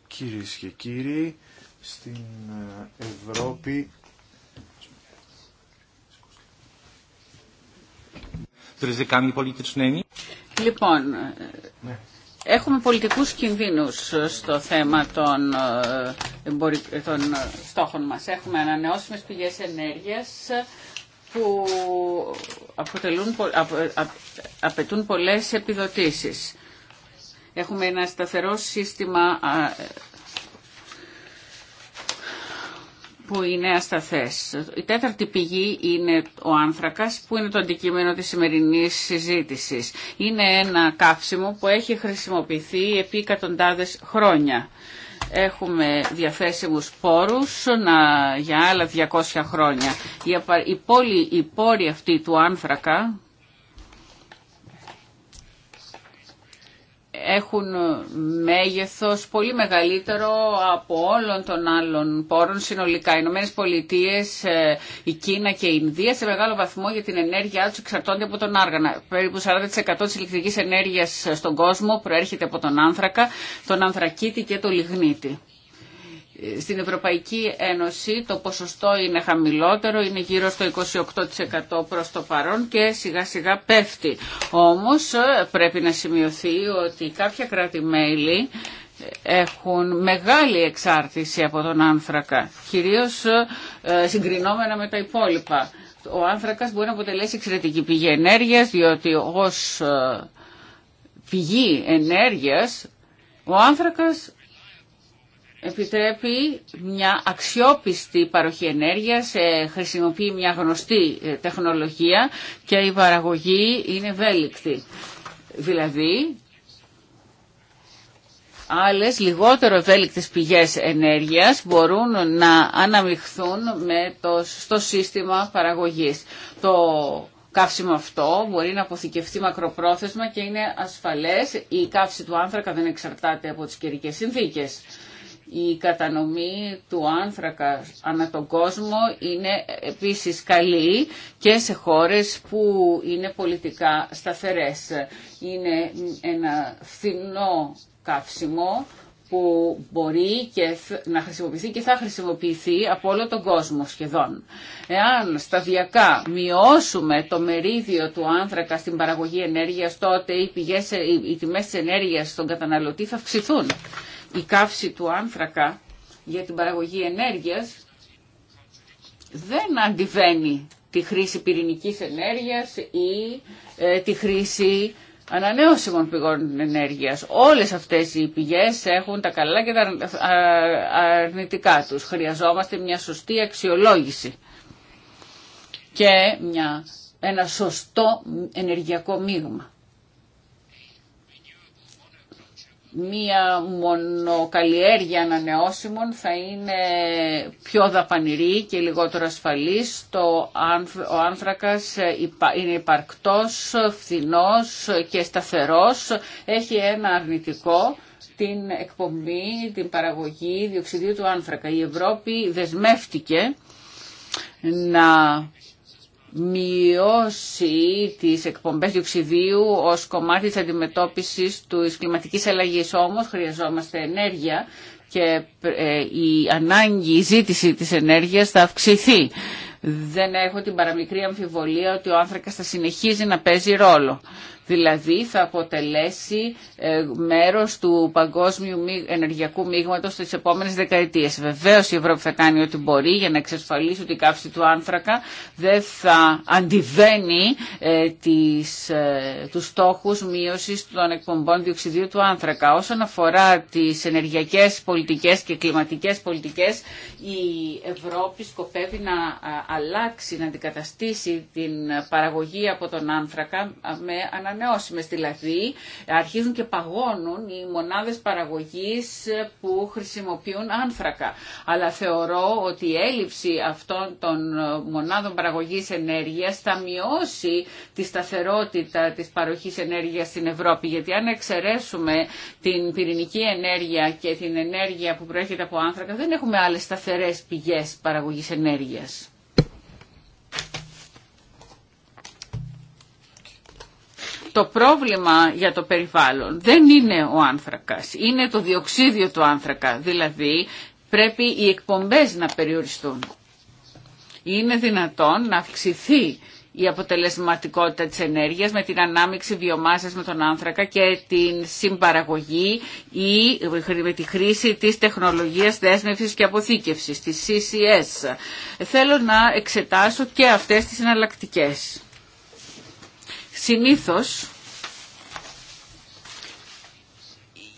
Κυρίες και κύριοι, στην ε, Ευρώπη Λοιπόν, ε, ναι. έχουμε πολιτικούς κινδύνους στο θέμα των, ε, των στόχων μας. Έχουμε ανανεώσιμες πηγές ενέργειας, που αποτελούν, απαιτούν πολλές επιδοτήσεις. Έχουμε ένα σταθερό σύστημα ε, που είναι ασταθές. Η τέταρτη πηγή είναι ο άνθρακας που είναι το αντικείμενο της σημερινής συζήτησης. Είναι ένα καύσιμο που έχει χρησιμοποιηθεί επί εκατοντάδες χρόνια έχουμε διαθέσιμους πόρους να, για άλλα 200 χρόνια. Η, πόλη, η πόρη αυτή του άνθρακα έχουν ε, μέγεθος πολύ μεγαλύτερο από όλων των άλλων πόρων συνολικά. Οι Ηνωμένε Πολιτείε, ε, η Κίνα και η Ινδία σε μεγάλο βαθμό για την ενέργειά τους εξαρτώνται από τον άργανα. Περίπου 40% της ηλεκτρικής ενέργειας στον κόσμο προέρχεται από τον άνθρακα, τον ανθρακίτη και τον λιγνίτη στην Ευρωπαϊκή Ένωση το ποσοστό είναι χαμηλότερο, είναι γύρω στο 28% προς το παρόν και σιγά σιγά πέφτει. Όμως ε, πρέπει να σημειωθεί ότι κάποια κράτη-μέλη έχουν μεγάλη εξάρτηση από τον άνθρακα, κυρίως ε, ε, συγκρινόμενα με τα υπόλοιπα. Ο άνθρακας μπορεί να αποτελέσει εξαιρετική πηγή ενέργειας, διότι ως πηγή ενέργειας ο άνθρακας επιτρέπει μια αξιόπιστη παροχή ενέργειας, ε, χρησιμοποιεί μια γνωστή ε, τεχνολογία και η παραγωγή είναι ευέλικτη. Δηλαδή, άλλες λιγότερο ευέλικτες πηγές ενέργειας μπορούν να αναμειχθούν με το, στο σύστημα παραγωγής. Το καύσιμο αυτό μπορεί να αποθηκευτεί μακροπρόθεσμα και είναι ασφαλές. Η καύση του άνθρακα δεν εξαρτάται από τις καιρικέ συνθήκες. Η κατανομή του άνθρακα ανά τον κόσμο είναι επίσης καλή και σε χώρες που είναι πολιτικά σταθερές. Είναι ένα φθηνό καύσιμο που μπορεί και να χρησιμοποιηθεί και θα χρησιμοποιηθεί από όλο τον κόσμο σχεδόν. Εάν σταδιακά μειώσουμε το μερίδιο του άνθρακα στην παραγωγή ενέργειας, τότε οι, πηγές, οι τιμές της ενέργειας στον καταναλωτή θα αυξηθούν η καύση του άνθρακα για την παραγωγή ενέργειας δεν αντιβαίνει τη χρήση πυρηνικής ενέργειας ή ε, τη χρήση ανανεώσιμων πηγών ενέργειας. Όλες αυτές οι πηγές έχουν τα καλά και τα αρνητικά τους. Χρειαζόμαστε μια σωστή αξιολόγηση και μια, ένα σωστό ενεργειακό μείγμα. μία μονοκαλλιέργεια ανανεώσιμων θα είναι πιο δαπανηρή και λιγότερο ασφαλής. Το, ο άνθρακας είναι υπαρκτός, φθηνός και σταθερός. Έχει ένα αρνητικό την εκπομπή, την παραγωγή διοξιδίου του άνθρακα. Η Ευρώπη δεσμεύτηκε να μειώσει τις εκπομπές διοξιδίου ως κομμάτι της αντιμετώπισης του κλιματικής αλλαγής. Όμως χρειαζόμαστε ενέργεια και ε, η ανάγκη, η ζήτηση της ενέργειας θα αυξηθεί. Δεν έχω την παραμικρή αμφιβολία ότι ο άνθρακας θα συνεχίζει να παίζει ρόλο. Δηλαδή θα αποτελέσει ε, μέρος του παγκόσμιου ενεργειακού μείγματος στις επόμενες δεκαετίες. Βεβαίως η Ευρώπη θα κάνει ό,τι μπορεί για να εξασφαλίσει ότι η καύση του άνθρακα δεν θα αντιβαίνει ε, τις, ε, τους στόχους μείωσης των εκπομπών διοξιδίου του άνθρακα. Όσον αφορά τις ενεργειακές πολιτικές και κλιματικές πολιτικές, η Ευρώπη σκοπεύει να αλλάξει, να αντικαταστήσει την παραγωγή από τον άνθρακα με ανανεώσιμες. Δηλαδή αρχίζουν και παγώνουν οι μονάδες παραγωγής που χρησιμοποιούν άνθρακα. Αλλά θεωρώ ότι η έλλειψη αυτών των μονάδων παραγωγής ενέργειας θα μειώσει τη σταθερότητα της παροχής ενέργειας στην Ευρώπη. Γιατί αν εξαιρέσουμε την πυρηνική ενέργεια και την ενέργεια που προέρχεται από άνθρακα δεν έχουμε άλλες σταθερές πηγές παραγωγής ενέργειας. το πρόβλημα για το περιβάλλον δεν είναι ο άνθρακας, είναι το διοξίδιο του άνθρακα, δηλαδή πρέπει οι εκπομπές να περιοριστούν. Είναι δυνατόν να αυξηθεί η αποτελεσματικότητα της ενέργειας με την ανάμειξη βιομάσας με τον άνθρακα και την συμπαραγωγή ή με τη χρήση της τεχνολογίας δέσμευσης και αποθήκευσης, της CCS. Θέλω να εξετάσω και αυτές τις εναλλακτικές. Συνήθως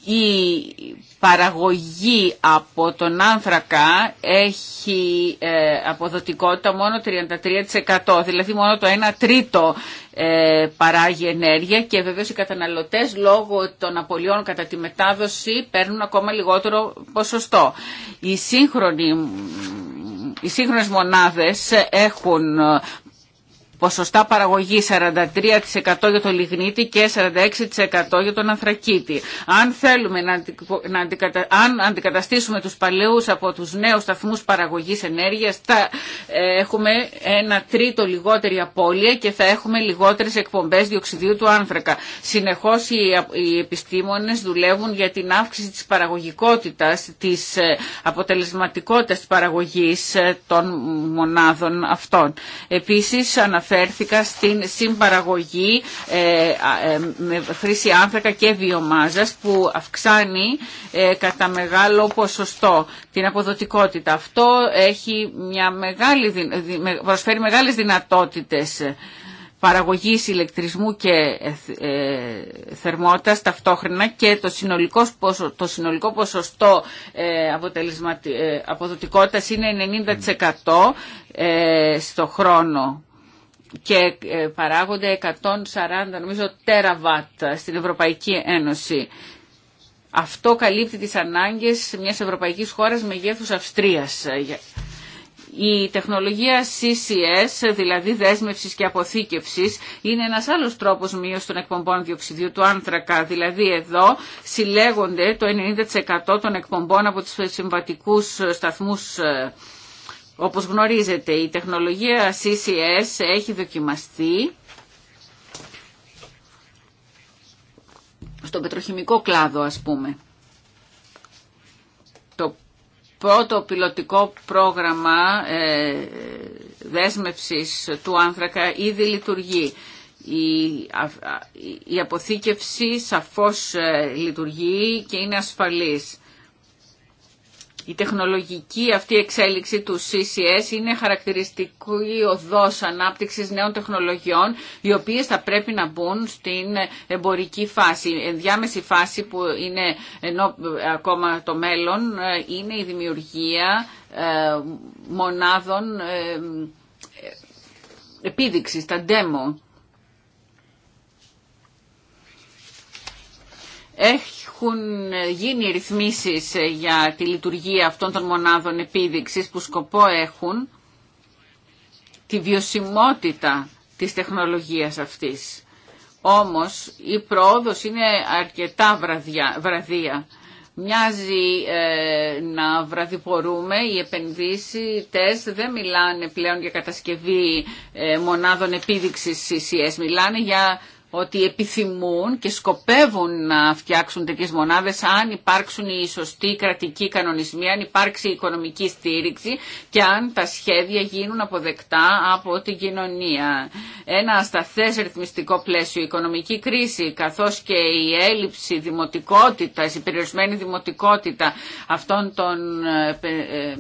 η παραγωγή από τον άνθρακα έχει ε, αποδοτικότητα μόνο 33%, δηλαδή μόνο το 1 τρίτο ε, παράγει ενέργεια και βεβαίως οι καταναλωτές λόγω των απολειών κατά τη μετάδοση παίρνουν ακόμα λιγότερο ποσοστό. Οι σύγχρονοι οι σύγχρονες μονάδες έχουν ποσοστά παραγωγή 43% για το λιγνίτη και 46% για τον ανθρακίτη. Αν θέλουμε να, αντικατα... αν αντικαταστήσουμε τους παλαιούς από τους νέους σταθμούς παραγωγής ενέργειας θα ε, έχουμε ένα τρίτο λιγότερη απώλεια και θα έχουμε λιγότερες εκπομπές διοξιδίου του άνθρακα. Συνεχώς οι επιστήμονες δουλεύουν για την αύξηση της παραγωγικότητας, της ε, αποτελεσματικότητας της παραγωγής ε, των μονάδων αυτών. Επίσης αναφέρθηκα στην συμπαραγωγή ε, ε, ε, με χρήση άνθρακα και βιομάζας που αυξάνει κατά μεγάλο ποσοστό την αποδοτικότητα. Αυτό έχει μια μεγάλη, προσφέρει μεγάλες δυνατότητες παραγωγής ηλεκτρισμού και θερμότητας ταυτόχρονα και το συνολικό, το συνολικό ποσοστό αποδοτικότητας είναι 90% στο χρόνο και ε, παράγονται 140 νομίζω τεραβάτ στην Ευρωπαϊκή Ένωση. Αυτό καλύπτει τις ανάγκες μιας ευρωπαϊκής χώρας μεγέθους Αυστρίας. Η τεχνολογία CCS, δηλαδή δέσμευσης και αποθήκευσης, είναι ένας άλλος τρόπος μείωσης των εκπομπών διοξιδίου του άνθρακα. Δηλαδή εδώ συλλέγονται το 90% των εκπομπών από του συμβατικού σταθμού ε, όπως γνωρίζετε, η τεχνολογία CCS έχει δοκιμαστεί στον πετροχημικό κλάδο, ας πούμε. Το πρώτο πιλωτικό πρόγραμμα ε, δέσμευσης του άνθρακα ήδη λειτουργεί. Η, η αποθήκευση σαφώς ε, λειτουργεί και είναι ασφαλής η τεχνολογική αυτή εξέλιξη του CCS είναι χαρακτηριστική οδός ανάπτυξης νέων τεχνολογιών, οι οποίες θα πρέπει να μπουν στην εμπορική φάση. Η ενδιάμεση φάση που είναι ενώ ε, ακόμα το μέλλον ε, είναι η δημιουργία ε, μονάδων επίδειξης, τα demo. Έχει έχουν γίνει ρυθμίσεις ε, για τη λειτουργία αυτών των μονάδων επίδειξης που σκοπό έχουν τη βιωσιμότητα της τεχνολογίας αυτής. Όμως η πρόοδος είναι αρκετά βραδιά, βραδία. Μοιάζει ε, να βραδιπορούμε, οι επενδύσει τές δεν μιλάνε πλέον για κατασκευή ε, μονάδων επίδειξης CCS, μιλάνε για ότι επιθυμούν και σκοπεύουν να φτιάξουν τέτοιες μονάδες αν υπάρξουν οι σωστοί κρατικοί κανονισμοί, αν υπάρξει οικονομική στήριξη και αν τα σχέδια γίνουν αποδεκτά από την κοινωνία. Ένα ασταθές ρυθμιστικό πλαίσιο, η οικονομική κρίση καθώς και η έλλειψη δημοτικότητας, η περιορισμένη δημοτικότητα αυτών των ε, ε,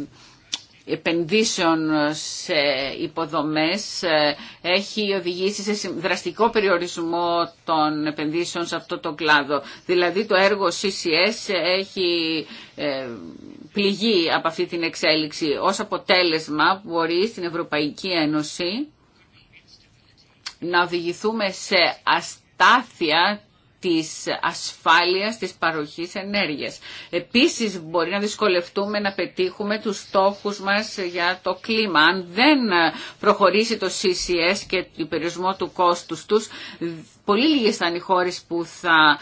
επενδύσεων σε υποδομές ε, έχει οδηγήσει σε δραστικό περιορισμό των επενδύσεων σε αυτό το κλάδο. Δηλαδή το έργο CCS έχει ε, πληγεί από αυτή την εξέλιξη ως αποτέλεσμα μπορεί στην Ευρωπαϊκή Ένωση να οδηγηθούμε σε αστάθεια της ασφάλειας της παροχής ενέργειας. Επίσης μπορεί να δυσκολευτούμε να πετύχουμε τους στόχους μας για το κλίμα. Αν δεν προχωρήσει το CCS και το περιορισμό του κόστους τους, πολύ λίγε θα είναι οι χώρε που θα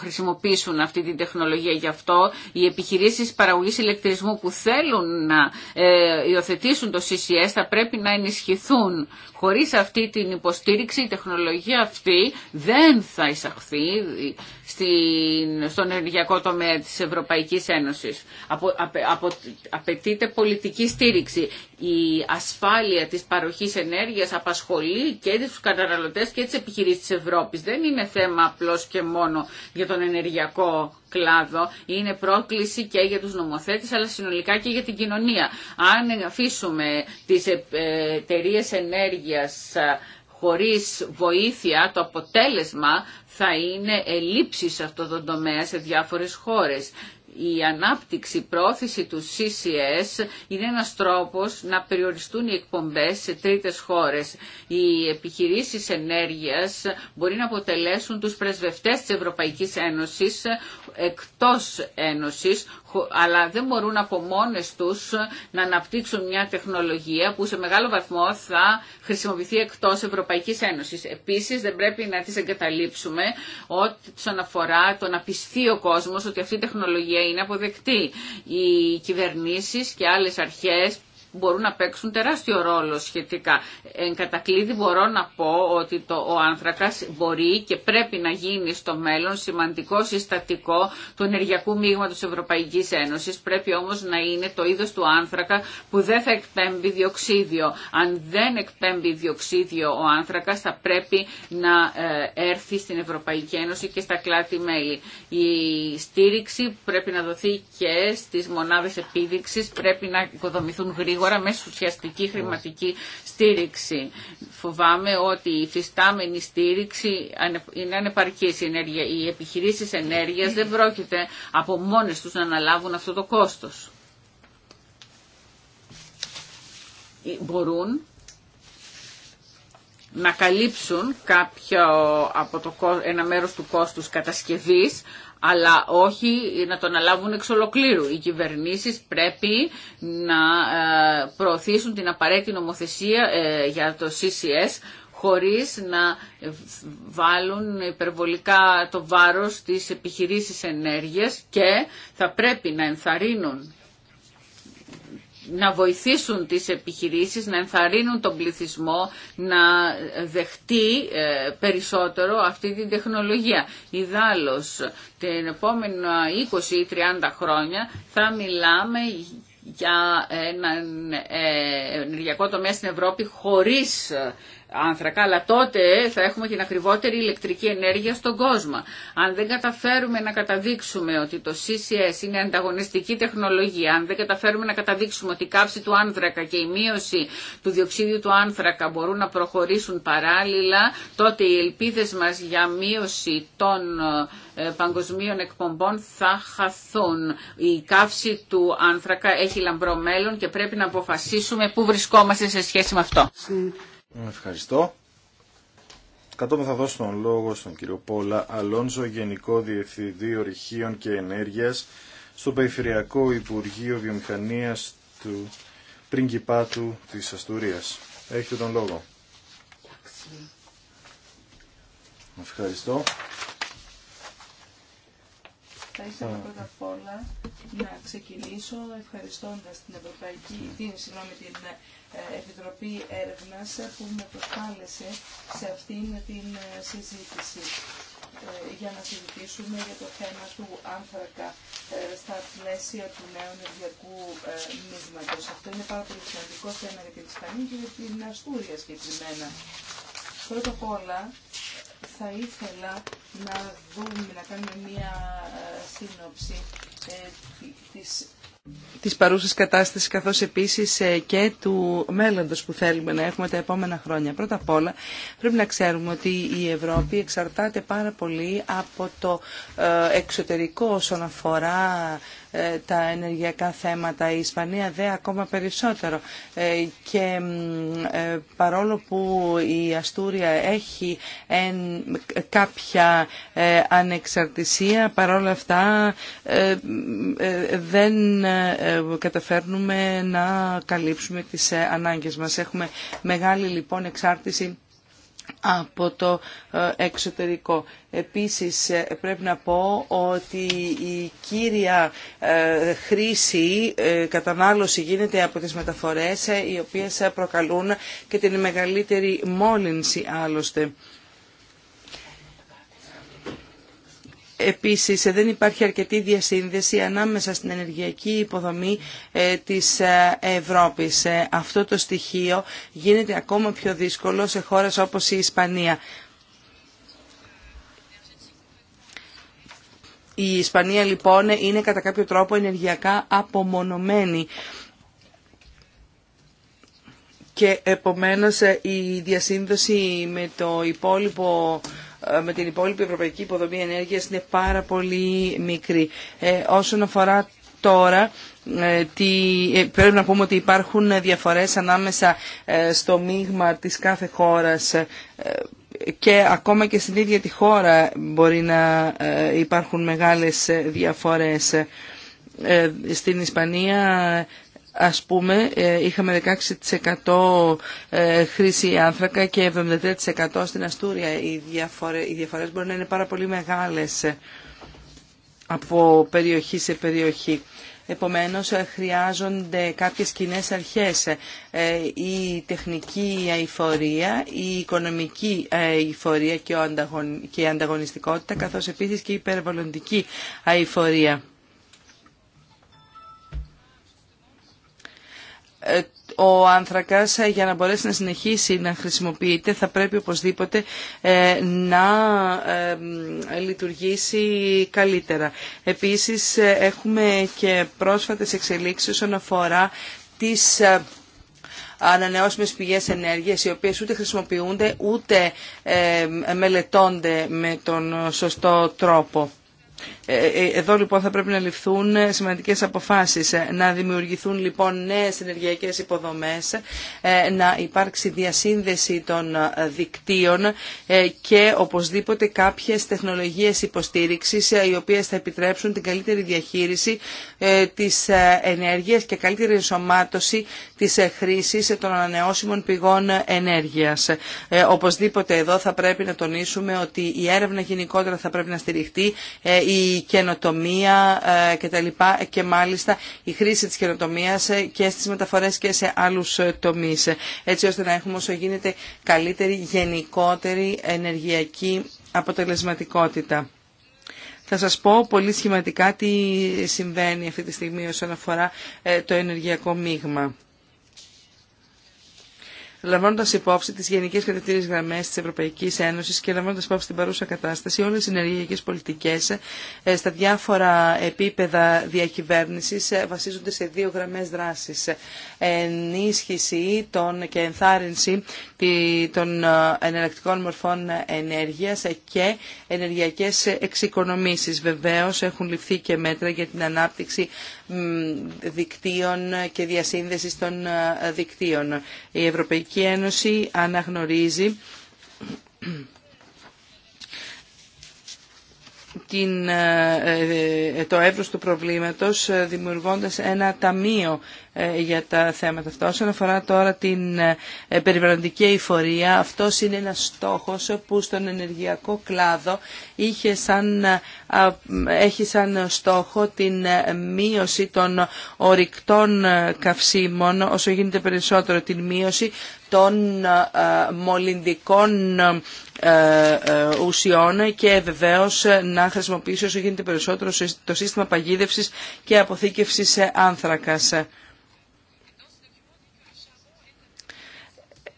χρησιμοποιήσουν αυτή την τεχνολογία γι' αυτό. Οι επιχειρήσει παραγωγή ηλεκτρισμού που θέλουν να ε, υιοθετήσουν το CCS θα πρέπει να ενισχυθούν. χωρί αυτή την υποστήριξη η τεχνολογία αυτή δεν θα εισαχθεί στον ενεργειακό τομέα τη Ευρωπαϊκή Ένωση. Απο, απαιτείται πολιτική στήριξη. Η ασφάλεια τη παροχή ενέργεια απασχολεί και του καταναλωτέ και τι επιχειρήσει τη Ευρωπαϊκή. Ευρώπης. Δεν είναι θέμα απλώς και μόνο για τον ενεργειακό κλάδο. Είναι πρόκληση και για τους νομοθέτες αλλά συνολικά και για την κοινωνία. Αν αφήσουμε τις ε, εταιρείε ενέργειας ε, χωρίς βοήθεια το αποτέλεσμα θα είναι ελλείψεις σε αυτό το τομέα σε διάφορες χώρες η ανάπτυξη, η πρόθεση του CCS είναι ένας τρόπος να περιοριστούν οι εκπομπές σε τρίτες χώρες. Οι επιχειρήσεις ενέργειας μπορεί να αποτελέσουν τους πρεσβευτές της Ευρωπαϊκής Ένωσης εκτός Ένωσης αλλά δεν μπορούν από μόνες τους να αναπτύξουν μια τεχνολογία που σε μεγάλο βαθμό θα χρησιμοποιηθεί εκτός Ευρωπαϊκής Ένωσης. Επίσης δεν πρέπει να τις εγκαταλείψουμε όσον αφορά το να πιστεί ο κόσμος ότι αυτή η τεχνολογία είναι αποδεκτή. Οι κυβερνήσεις και άλλες αρχές μπορούν να παίξουν τεράστιο ρόλο σχετικά. Εν κατακλείδη μπορώ να πω ότι το, ο άνθρακας μπορεί και πρέπει να γίνει στο μέλλον σημαντικό συστατικό του ενεργειακού μείγματος Ευρωπαϊκής Ένωσης. Πρέπει όμως να είναι το είδος του άνθρακα που δεν θα εκπέμπει διοξίδιο. Αν δεν εκπέμπει διοξίδιο ο άνθρακας θα πρέπει να ε, έρθει στην Ευρωπαϊκή Ένωση και στα κλάτη μέλη. Η στήριξη πρέπει να δοθεί και στις μονάδες επίδειξης, πρέπει να οικοδομηθούν γρήγορα χώρα μέσα χρηματική στήριξη. Φοβάμαι ότι η φυστάμενη στήριξη είναι ανεπαρκής. Οι επιχειρήσει ενέργειας δεν πρόκειται από μόνες τους να αναλάβουν αυτό το κόστος. Ε, μπορούν να καλύψουν κάποιο από το, ένα μέρος του κόστους κατασκευής, αλλά όχι να τον αλάβουν εξ ολοκλήρου. Οι κυβερνήσεις πρέπει να ε, προωθήσουν την απαραίτητη νομοθεσία ε, για το CCS χωρίς να βάλουν υπερβολικά το βάρος της επιχειρήσεις ενέργειας και θα πρέπει να ενθαρρύνουν να βοηθήσουν τις επιχειρήσεις, να ενθαρρύνουν τον πληθυσμό να δεχτεί ε, περισσότερο αυτή την τεχνολογία. Ιδάλλως, την επόμενα 20 ή 30 χρόνια θα μιλάμε για έναν ε, ενεργειακό τομέα στην Ευρώπη χωρίς άνθρακα, αλλά τότε θα έχουμε την ακριβότερη ηλεκτρική ενέργεια στον κόσμο. Αν δεν καταφέρουμε να καταδείξουμε ότι το CCS είναι ανταγωνιστική τεχνολογία, αν δεν καταφέρουμε να καταδείξουμε ότι η κάψη του άνθρακα και η μείωση του διοξίδιου του άνθρακα μπορούν να προχωρήσουν παράλληλα, τότε οι ελπίδες μας για μείωση των ε, παγκοσμίων εκπομπών θα χαθούν. Η καύση του άνθρακα έχει λαμπρό μέλλον και πρέπει να αποφασίσουμε πού βρισκόμαστε σε σχέση με αυτό. Ευχαριστώ. Κατόπιν θα δώσω τον λόγο στον κύριο Πόλα Αλόνζο, Γενικό Διευθυντή Ορυχείων και Ενέργειας στο Περιφερειακό Υπουργείο Βιομηχανίας του Πριγκιπάτου της Αστουρίας. Έχετε τον λόγο. Ευχαριστώ. Θα ήθελα πρώτα απ' όλα να ξεκινήσω ευχαριστώντας την Ευρωπαϊκή, την, συγγνώμη, την Επιτροπή Έρευνας που με προσκάλεσε σε αυτήν την ε, συζήτηση ε, για να συζητήσουμε για το θέμα του άνθρακα ε, στα πλαίσια του νέου ενεργειακού μείγματος. Αυτό είναι πάρα πολύ σημαντικό θέμα για την Ισπανία και για την Αστούρια συγκεκριμένα. Πρώτα απ' όλα θα ήθελα να δούμε, να κάνουμε μία σύνοψη της της παρούσας κατάστασης καθώς επίσης ε, και του μέλλοντος που θέλουμε να έχουμε τα επόμενα χρόνια. Πρώτα απ' όλα πρέπει να ξέρουμε ότι η Ευρώπη εξαρτάται πάρα πολύ από το ε, εξωτερικό όσον αφορά ε, τα ενεργειακά θέματα. Η Ισπανία δε ακόμα περισσότερο. Ε, και ε, παρόλο που η Αστούρια έχει κάποια ανεξαρτησία, παρόλα αυτά δεν καταφέρνουμε να καλύψουμε τις ανάγκες μας. Έχουμε μεγάλη λοιπόν εξάρτηση από το ε, εξωτερικό. Επίσης ε, πρέπει να πω ότι η κύρια ε, χρήση κατανάλωση γίνεται από τις μεταφορές οι οποίες προκαλούν και την μεγαλύτερη μόλυνση άλλωστε. Επίσης δεν υπάρχει αρκετή διασύνδεση ανάμεσα στην ενεργειακή υποδομή ε, της ε, Ευρώπης. Ε, αυτό το στοιχείο γίνεται ακόμα πιο δύσκολο σε χώρες όπως η Ισπανία. Η Ισπανία λοιπόν είναι κατά κάποιο τρόπο ενεργειακά απομονωμένη και επομένως η διασύνδεση με το υπόλοιπο ε, με την υπόλοιπη ευρωπαϊκή υποδομή ενέργειας είναι πάρα πολύ μικρή. Ε, όσον αφορά τώρα ε, πρέπει να πούμε ότι υπάρχουν διαφορές ανάμεσα στο μείγμα της κάθε χώρας και ακόμα και στην ίδια τη χώρα μπορεί να υπάρχουν μεγάλες διαφορές. Στην Ισπανία Ας πούμε, ε, είχαμε 16% ε, χρήση άνθρακα και 73% στην Αστούρια. Οι διαφορές μπορεί να είναι πάρα πολύ μεγάλες από περιοχή σε περιοχή. Επομένως, χρειάζονται κάποιες κοινέ αρχές. Ε, η τεχνική αηφορία, η οικονομική αηφορία και η ανταγωνιστικότητα, καθώς επίσης και η υπερβολοντική αηφορία. Ε, ο άνθρακας ε, για να μπορέσει να συνεχίσει να χρησιμοποιείται θα πρέπει οπωσδήποτε ε, να λειτουργήσει καλύτερα. Επίσης έχουμε και πρόσφατες εξελίξεις όσον αφορά τις ανανεώσιμες πηγές ενέργειας οι οποίες ούτε χρησιμοποιούνται ούτε μελετώνται με τον σωστό τρόπο. Ε, ε, εδώ λοιπόν θα πρέπει να ληφθούν σημαντικές αποφάσεις, ε, να δημιουργηθούν λοιπόν νέες ενεργειακές υποδομές, να υπάρξει διασύνδεση των δικτύων και οπωσδήποτε κάποιες τεχνολογίες υποστήριξης οι οποίες θα επιτρέψουν την καλύτερη διαχείριση της ενέργειας και καλύτερη ενσωμάτωση της χρήσης των ανανεώσιμων πηγών ενέργειας. Οπωσδήποτε εδώ θα πρέπει να τονίσουμε ότι η έρευνα γενικότερα θα πρέπει να στηριχτεί η καινοτομία ε, κτλ. Και μάλιστα η χρήση της καινοτομίας ε, και στις μεταφορές και σε άλλους ε, τομείς. Έτσι ώστε να έχουμε όσο γίνεται καλύτερη γενικότερη ενεργειακή αποτελεσματικότητα. Θα σας πω πολύ σχηματικά τι συμβαίνει αυτή τη στιγμή όσον αφορά το ενεργειακό μείγμα λαμβάνοντα υπόψη τι γενικέ κατευθύνσει γραμμέ τη Ευρωπαϊκή Ένωση και λαμβάνοντα υπόψη την παρούσα κατάσταση, όλε οι ενεργειακέ πολιτικέ ε, στα διάφορα επίπεδα διακυβέρνηση ε, βασίζονται σε δύο γραμμέ δράση. Ενίσχυση των και ενθάρρυνση των ε, εναλλακτικών μορφών ενέργεια και ενεργειακέ εξοικονομήσει. Βεβαίω, έχουν ληφθεί και μέτρα για την ανάπτυξη δικτύων και διασύνδεσης των ε, δικτύων. Η Ευρωπαϊκή Ένωση αναγνωρίζει την, ε, ε, ε, το εύρος του προβλήματος δημιουργώντας ένα ταμείο για τα θέματα αυτά. Όσον αφορά τώρα την περιβαλλοντική εφορία, αυτός είναι ένας στόχος που στον ενεργειακό κλάδο είχε σαν, έχει σαν στόχο την μείωση των ορυκτών καυσίμων, όσο γίνεται περισσότερο την μείωση των ε, μολυντικών ε, ε, ουσιών και βεβαίως να χρησιμοποιήσει όσο γίνεται περισσότερο το σύστημα παγίδευσης και αποθήκευσης άνθρακας.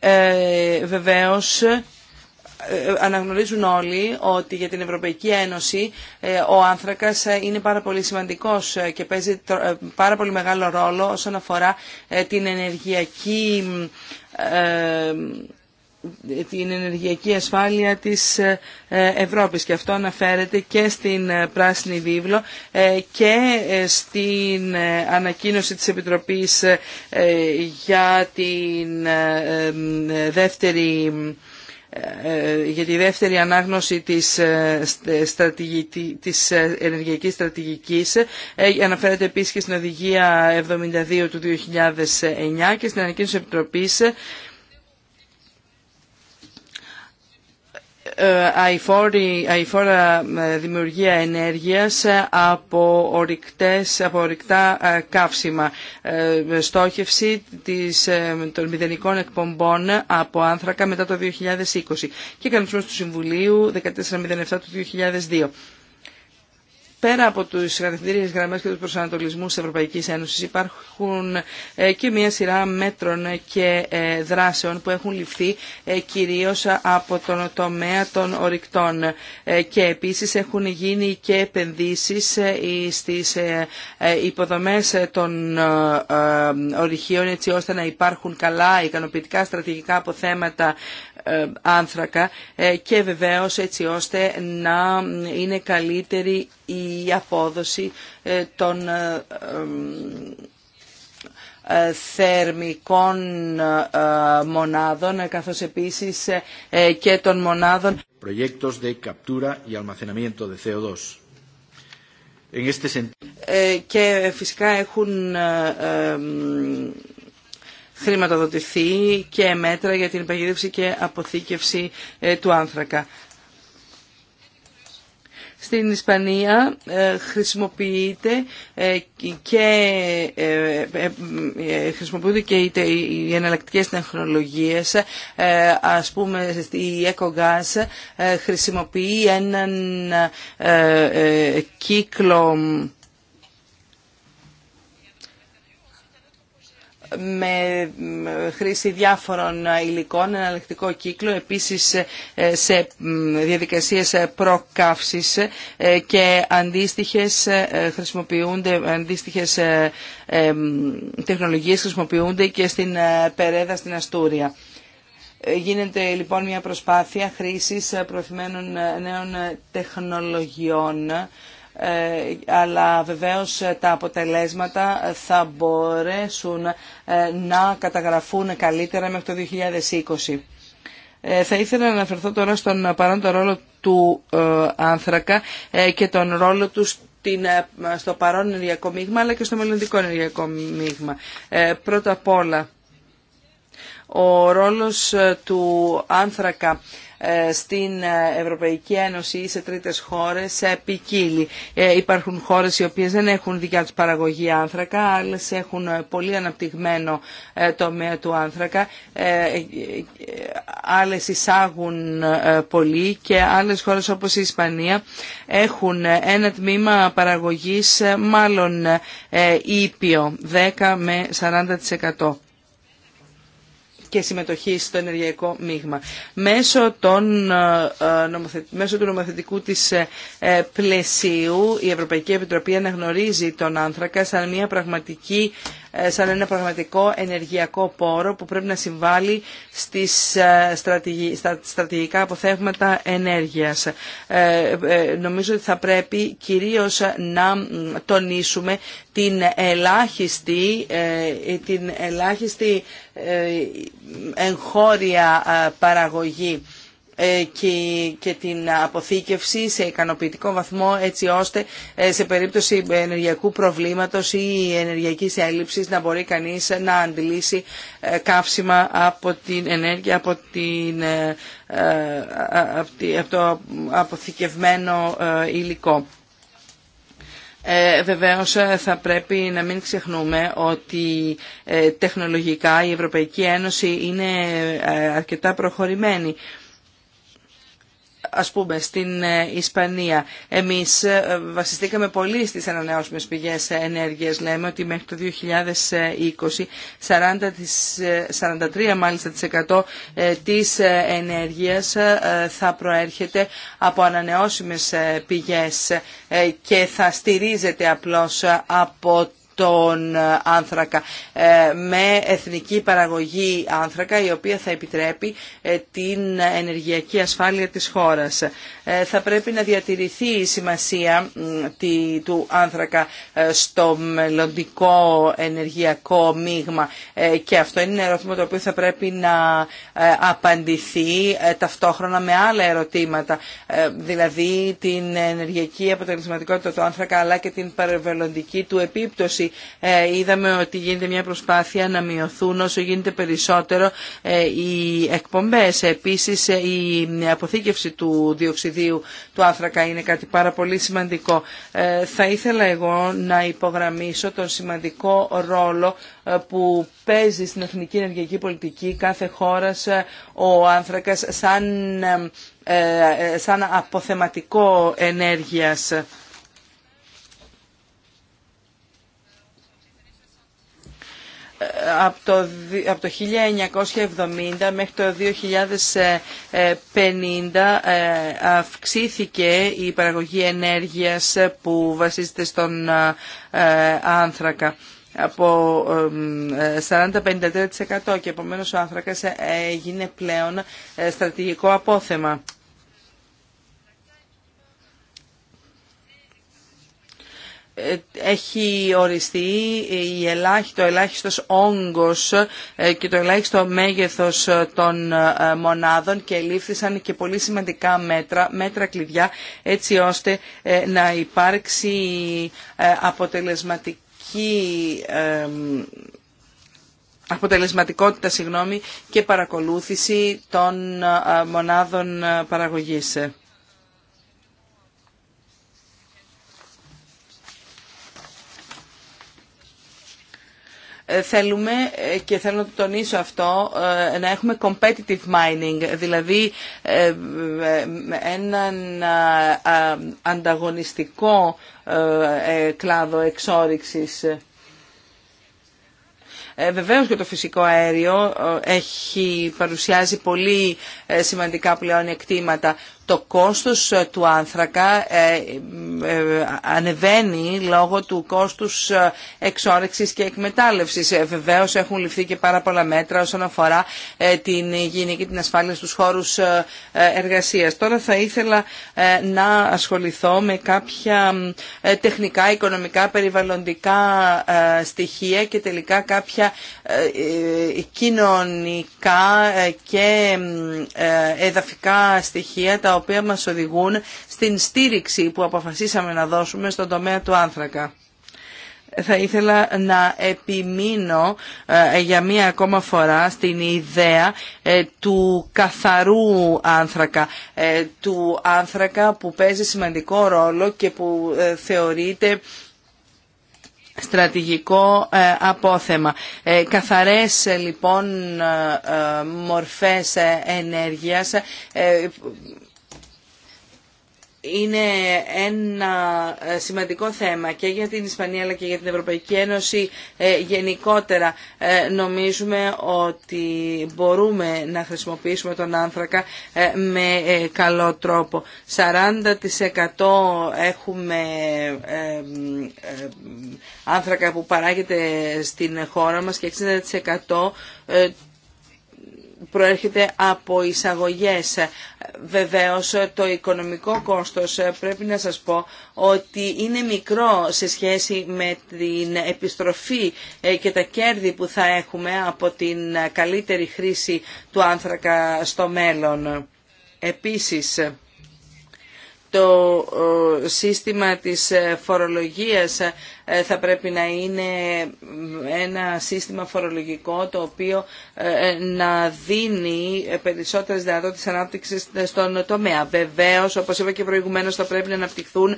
Ε, βεβαίως αναγνωρίζουν όλοι ότι για την Ευρωπαϊκή Ένωση ο άνθρακας είναι πάρα πολύ σημαντικός και παίζει πάρα πολύ μεγάλο ρόλο όσον αφορά την ενεργειακή ε, την ενεργειακή ασφάλεια της ε, Ευρώπης και αυτό αναφέρεται και στην ε, Πράσινη Βίβλο και στην ανακοίνωση της Επιτροπής για την δεύτερη ε, για τη δεύτερη ανάγνωση της, ε, της ε, ενεργειακής στρατηγικής. Αναφέρεται επίσης και στην Οδηγία 72 του 2009 και στην Ανακοίνωση Επιτροπής Ε, αηφόρα ε, δημιουργία ενέργειας ε, από, ορικτές, ορυκτά καύσιμα, στόχευση των μηδενικών εκπομπών από άνθρακα μετά το 2020 και κανονισμός του Συμβουλίου 1407 του 2002. Πέρα από τους κατευθυντήριε γραμμέ και του προσανατολισμούς τη Ευρωπαϊκής Ένωση υπάρχουν ε, και μία σειρά μέτρων και ε, δράσεων που έχουν ληφθεί ε, κυρίως από τον τομέα των ορυκτών και επίσης έχουν γίνει και επενδύσεις στι υποδομές των ορυχείων έτσι ώστε να υπάρχουν καλά ικανοποιητικά στρατηγικά αποθέματα ε, άνθρακα ε, και βεβαίως έτσι ώστε να είναι καλύτερη η απόδοση ε, των θερμικών μονάδων καθώς επίσης και των μονάδων Προγέκτος de captura y almacenamiento de CO2. En este sentido... και φυσικά έχουν χρηματοδοτηθεί και μέτρα για την παγίδευση και αποθήκευση ε, του άνθρακα. Στην Ισπανία ε, χρησιμοποιείται ε, και χρησιμοποιούνται και οι εναλλακτικές τεχνολογίες. Ας πούμε η EcoGas χρησιμοποιεί έναν κύκλο με χρήση διάφορων υλικών, εναλλακτικό κύκλο, επίσης ε, σε διαδικασίες προκαύσης ε, και αντίστοιχες, ε, χρησιμοποιούνται, αντίστοιχες τεχνολογίες χρησιμοποιούνται και στην Περέδα στην Αστούρια. Γίνεται λοιπόν μια προσπάθεια χρήσης προφημένων νέων τεχνολογιών ε, αλλά βεβαίως ε, τα αποτελέσματα ε, θα μπορέσουν να καταγραφούν καλύτερα μέχρι το 2020. Θα ήθελα να αναφερθώ τώρα στον παρόντο ρόλο του άνθρακα και τον ρόλο του στο παρόν ενεργειακό μείγμα αλλά και στο μελλοντικό ενεργειακό μείγμα. Πρώτα απ' όλα ο ρόλος ε, του άνθρακα ε, στην ε, Ευρωπαϊκή Ένωση ή σε τρίτες χώρες ποικίλει. Υπάρχουν χώρες οι οποίες δεν έχουν δικιά τους παραγωγή άνθρακα, άλλες έχουν πολύ αναπτυγμένο τομέα του άνθρακα, άλλες εισάγουν πολύ και άλλες χώρες όπως η Ισπανία έχουν ένα τμήμα παραγωγής μάλλον ήπιο, 10 με 40% και συμμετοχή στο ενεργειακό μείγμα. Μέσω, των, ε, ε, μέσω του νομοθετικού της ε, πλαισίου η Ευρωπαϊκή Επιτροπή αναγνωρίζει τον άνθρακα σαν μια πραγματική ε, σαν ένα πραγματικό ενεργειακό πόρο που πρέπει να συμβάλλει στις ε, στα στρατηγικά αποθέματα ενέργειας. Ε, νομίζω ότι θα πρέπει κυρίως να τονίσουμε την ελάχιστη, την ελάχιστη εγχώρια παραγωγή ε, και την αποθήκευση σε ικανοποιητικό βαθμό έτσι ώστε ε, σε περίπτωση ενεργειακού προβλήματος ή ενεργειακής έλλειψης να μπορεί κανείς να αντιλήσει ε, καύσιμα από την ενέργεια, από, την, το αποθηκευμένο υλικό. Ε, βεβαίως θα πρέπει να μην ξεχνούμε ότι τεχνολογικά η Ευρωπαϊκή Ένωση είναι αρκετά προχωρημένη ας πούμε στην ε, Ισπανία εμείς ε, βασιστήκαμε πολύ στις ανανεώσιμες πηγές ενέργειας λέμε ότι μέχρι το 2020 43 ε, μάλιστα της της ενέργειας θα προέρχεται από ανανεώσιμες πηγές και θα στηρίζεται απλώς από τον ε, άνθρακα ε, με εθνική παραγωγή άνθρακα η οποία θα επιτρέπει ε, την ενεργειακή ασφάλεια της χώρας. Θα πρέπει να διατηρηθεί η σημασία του άνθρακα στο μελλοντικό ενεργειακό μείγμα και αυτό είναι ένα ερώτημα το οποίο θα πρέπει να απαντηθεί ταυτόχρονα με άλλα ερωτήματα δηλαδή την ενεργειακή αποτελεσματικότητα του άνθρακα αλλά και την περιβαλλοντική του επίπτωση ε, είδαμε ότι γίνεται μια προσπάθεια να μειωθούν όσο γίνεται περισσότερο ε, οι εκπομπές. Επίσης ε, η αποθήκευση του διοξιδίου του άνθρακα είναι κάτι πάρα πολύ σημαντικό. Θα ήθελα εγώ να υπογραμμίσω τον σημαντικό ρόλο που παίζει στην εθνική ενεργειακή πολιτική κάθε χώρας ο άνθρακας σαν, σαν αποθεματικό ενέργειας. από το, το 1970 μέχρι το 2050 ε, αυξήθηκε η παραγωγή ενέργειας που βασίζεται στον ε, άνθρακα από 40-53% ε, και επομένως ο άνθρακας έγινε πλέον στρατηγικό απόθεμα. έχει οριστεί η ελάχιστο, ελάχιστος όγκος ε, και το ελάχιστο μέγεθος ε, των ε, μονάδων και λήφθησαν και πολύ σημαντικά μέτρα, μέτρα κλειδιά έτσι ώστε να υπάρξει αποτελεσματική αποτελεσματικότητα συγγνώμη, και παρακολούθηση των μονάδων παραγωγής. Ε, θέλουμε, ε, και θέλω να το τονίσω αυτό, ε, να έχουμε competitive mining, δηλαδή έναν ανταγωνιστικό κλάδο εξόριξης. Βεβαίως και το φυσικό αέριο έχει, παρουσιάζει πολύ σημαντικά πλέον εκτήματα το κόστος ε, του άνθρακα ε, ε, ανεβαίνει λόγω του κόστους εξόρυξης και εκμετάλλευσης. Βεβαίως έχουν ληφθεί και πάρα πολλά μέτρα όσον αφορά την υγιεινή και την ασφάλεια στους χώρους εργασίας. Τώρα θα ήθελα να ασχοληθώ με κάποια τεχνικά, οικονομικά, περιβαλλοντικά στοιχεία και τελικά κάποια κοινωνικά και εδαφικά στοιχεία οποία μας οδηγούν στην στήριξη που αποφασίσαμε να δώσουμε στον τομέα του άνθρακα. Θα ήθελα να επιμείνω ε, για μία ακόμα φορά στην ιδέα ε, του καθαρού άνθρακα, ε, του άνθρακα που παίζει σημαντικό ρόλο και που θεωρείται στρατηγικό απόθεμα. Καθαρές λοιπόν μορφές ενέργειας είναι ένα ε, σημαντικό θέμα και για την Ισπανία αλλά και για την Ευρωπαϊκή Ένωση ε, γενικότερα. Ε, νομίζουμε ότι μπορούμε να χρησιμοποιήσουμε τον άνθρακα με καλό τρόπο. 40% έχουμε άνθρακα που παράγεται στην χώρα μας και 60% προέρχεται από εισαγωγές. Βεβαίως το οικονομικό κόστος πρέπει να σας πω ότι είναι μικρό σε σχέση με την επιστροφή ε, και τα κέρδη που θα έχουμε από την καλύτερη χρήση του άνθρακα στο μέλλον. Επίσης, το σύστημα της ε, φορολογίας ε, θα πρέπει να είναι ένα σύστημα φορολογικό το οποίο ε, να δίνει περισσότερες δυνατότητες ανάπτυξης στον τομέα. Βεβαίως, όπως είπα και προηγουμένως, θα πρέπει να αναπτυχθούν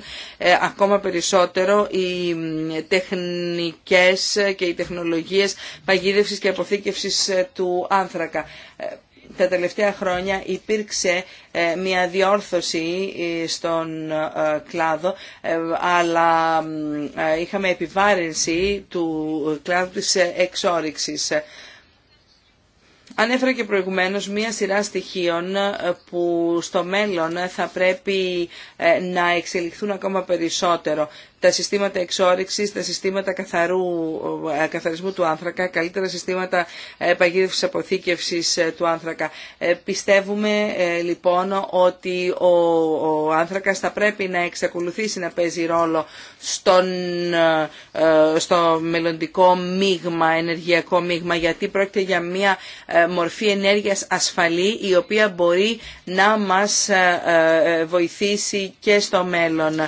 ακόμα περισσότερο οι τεχνικές και οι τεχνολογίες παγίδευσης και αποθήκευσης του άνθρακα τα τελευταία χρόνια υπήρξε ε, μια διόρθωση ε, στον ε, κλάδο, αλλά είχαμε επιβάρυνση του κλάδου της εξόριξης. Ανέφερα και προηγουμένως μία σειρά στοιχείων που στο μέλλον θα πρέπει να εξελιχθούν ακόμα περισσότερο τα συστήματα εξόριξης, τα συστήματα καθαρού, ε, καθαρισμού του άνθρακα, καλύτερα συστήματα ε, παγίδευσης αποθήκευση ε, του άνθρακα. Πιστεύουμε λοιπόν ότι ο, ο άνθρακας θα πρέπει να εξακολουθήσει να παίζει ρόλο στον, στο μελλοντικό μείγμα, ενεργειακό μείγμα, γιατί πρόκειται για μια μορφή ενέργειας ασφαλή, η οποία μπορεί να μας βοηθήσει και στο μέλλον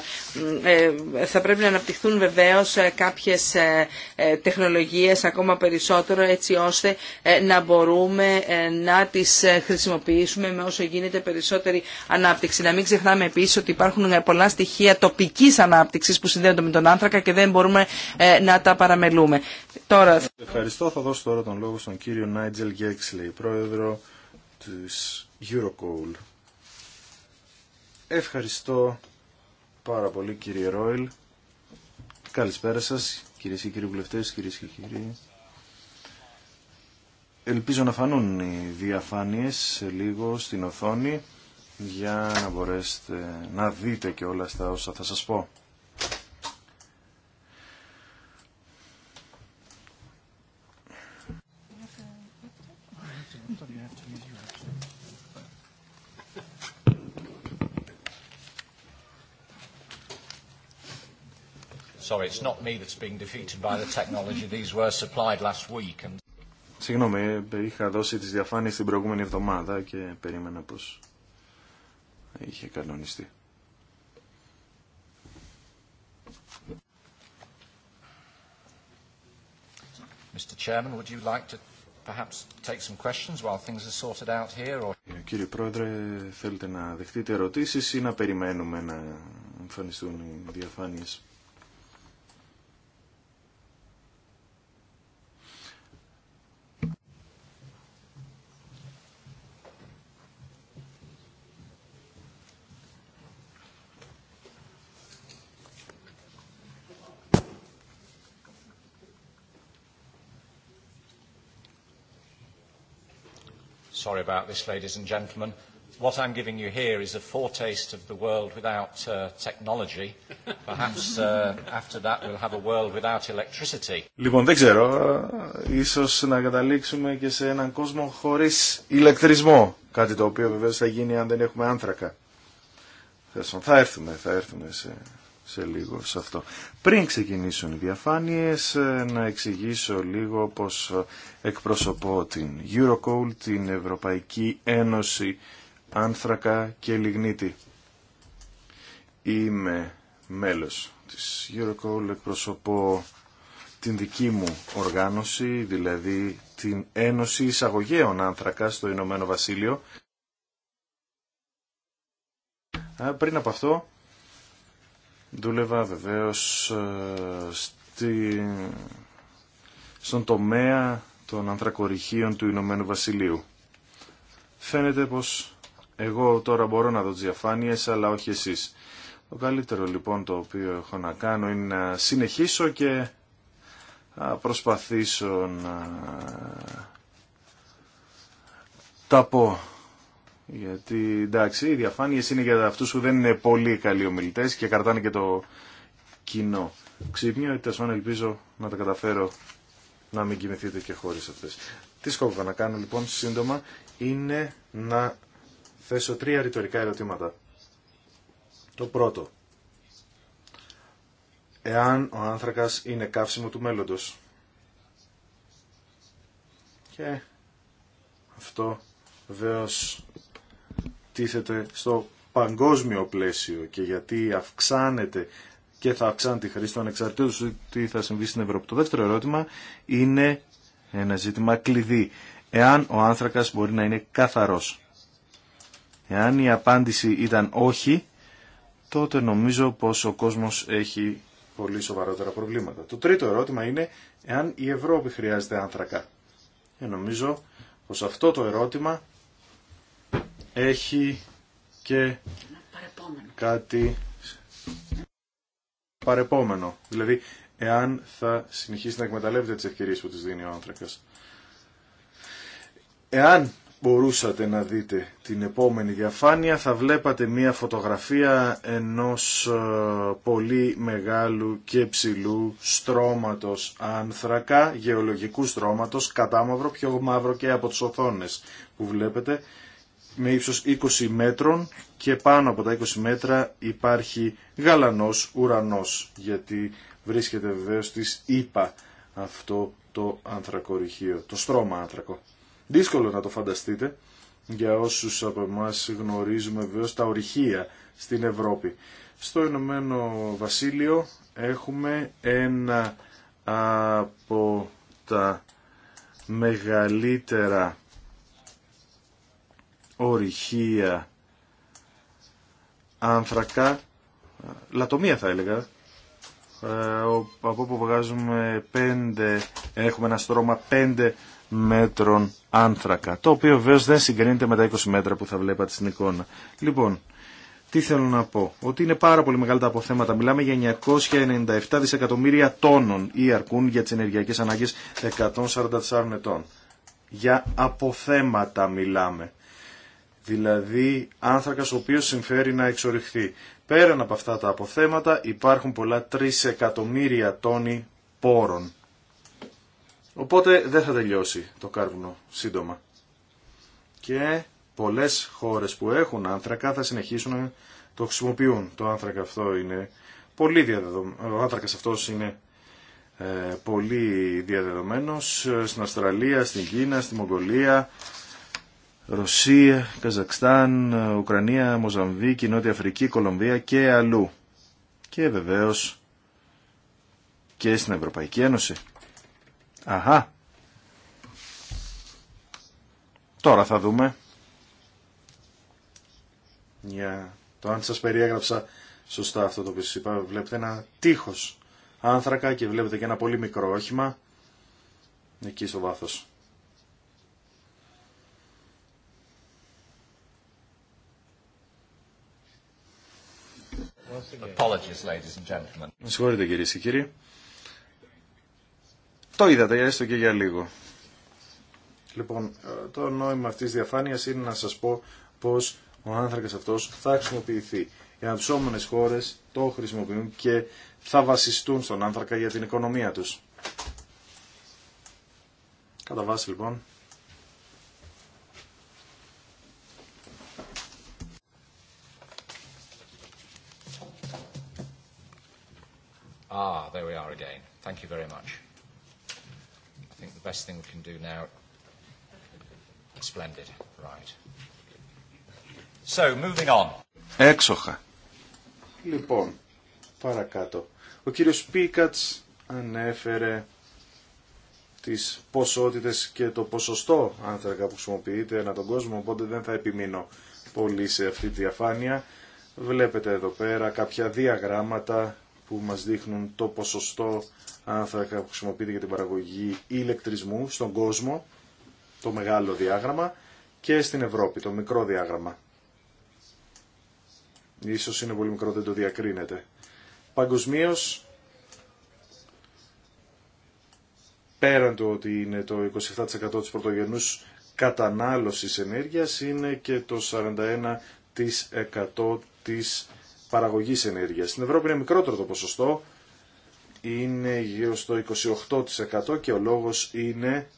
πρέπει να αναπτυχθούν βεβαίως ε, κάποιες ε, ε, τεχνολογίες ακόμα περισσότερο έτσι ώστε να μπορούμε να τις χρησιμοποιήσουμε με όσο γίνεται περισσότερη ανάπτυξη. Να μην ξεχνάμε επίσης ότι υπάρχουν πολλά στοιχεία τοπικής ανάπτυξης που συνδέονται με τον άνθρακα και δεν μπορούμε να τα παραμελούμε. Τώρα... Ευχαριστώ. Θα δώσω τώρα τον λόγο στον κύριο Νάιτζελ Γκέξλεϊ, πρόεδρο της Eurocoal. Ευχαριστώ πάρα πολύ κύριε Ρόιλ. Καλησπέρα σας, κυρίες και κύριοι βουλευτέ, κυρίες και κύριοι. Ελπίζω να φανούν οι διαφάνειες λίγο στην οθόνη για να μπορέσετε να δείτε και όλα αυτά όσα θα σας πω. Sorry, it's not me that's being defeated by the technology. These were supplied last week. And... Συγγνώμη, είχα δώσει τις διαφάνειες την προηγούμενη εβδομάδα και περίμενα πως είχε κανονιστεί. Mr. Chairman, would you like to perhaps take some questions while things are sorted out here? Or... Ε, κύριε Πρόεδρε, θέλετε να δεχτείτε ερωτήσεις ή να περιμένουμε να εμφανιστούν οι διαφάνειες. Sorry about this, ladies and gentlemen. What I'm giving you here is a foretaste of the world without technology. Perhaps after that we'll have a world without electricity. Λοιπόν, δεν ξέρω. Ίσως να καταλήξουμε και σε έναν κόσμο χωρίς ηλεκτρισμό. Κάτι το οποίο βεβαίως θα γίνει αν δεν έχουμε άνθρακα. Θα έρθουμε, θα έρθουμε σε σε λίγο σε αυτό. Πριν ξεκινήσουν οι διαφάνειες, ε, να εξηγήσω λίγο πως ε, εκπροσωπώ την Eurocoal, την Ευρωπαϊκή Ένωση Άνθρακα και Λιγνίτη. Είμαι μέλος της Eurocoal, εκπροσωπώ την δική μου οργάνωση, δηλαδή την Ένωση Εισαγωγέων Άνθρακα στο Ηνωμένο Βασίλειο. Πριν από αυτό, Δούλευα βεβαίω ε, στη... στον τομέα των ανθρακοριχείων του Ηνωμένου Βασιλείου. Φαίνεται πως εγώ τώρα μπορώ να δω τις διαφάνειες, αλλά όχι εσείς. Το καλύτερο λοιπόν το οποίο έχω να κάνω είναι να συνεχίσω και να προσπαθήσω να τα πω γιατί εντάξει, οι διαφάνειες είναι για αυτούς που δεν είναι πολύ καλοί ομιλητές και καρτάνε και το κοινό. Ξύπνιο, σαν ελπίζω να τα καταφέρω να μην κοιμηθείτε και χωρίς αυτές. Τι σκόπευα να κάνω λοιπόν σύντομα είναι να θέσω τρία ρητορικά ερωτήματα. Το πρώτο. Εάν ο άνθρακας είναι καύσιμο του μέλλοντος. Και αυτό βεβαίω τίθεται στο παγκόσμιο πλαίσιο και γιατί αυξάνεται και θα αυξάνεται η χρήση του ανεξαρτήτως τι θα συμβεί στην Ευρώπη. Το δεύτερο ερώτημα είναι ένα ζήτημα κλειδί. Εάν ο άνθρακας μπορεί να είναι καθαρός. Εάν η απάντηση ήταν όχι, τότε νομίζω πως ο κόσμος έχει πολύ σοβαρότερα προβλήματα. Το τρίτο ερώτημα είναι εάν η Ευρώπη χρειάζεται άνθρακα. Και ε, νομίζω πως αυτό το ερώτημα έχει και κάτι παρεπόμενο. Δηλαδή, εάν θα συνεχίσει να εκμεταλλεύεται τις ευκαιρίες που της δίνει ο άνθρακας. Εάν μπορούσατε να δείτε την επόμενη διαφάνεια θα βλέπατε μία φωτογραφία ενός ε, πολύ μεγάλου και ψηλού στρώματος άνθρακα, γεωλογικού στρώματος, κατά μαύρο, πιο μαύρο και από τις οθόνες που βλέπετε με ύψος 20 μέτρων και πάνω από τα 20 μέτρα υπάρχει γαλανός ουρανός γιατί βρίσκεται βεβαίως στις ΙΠΑ αυτό το ανθρακοριχείο, το στρώμα άνθρακο. Δύσκολο να το φανταστείτε για όσους από εμά γνωρίζουμε βεβαίως τα ορυχεία στην Ευρώπη. Στο Ηνωμένο Βασίλειο έχουμε ένα από τα μεγαλύτερα ορυχεία άνθρακα, λατομία θα έλεγα, ε, από όπου βγάζουμε πέντε, έχουμε ένα στρώμα 5 μέτρων άνθρακα, το οποίο βέβαια δεν συγκρίνεται με τα 20 μέτρα που θα βλέπατε στην εικόνα. Λοιπόν, τι θέλω να πω, ότι είναι πάρα πολύ μεγάλα τα αποθέματα, μιλάμε για 997 δισεκατομμύρια τόνων ή αρκούν για τις ενεργειακές ανάγκες 144 ετών. Για αποθέματα μιλάμε δηλαδή άνθρακας ο οποίος συμφέρει να εξοριχθεί. Πέραν από αυτά τα αποθέματα υπάρχουν πολλά 3 εκατομμύρια τόνοι πόρων. Οπότε δεν θα τελειώσει το κάρβουνο σύντομα. Και πολλές χώρες που έχουν άνθρακα θα συνεχίσουν να το χρησιμοποιούν. Το άνθρακα αυτό είναι πολύ διαδεδομένο. Ο άνθρακας αυτός είναι ε, πολύ διαδεδομένος ε, στην Αυστραλία, στην Κίνα, στη Μογγολία, Ρωσία, Καζακστάν, Ουκρανία, Μοζαμβίκη, Νότια Αφρική, Κολομβία και αλλού. Και βεβαίως και στην Ευρωπαϊκή Ένωση. Αχα. Τώρα θα δούμε. Για το αν σας περιέγραψα σωστά αυτό το οποίο σας είπα, βλέπετε ένα τείχος άνθρακα και βλέπετε και ένα πολύ μικρό όχημα εκεί στο βάθος. Με συγχωρείτε κυρίε και κύριοι. Το είδατε έστω και για λίγο. Λοιπόν, ε, το νόημα αυτής τη διαφάνειας είναι να σας πω πως ο άνθρακας αυτός θα χρησιμοποιηθεί. Οι αναψώμενες χώρες το χρησιμοποιούν και θα βασιστούν στον άνθρακα για την οικονομία τους. Κατά βάση λοιπόν Ah, there we are again. Thank you very much. I think the best thing we can do now. Splendid. Right. So, moving on. Έξοχα. Λοιπόν, παρακάτω. Ο κύριος Πίκατς ανέφερε τις ποσότητες και το ποσοστό άνθρακα που χρησιμοποιείται ανά τον κόσμο, οπότε δεν θα επιμείνω πολύ σε αυτή τη διαφάνεια. Βλέπετε εδώ πέρα κάποια διαγράμματα που μας δείχνουν το ποσοστό άνθρακα που χρησιμοποιείται για την παραγωγή ηλεκτρισμού στον κόσμο, το μεγάλο διάγραμμα, και στην Ευρώπη, το μικρό διάγραμμα. Ίσως είναι πολύ μικρό, δεν το διακρίνεται. Παγκοσμίω, πέραν του ότι είναι το 27% της πρωτογενούς κατανάλωσης ενέργειας, είναι και το 41% της παραγωγής ενέργειας. Στην Ευρώπη είναι μικρότερο το ποσοστό, είναι γύρω στο 28% και ο λόγος είναι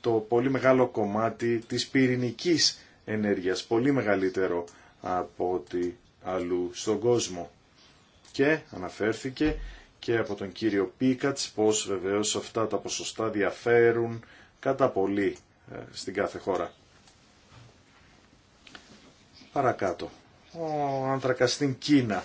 το πολύ μεγάλο κομμάτι της πυρηνικής ενέργειας, πολύ μεγαλύτερο από ό,τι αλλού στον κόσμο. Και αναφέρθηκε και από τον κύριο Πίκατς πως βεβαίως αυτά τα ποσοστά διαφέρουν κατά πολύ ε, στην κάθε χώρα. Παρακάτω ο άνθρακα στην Κίνα.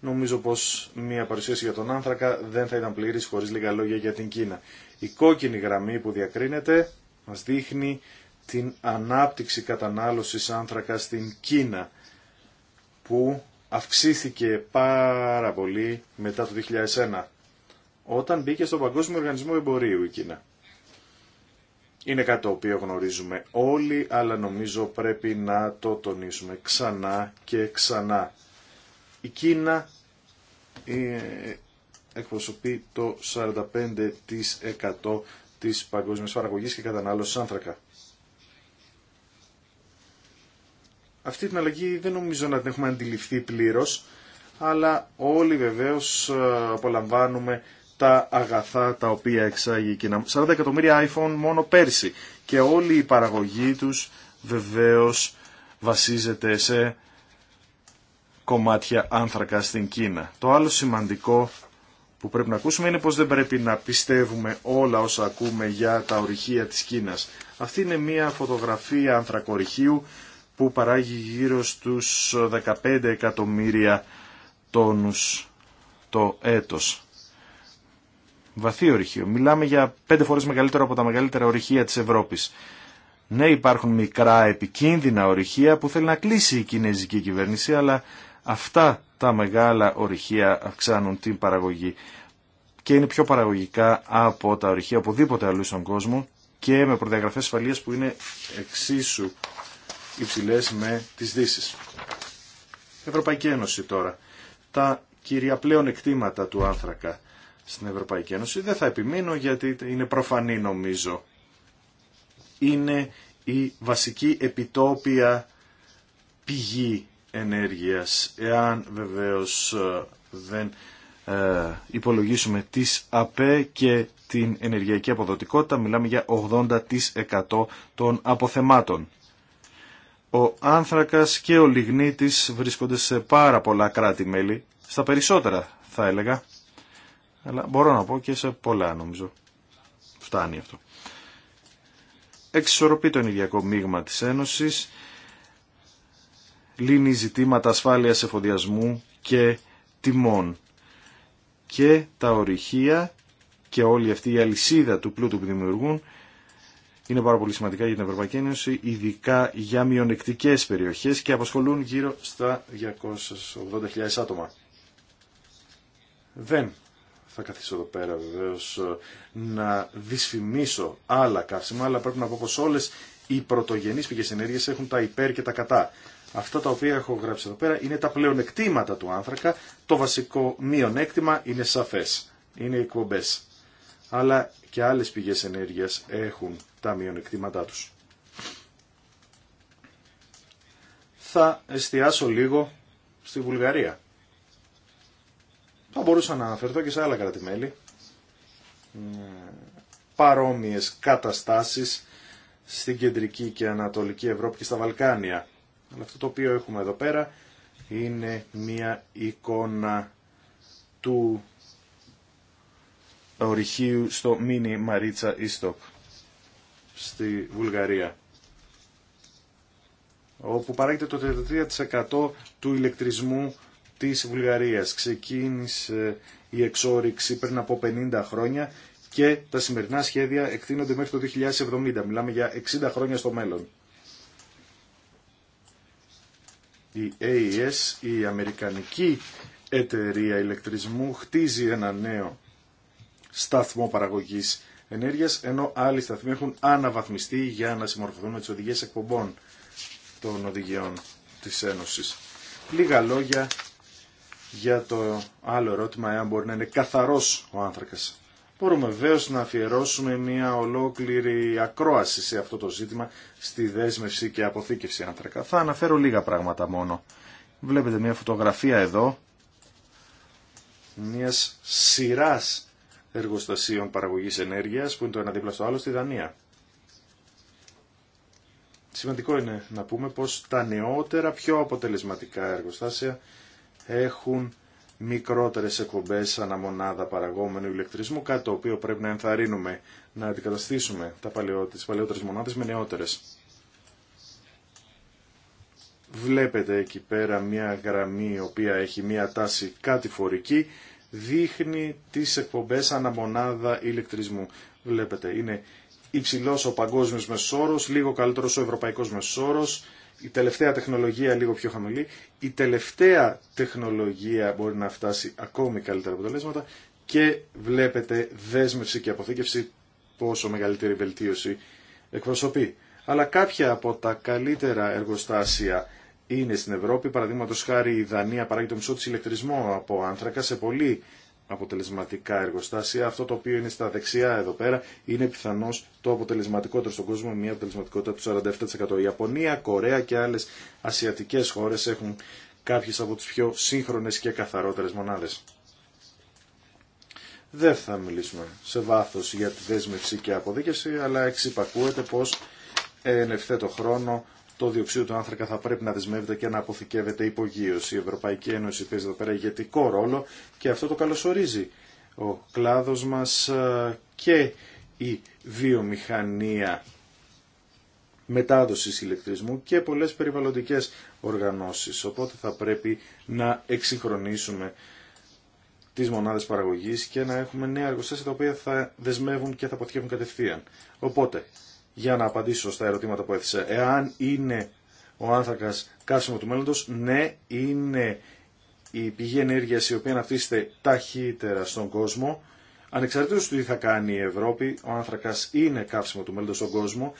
Νομίζω πως μια παρουσίαση για τον άνθρακα δεν θα ήταν πλήρης χωρίς λίγα λόγια για την Κίνα. Η κόκκινη γραμμή που διακρίνεται μας δείχνει την ανάπτυξη κατανάλωσης άνθρακα στην Κίνα που αυξήθηκε πάρα πολύ μετά το 2001 όταν μπήκε στον Παγκόσμιο Οργανισμό Εμπορίου η Κίνα. Είναι κάτι το οποίο γνωρίζουμε όλοι, αλλά νομίζω πρέπει να το τονίσουμε ξανά και ξανά. Η Κίνα ε, εκπροσωπεί το 45% της παγκόσμιας παραγωγής και κατανάλωσης άνθρακα. Αυτή την αλλαγή δεν νομίζω να την έχουμε αντιληφθεί πλήρως, αλλά όλοι βεβαίως ε, απολαμβάνουμε τα αγαθά τα οποία εξάγει η Κίνα. 40 εκατομμύρια iPhone μόνο πέρσι και όλη η παραγωγή τους βεβαίως βασίζεται σε κομμάτια άνθρακα στην Κίνα. Το άλλο σημαντικό που πρέπει να ακούσουμε είναι πως δεν πρέπει να πιστεύουμε όλα όσα ακούμε για τα ορυχεία της Κίνας. Αυτή είναι μια φωτογραφία ανθρακορυχείου που παράγει γύρω στους 15 εκατομμύρια τόνους το έτος βαθύ ορυχείο. Μιλάμε για πέντε φορές μεγαλύτερο από τα μεγαλύτερα ορυχεία της Ευρώπης. Ναι, υπάρχουν μικρά επικίνδυνα ορυχεία που θέλει να κλείσει η κινέζικη κυβέρνηση, αλλά αυτά τα μεγάλα ορυχεία αυξάνουν την παραγωγή και είναι πιο παραγωγικά από τα ορυχεία οπουδήποτε αλλού στον κόσμο και με προδιαγραφές ασφαλείας που είναι εξίσου υψηλές με τις δύσεις. Ευρωπαϊκή Ένωση τώρα. Τα κυρία πλέον του άνθρακα στην Ευρωπαϊκή Ένωση. Δεν θα επιμείνω γιατί είναι προφανή νομίζω. Είναι η βασική επιτόπια πηγή ενέργειας, εάν βεβαίως ε, δεν ε, υπολογίσουμε τις ΑΠΕ και την ενεργειακή αποδοτικότητα, μιλάμε για 80% των αποθεμάτων. Ο άνθρακας και ο λιγνίτης βρίσκονται σε πάρα πολλά κράτη-μέλη, στα περισσότερα θα έλεγα, αλλά μπορώ να πω και σε πολλά νομίζω. Φτάνει αυτό. Εξισορροπεί το ενεργειακό μείγμα της Ένωσης, λύνει ζητήματα ασφάλειας εφοδιασμού και τιμών. Και τα ορυχεία και όλη αυτή η αλυσίδα του πλούτου που δημιουργούν είναι πάρα πολύ σημαντικά για την Ευρωπαϊκή Ένωση, ειδικά για μειονεκτικές περιοχές και απασχολούν γύρω στα 280.000 άτομα. Δεν θα καθίσω εδώ πέρα βεβαίω, ε, να δυσφημίσω άλλα καύσιμα, αλλά πρέπει να πω πω όλε οι πρωτογενείς πηγές ενέργειας έχουν τα υπέρ και τα κατά. Αυτά τα οποία έχω γράψει εδώ πέρα είναι τα πλεονεκτήματα του άνθρακα. Το βασικό μειονέκτημα είναι σαφές. Είναι οι εκπομπέ. Αλλά και άλλες πηγές ενέργειας έχουν τα μειονεκτήματά του. Θα εστιάσω λίγο στη Βουλγαρία. Θα μπορούσα να αναφερθώ και σε άλλα κρατημέλη. Ε, παρόμοιες καταστάσεις στην κεντρική και ανατολική Ευρώπη και στα Βαλκάνια. Αλλά αυτό το οποίο έχουμε εδώ πέρα είναι μία εικόνα του ορυχείου στο Μίνι Μαρίτσα Ιστοπ στη Βουλγαρία όπου παράγεται το 33% του ηλεκτρισμού της Βουλγαρίας. Ξεκίνησε η εξόριξη πριν από 50 χρόνια και τα σημερινά σχέδια εκτείνονται μέχρι το 2070. Μιλάμε για 60 χρόνια στο μέλλον. Η AES, η Αμερικανική εταιρεία ηλεκτρισμού, χτίζει ένα νέο σταθμό παραγωγής ενέργειας, ενώ άλλοι σταθμοί έχουν αναβαθμιστεί για να συμμορφωθούν με τις οδηγίες εκπομπών των οδηγιών της Ένωσης. Λίγα λόγια για το άλλο ερώτημα, εάν μπορεί να είναι καθαρός ο άνθρακας. Μπορούμε βεβαίω να αφιερώσουμε μια ολόκληρη ακρόαση σε αυτό το ζήτημα στη δέσμευση και αποθήκευση άνθρακα. Θα αναφέρω λίγα πράγματα μόνο. Βλέπετε μια φωτογραφία εδώ Μια σειρά εργοστασίων παραγωγής ενέργειας που είναι το ένα δίπλα στο άλλο στη Δανία. Σημαντικό είναι να πούμε πως τα νεότερα πιο αποτελεσματικά εργοστάσια έχουν μικρότερες εκπομπές αναμονάδα παραγόμενου ηλεκτρισμού, κάτι το οποίο πρέπει να ενθαρρύνουμε να αντικαταστήσουμε τα παλαιότερε τις παλαιότερες μονάδες με νεότερες. Βλέπετε εκεί πέρα μια γραμμή η οποία έχει μια τάση κατηφορική, δείχνει τις εκπομπές αναμονάδα ηλεκτρισμού. Βλέπετε, είναι υψηλός ο παγκόσμιος μεσόρος, λίγο καλύτερος ο ευρωπαϊκός μεσόρος, η τελευταία τεχνολογία λίγο πιο χαμηλή, η τελευταία τεχνολογία μπορεί να φτάσει ακόμη καλύτερα αποτελέσματα και βλέπετε δέσμευση και αποθήκευση πόσο μεγαλύτερη βελτίωση εκπροσωπεί. Αλλά κάποια από τα καλύτερα εργοστάσια είναι στην Ευρώπη. Παραδείγματο χάρη η Δανία παράγει το μισό τη ηλεκτρισμό από άνθρακα σε πολύ αποτελεσματικά εργοστάσια. Αυτό το οποίο είναι στα δεξιά εδώ πέρα είναι πιθανώ το αποτελεσματικότερο στον κόσμο μια αποτελεσματικότητα του 47%. Η Ιαπωνία, Κορέα και άλλες ασιατικέ χώρες έχουν κάποιε από τις πιο σύγχρονες και καθαρότερες μονάδες. Δεν θα μιλήσουμε σε βάθος για τη δέσμευση και αποδίκευση, αλλά εξυπακούεται πω εν ευθέτω χρόνο το διοξείδιο του άνθρακα θα πρέπει να δεσμεύεται και να αποθηκεύεται υπογείω. Η Ευρωπαϊκή Ένωση παίζει εδώ πέρα ηγετικό ρόλο και αυτό το καλωσορίζει ο κλάδος μας ε, και η βιομηχανία μετάδοσης ηλεκτρισμού και πολλές περιβαλλοντικές οργανώσεις. Οπότε θα πρέπει να εξυγχρονίσουμε τις μονάδες παραγωγής και να έχουμε νέα εργοστάσια τα οποία θα δεσμεύουν και θα αποθηκεύουν κατευθείαν. Οπότε, για να απαντήσω στα ερωτήματα που έθεσα. Εάν είναι ο άνθρακα καύσιμο του μέλλοντος, ναι, είναι η πηγή ενέργεια η οποία αναπτύσσεται ταχύτερα στον κόσμο. Ανεξαρτήτως του τι θα κάνει η Ευρώπη, ο άνθρακα είναι καύσιμο του μέλλοντος στον κόσμο.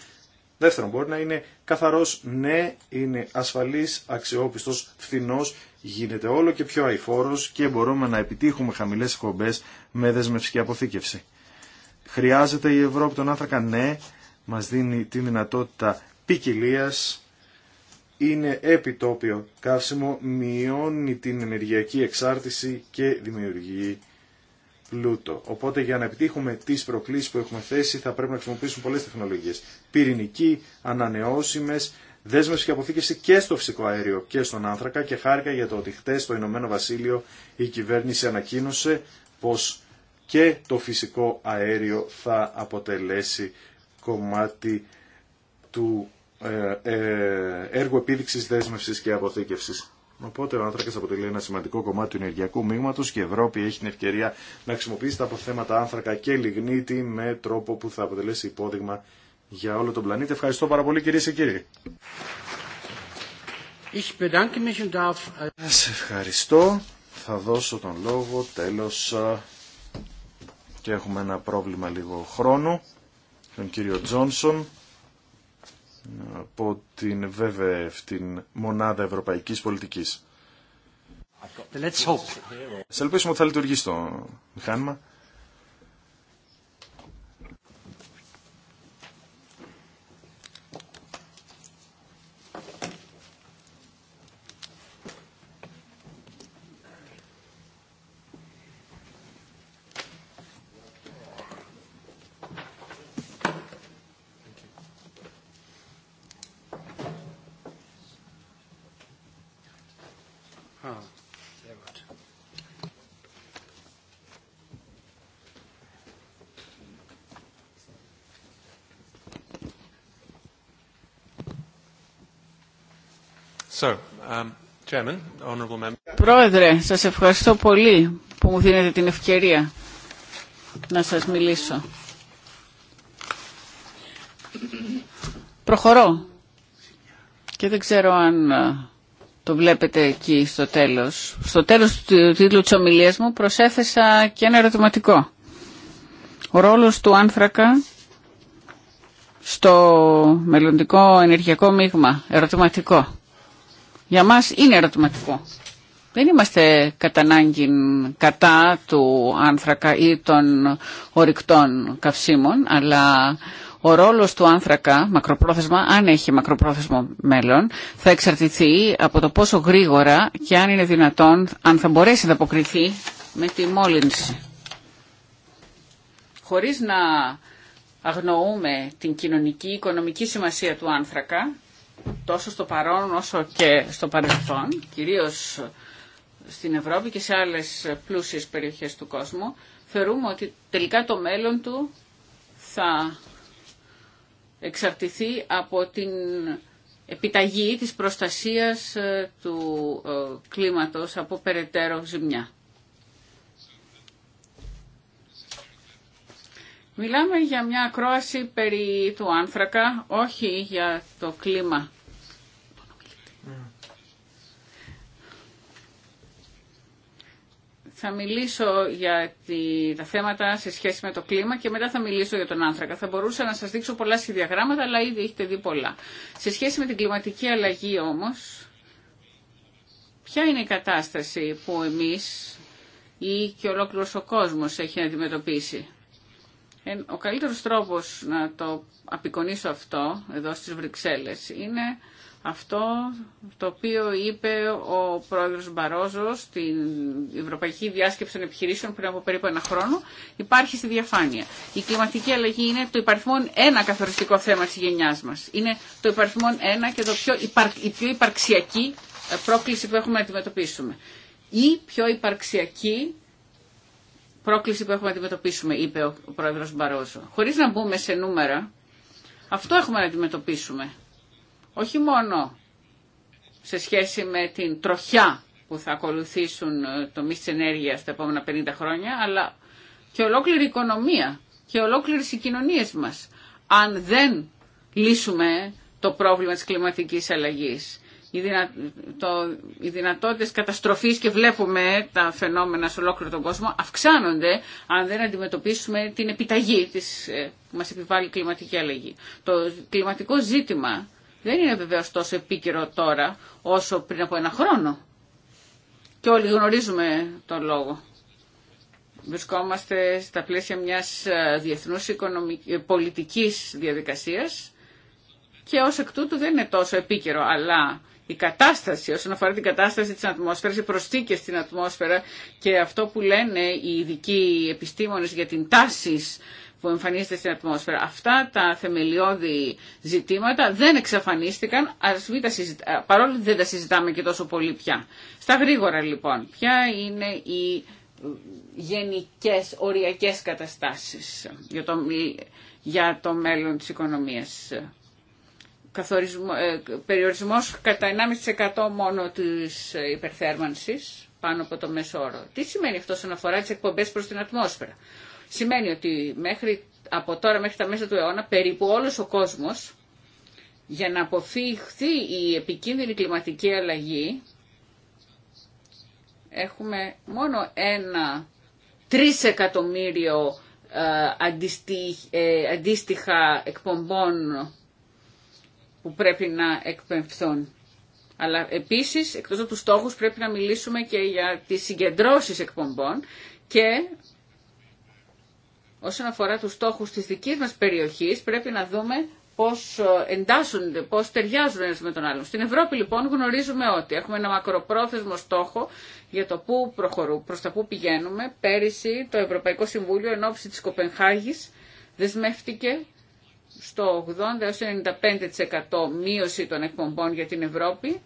Δεύτερον, μπορεί να είναι καθαρό, ναι, είναι ασφαλή, αξιοπιστο, φθηνό, γίνεται όλο και πιο αηφόρο και μπορούμε να επιτύχουμε χαμηλέ εκπομπές με δεσμευτική αποθήκευση. Χρειάζεται η Ευρώπη τον άνθρακα, ναι, μας δίνει τη δυνατότητα ποικιλία είναι επιτόπιο καύσιμο, μειώνει την ενεργειακή εξάρτηση και δημιουργεί πλούτο. Οπότε για να επιτύχουμε τις προκλήσεις που έχουμε θέσει θα πρέπει να χρησιμοποιήσουμε πολλές τεχνολογίες. Πυρηνική, ανανεώσιμες, δέσμευση και αποθήκευση και στο φυσικό αέριο και στον άνθρακα και χάρηκα για το ότι χτες στο Ηνωμένο Βασίλειο η κυβέρνηση ανακοίνωσε πως και το φυσικό αέριο θα αποτελέσει κομμάτι του ε, ε, έργου επίδειξης δέσμευσης και αποθήκευσης. Οπότε ο άνθρακα αποτελεί ένα σημαντικό κομμάτι του ενεργειακού μείγματο και η Ευρώπη έχει την ευκαιρία να χρησιμοποιήσει τα αποθέματα άνθρακα και λιγνίτη με τρόπο που θα αποτελέσει υπόδειγμα για όλο τον πλανήτη. Ευχαριστώ πάρα πολύ κυρίε και κύριοι. Σας ευχαριστώ. Θα δώσω τον λόγο τέλος και έχουμε ένα πρόβλημα λίγο χρόνου τον κύριο Τζόνσον από την βέβαια την Μονάδα Ευρωπαϊκής Πολιτικής. Let's Σε ελπίσουμε ότι θα λειτουργήσει το μηχάνημα. Um, Πρόεδρε, σας ευχαριστώ πολύ που μου δίνετε την ευκαιρία να σας μιλήσω. Προχωρώ και δεν ξέρω αν ε, το βλέπετε εκεί στο τέλος. Στο τέλος του τίτλου της ομιλίας μου προσέθεσα και ένα ερωτηματικό. Ο ρόλος του άνθρακα στο μελλοντικό ενεργειακό μείγμα. Ερωτηματικό για μας είναι ερωτηματικό. Δεν είμαστε κατά ανάγκη κατά του άνθρακα ή των ορυκτών καυσίμων, αλλά ο ρόλος του άνθρακα, μακροπρόθεσμα, αν έχει μακροπρόθεσμο μέλλον, θα εξαρτηθεί από το πόσο γρήγορα και αν είναι δυνατόν, αν θα μπορέσει να αποκριθεί με τη μόλυνση. Χωρίς να αγνοούμε την κοινωνική, οικονομική σημασία του άνθρακα, τόσο στο παρόν όσο και στο παρελθόν, κυρίως στην Ευρώπη και σε άλλες πλούσιες περιοχές του κόσμου, θεωρούμε ότι τελικά το μέλλον του θα εξαρτηθεί από την επιταγή της προστασίας ε, του ε, κλίματος από περαιτέρω ζημιά. Μιλάμε για μια ακρόαση περί του άνθρακα, όχι για το κλίμα. θα μιλήσω για τη, τα θέματα σε σχέση με το κλίμα και μετά θα μιλήσω για τον άνθρακα. Θα μπορούσα να σας δείξω πολλά σχεδιαγράμματα, αλλά ήδη έχετε δει πολλά. Σε σχέση με την κλιματική αλλαγή όμως, ποια είναι η κατάσταση που εμείς ή και ολόκληρος ο κόσμος έχει να αντιμετωπίσει. Ο καλύτερος τρόπος να το απεικονίσω αυτό εδώ στις Βρυξέλλες είναι αυτό το οποίο είπε ο πρόεδρος Μπαρόζο στην Ευρωπαϊκή Διάσκεψη των Επιχειρήσεων πριν από περίπου ένα χρόνο, υπάρχει στη διαφάνεια. Η κλιματική αλλαγή είναι το υπαριθμόν ένα καθοριστικό θέμα της γενιάς μας. Είναι το υπαριθμόν ένα και το πιο η πιο υπαρξιακή ε, πρόκληση που έχουμε να αντιμετωπίσουμε. Η πιο υπαρξιακή πρόκληση που έχουμε να αντιμετωπίσουμε, είπε ο πρόεδρος Μπαρόζο. Χωρίς να μπούμε σε νούμερα, αυτό έχουμε να αντιμετωπίσουμε. Όχι μόνο σε σχέση με την τροχιά που θα ακολουθήσουν ε, το της ενέργειας τα επόμενα 50 χρόνια, αλλά και ολόκληρη η οικονομία και ολόκληρες οι κοινωνίες μας, αν δεν λύσουμε το πρόβλημα της κλιματικής αλλαγής οι, δυνα... το... δυνατότητες καταστροφής και βλέπουμε τα φαινόμενα σε ολόκληρο τον κόσμο αυξάνονται αν δεν αντιμετωπίσουμε την επιταγή της... Ε, που μας επιβάλλει η κλιματική αλλαγή. Το κλιματικό ζήτημα δεν είναι βεβαίω τόσο επίκαιρο τώρα όσο πριν από ένα χρόνο. Και όλοι γνωρίζουμε τον λόγο. Βρισκόμαστε στα πλαίσια μιας ε, διεθνούς ε, πολιτικής διαδικασίας και ως εκ τούτου δεν είναι τόσο επίκαιρο, αλλά η κατάσταση, όσον αφορά την κατάσταση της ατμόσφαιρας, οι προστίκες στην ατμόσφαιρα και αυτό που λένε οι ειδικοί επιστήμονες για την τάση που εμφανίζεται στην ατμόσφαιρα. Αυτά τα θεμελιώδη ζητήματα δεν εξαφανίστηκαν, ας μην παρόλο που δεν τα συζητάμε και τόσο πολύ πια. Στα γρήγορα λοιπόν, ποια είναι η ε, γενικές οριακές καταστάσεις για το, για το μέλλον της οικονομίας. Περιορισμό ε, περιορισμός κατά 1,5% μόνο της υπερθέρμανσης πάνω από το μέσο όρο. Τι σημαίνει αυτό όσον αφορά τις εκπομπές προς την ατμόσφαιρα. Σημαίνει ότι μέχρι, από τώρα μέχρι τα μέσα του αιώνα περίπου όλος ο κόσμος για να αποφύγει η επικίνδυνη κλιματική αλλαγή έχουμε μόνο ένα τρισεκατομμύριο ε, ε, αντίστοιχα εκπομπών που πρέπει να εκπαιμφθούν. Αλλά επίσης, εκτός από τους στόχους, πρέπει να μιλήσουμε και για τις συγκεντρώσεις εκπομπών και όσον αφορά τους στόχους της δικής μας περιοχής, πρέπει να δούμε πώς ε, εντάσσονται, πώς ταιριάζουν ένας με τον άλλον. Στην Ευρώπη λοιπόν γνωρίζουμε ότι έχουμε ένα μακροπρόθεσμο στόχο για το πού προχωρούμε, προς τα πού πηγαίνουμε. Πέρυσι το Ευρωπαϊκό Συμβούλιο ενώψη της Κοπενχάγης δεσμεύτηκε στο 80 95% μείωση των εκπομπών για την Ευρώπη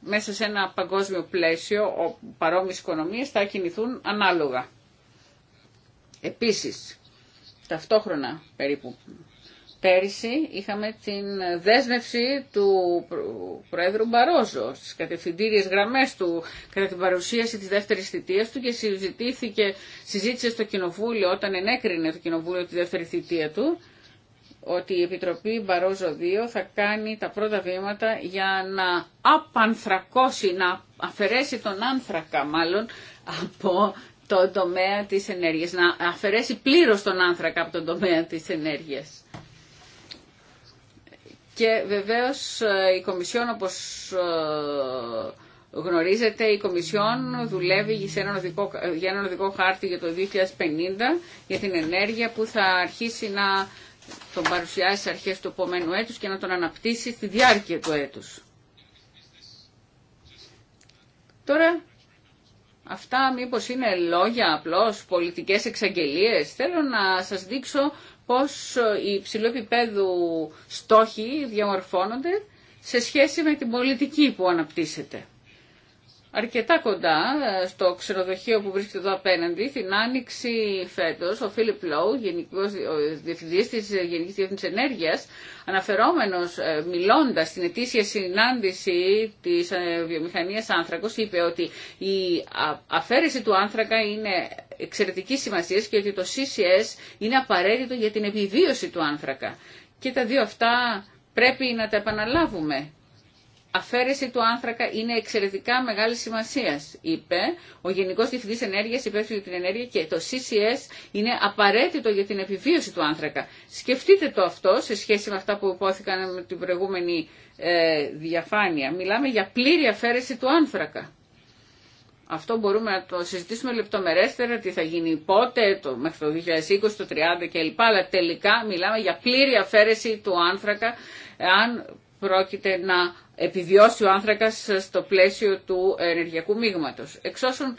μέσα σε ένα παγκόσμιο πλαίσιο όπου παρόμοιες οικονομίες θα κινηθούν ανάλογα. Επίσης, ταυτόχρονα περίπου Πέρυσι είχαμε την δέσμευση του Πρόεδρου Μπαρόζο στις κατευθυντήριες γραμμές του κατά την παρουσίαση της δεύτερης θητείας του και συζητήθηκε, συζήτησε στο Κοινοβούλιο όταν ενέκρινε το Κοινοβούλιο τη δεύτερη θητεία του ότι η Επιτροπή Μπαρόζο 2 θα κάνει τα πρώτα βήματα για να απανθρακώσει, να αφαιρέσει τον άνθρακα μάλλον από τον τομέα της ενέργειας, να αφαιρέσει πλήρως τον άνθρακα από τον τομέα της ενέργειας. Και βεβαίως ε, η Κομισιόν όπως ε, γνωρίζετε η Κομισιόν δουλεύει για έναν ε, οδικό χάρτη για το 2050 για την ενέργεια που θα αρχίσει να τον παρουσιάσει στις αρχές του επόμενου έτους και να τον αναπτύσσει στη διάρκεια του έτους. Τώρα αυτά μήπως είναι λόγια απλώς, πολιτικές εξαγγελίες. Θέλω να σας δείξω πώς οι υψηλού στόχοι διαμορφώνονται σε σχέση με την πολιτική που αναπτύσσεται αρκετά κοντά ε, στο ξενοδοχείο που βρίσκεται εδώ απέναντι. Την άνοιξη φέτος ο Φίλιπ Λόου, γενικό ο διευθυντής της Γενικής Ενέργειας, αναφερόμενος ε, μιλώντας στην ετήσια συνάντηση της ε, βιομηχανίας άνθρακο, είπε ότι η αφαίρεση του άνθρακα είναι εξαιρετική σημασία και ότι το CCS είναι απαραίτητο για την επιβίωση του άνθρακα. Και τα δύο αυτά πρέπει να τα επαναλάβουμε αφαίρεση του άνθρακα είναι εξαιρετικά μεγάλη σημασία, είπε ο Γενικό Διευθυντή Ενέργεια, υπεύθυνο την ενέργεια και το CCS είναι απαραίτητο για την επιβίωση του άνθρακα. Σκεφτείτε το αυτό σε σχέση με αυτά που υπόθηκαν με την προηγούμενη ε, διαφάνεια. Μιλάμε για πλήρη αφαίρεση του άνθρακα. Αυτό μπορούμε να το συζητήσουμε λεπτομερέστερα, τι θα γίνει πότε, το, μέχρι το 2020, το 30 κλπ. Αλλά τελικά μιλάμε για πλήρη αφαίρεση του άνθρακα, αν πρόκειται να επιβιώσει ο άνθρακας στο πλαίσιο του ενεργειακού μείγματος. Εξ όσων,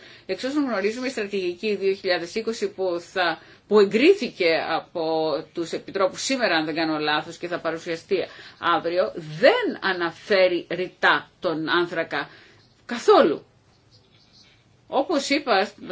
γνωρίζουμε η στρατηγική 2020 που, θα, που εγκρίθηκε από τους επιτρόπους σήμερα αν δεν κάνω λάθος και θα παρουσιαστεί αύριο δεν αναφέρει ρητά τον άνθρακα καθόλου. Όπως είπα στην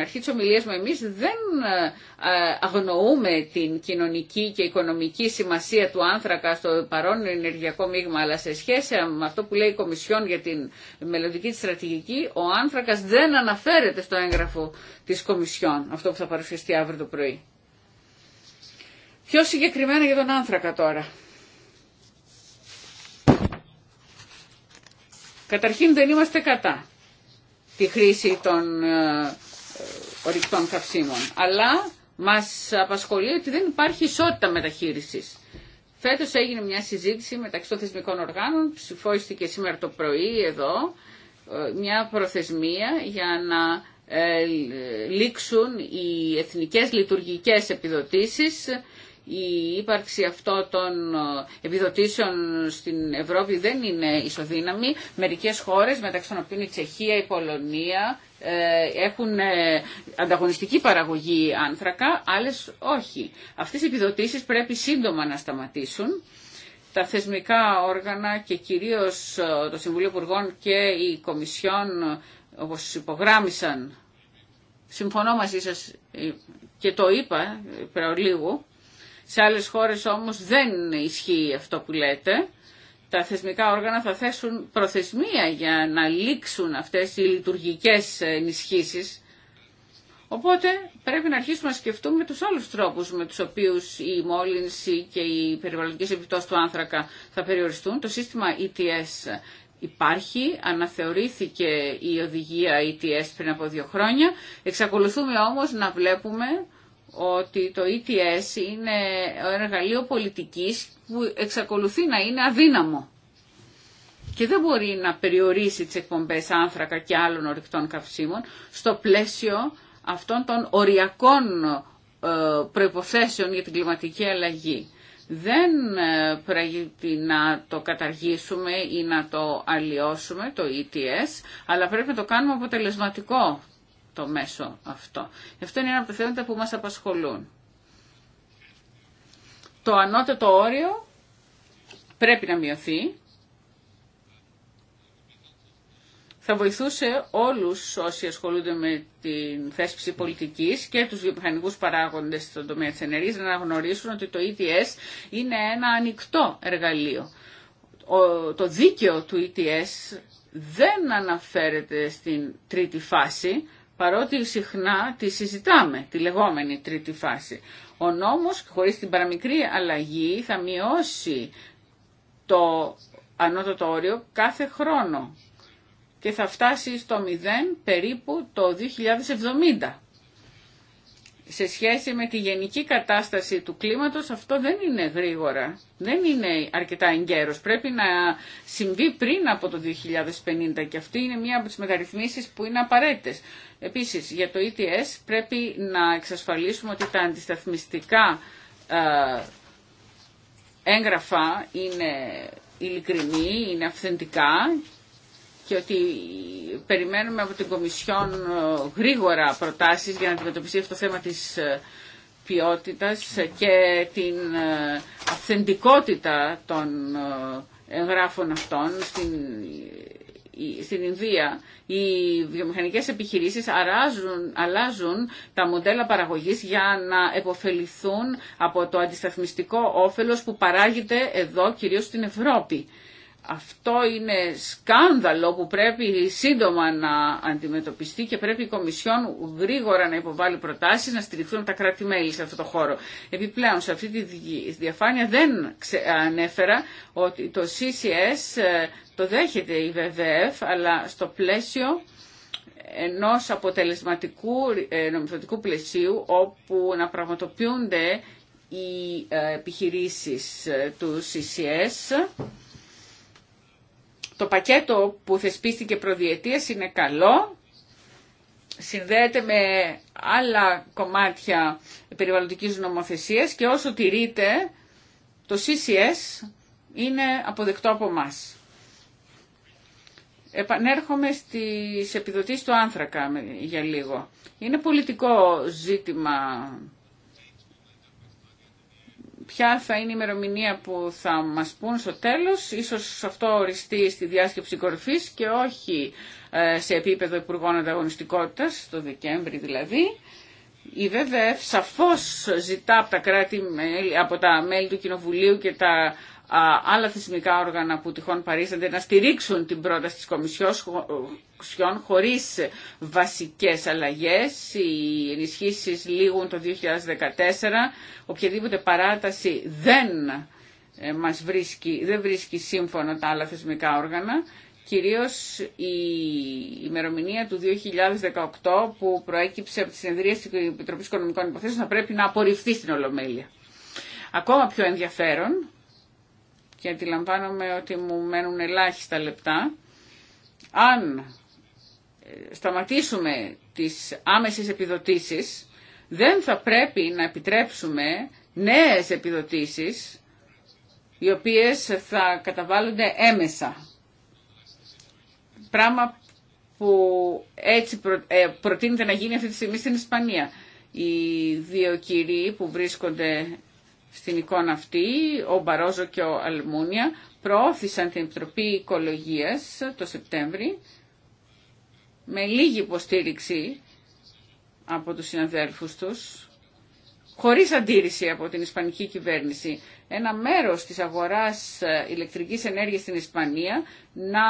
αρχή της ομιλίας μου, εμείς δεν ε, αγνοούμε την κοινωνική και οικονομική σημασία του άνθρακα στο παρόν ενεργειακό μείγμα, αλλά σε σχέση με αυτό που λέει η Κομισιόν για την μελλοντική της στρατηγική, ο άνθρακας δεν αναφέρεται στο έγγραφο της Κομισιόν, αυτό που θα παρουσιαστεί αύριο το πρωί. Πιο συγκεκριμένα για τον άνθρακα τώρα. Καταρχήν δεν είμαστε κατά τη χρήση των ε, ορυκτών καυσίμων. Αλλά μας απασχολεί ότι δεν υπάρχει ισότητα μεταχείρισης. Φέτος έγινε μια συζήτηση μεταξύ των θεσμικών οργάνων, ψηφίστηκε σήμερα το πρωί εδώ, ε, μια προθεσμία για να ε, λήξουν οι εθνικές λειτουργικές επιδοτήσεις η ύπαρξη αυτών των ε, επιδοτήσεων στην Ευρώπη δεν είναι ισοδύναμη. Μερικές χώρες, μεταξύ των οποίων η Τσεχία, η Πολωνία, ε, έχουν ε, ανταγωνιστική παραγωγή άνθρακα, άλλες όχι. Αυτές οι επιδοτήσεις πρέπει σύντομα να σταματήσουν. Τα θεσμικά όργανα και κυρίως το Συμβουλίο Υπουργών και η Κομισιόν, όπως υπογράμμισαν, συμφωνώ μαζί σας και το είπα πριν σε άλλες χώρες όμως δεν ισχύει αυτό που λέτε. Τα θεσμικά όργανα θα θέσουν προθεσμία για να λήξουν αυτές οι λειτουργικές ενισχύσεις. Οπότε πρέπει να αρχίσουμε να σκεφτούμε τους άλλους τρόπους με τους οποίους η μόλυνση και οι περιβαλλοντικές επιπτώσεις του άνθρακα θα περιοριστούν. Το σύστημα ETS υπάρχει, αναθεωρήθηκε η οδηγία ETS πριν από δύο χρόνια. Εξακολουθούμε όμως να βλέπουμε ότι το ETS είναι ένα εργαλείο πολιτικής που εξακολουθεί να είναι αδύναμο και δεν μπορεί να περιορίσει τις εκπομπές άνθρακα και άλλων ορυκτών καυσίμων στο πλαίσιο αυτών των οριακών ε, προϋποθέσεων για την κλιματική αλλαγή. Δεν ε, πρέπει να το καταργήσουμε ή να το αλλοιώσουμε, το ETS, αλλά πρέπει να το κάνουμε αποτελεσματικό το μέσο αυτό. αυτό είναι ένα από τα θέματα που μας απασχολούν. Το ανώτατο όριο πρέπει να μειωθεί. Θα βοηθούσε όλους όσοι ασχολούνται με την θέσπιση πολιτικής και τους βιομηχανικούς παράγοντες στον τομέα της ενέργειας να γνωρίσουν ότι το ETS είναι ένα ανοιχτό εργαλείο. Το δίκαιο του ETS δεν αναφέρεται στην τρίτη φάση, παρότι συχνά τη συζητάμε, τη λεγόμενη τρίτη φάση. Ο νόμος, χωρίς την παραμικρή αλλαγή, θα μειώσει το ανώτατο όριο κάθε χρόνο και θα φτάσει στο 0 περίπου το 2070 σε σχέση με τη γενική κατάσταση του κλίματος αυτό δεν είναι γρήγορα, δεν είναι αρκετά εγκαίρος. Πρέπει να συμβεί πριν από το 2050 και αυτή είναι μία από τις μεταρρυθμίσεις που είναι απαραίτητες. Επίσης για το ETS πρέπει να εξασφαλίσουμε ότι τα αντισταθμιστικά ε, έγγραφα είναι ειλικρινή, είναι αυθεντικά και ότι περιμένουμε από την Κομισιόν ε, γρήγορα προτάσεις για να αντιμετωπιστεί αυτό το θέμα της ε, ποιότητας και την ε, αυθεντικότητα των εγγράφων αυτών στην, στην Ινδία. Οι βιομηχανικές επιχειρήσεις αράζουν, αλλάζουν τα μοντέλα παραγωγής για να επωφεληθούν από το αντισταθμιστικό όφελος που παράγεται εδώ κυρίως στην Ευρώπη αυτό είναι σκάνδαλο που πρέπει σύντομα να αντιμετωπιστεί και πρέπει η Κομισιόν γρήγορα να υποβάλει προτάσεις να στηριχθούν τα κράτη-μέλη σε αυτό το χώρο. Επιπλέον, σε αυτή τη διαφάνεια δεν ανέφερα ότι το CCS ε, το δέχεται η ΒΒΕΦ, αλλά στο πλαίσιο ενός αποτελεσματικού ε, νομιθωτικού πλαισίου όπου να πραγματοποιούνται οι ε, επιχειρήσεις του CCS το πακέτο που θεσπίστηκε προδιετίας είναι καλό, συνδέεται με άλλα κομμάτια περιβαλλοντικής νομοθεσίας και όσο τηρείται το CCS είναι αποδεκτό από εμά. Επανέρχομαι στις επιδοτήσεις του άνθρακα για λίγο. Είναι πολιτικό ζήτημα ποια θα είναι η ημερομηνία που θα μας πούν στο τέλος, ίσως αυτό οριστεί στη διάσκεψη κορυφής και όχι ε, σε επίπεδο Υπουργών Ανταγωνιστικότητας, το Δεκέμβρη δηλαδή. Η ΒΒΕΦ σαφώς ζητά από τα, κράτη, από τα μέλη του Κοινοβουλίου και τα άλλα θεσμικά όργανα που τυχόν παρίστανται να στηρίξουν την πρόταση της Κομισιόν χωρίς βασικές αλλαγές. Οι ενισχύσει λήγουν το 2014. Οποιαδήποτε παράταση δεν ε, μας βρίσκει, δεν βρίσκει σύμφωνα τα άλλα θεσμικά όργανα. Κυρίως η ημερομηνία του 2018 που προέκυψε από τη συνεδρία της Επιτροπής Οικονομικών Υποθέσεων θα πρέπει να απορριφθεί στην Ολομέλεια. Ακόμα πιο ενδιαφέρον και αντιλαμβάνομαι ότι μου μένουν ελάχιστα λεπτά. Αν ε, σταματήσουμε τις άμεσες επιδοτήσεις, δεν θα πρέπει να επιτρέψουμε νέες επιδοτήσεις, οι οποίες θα καταβάλλονται έμεσα. Πράγμα που έτσι ε, προτείνεται να γίνει αυτή τη στιγμή στην Ισπανία. Οι δύο κύριοι που βρίσκονται στην εικόνα αυτή, ο Μπαρόζο και ο Αλμούνια προώθησαν την Επιτροπή Οικολογίας το Σεπτέμβρη με λίγη υποστήριξη από τους συναδέλφους τους, χωρίς αντίρρηση από την Ισπανική κυβέρνηση, ένα μέρος της αγοράς ηλεκτρικής ενέργειας στην Ισπανία να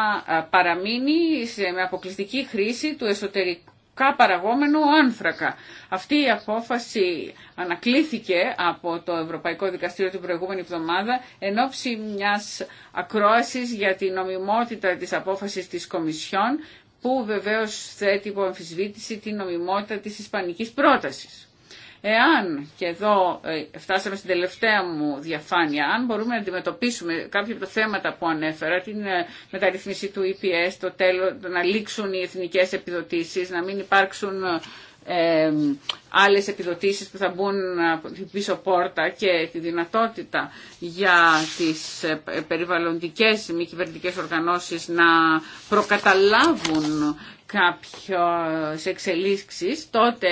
παραμείνει σε, με αποκλειστική χρήση του εσωτερικού παραγόμενο άνθρακα. Αυτή η απόφαση ανακλήθηκε από το Ευρωπαϊκό Δικαστήριο την προηγούμενη εβδομάδα εν ώψη μιας ακρόασης για την νομιμότητα της απόφασης της Κομισιόν που βεβαίως θέτει υπό αμφισβήτηση την νομιμότητα της ισπανικής πρότασης. Εάν, και εδώ ε, φτάσαμε στην τελευταία μου διαφάνεια, αν μπορούμε να αντιμετωπίσουμε κάποια από τα θέματα που ανέφερα, την ε, μεταρρύθμιση του EPS, το τέλος, να λήξουν οι εθνικές επιδοτήσεις, να μην υπάρξουν ε, άλλες επιδοτήσεις που θα μπουν ε, την πίσω πόρτα και τη δυνατότητα για τις περιβαλλοντικές μη κυβερνητικέ οργανώσεις να προκαταλάβουν κάποιες εξελίξεις, τότε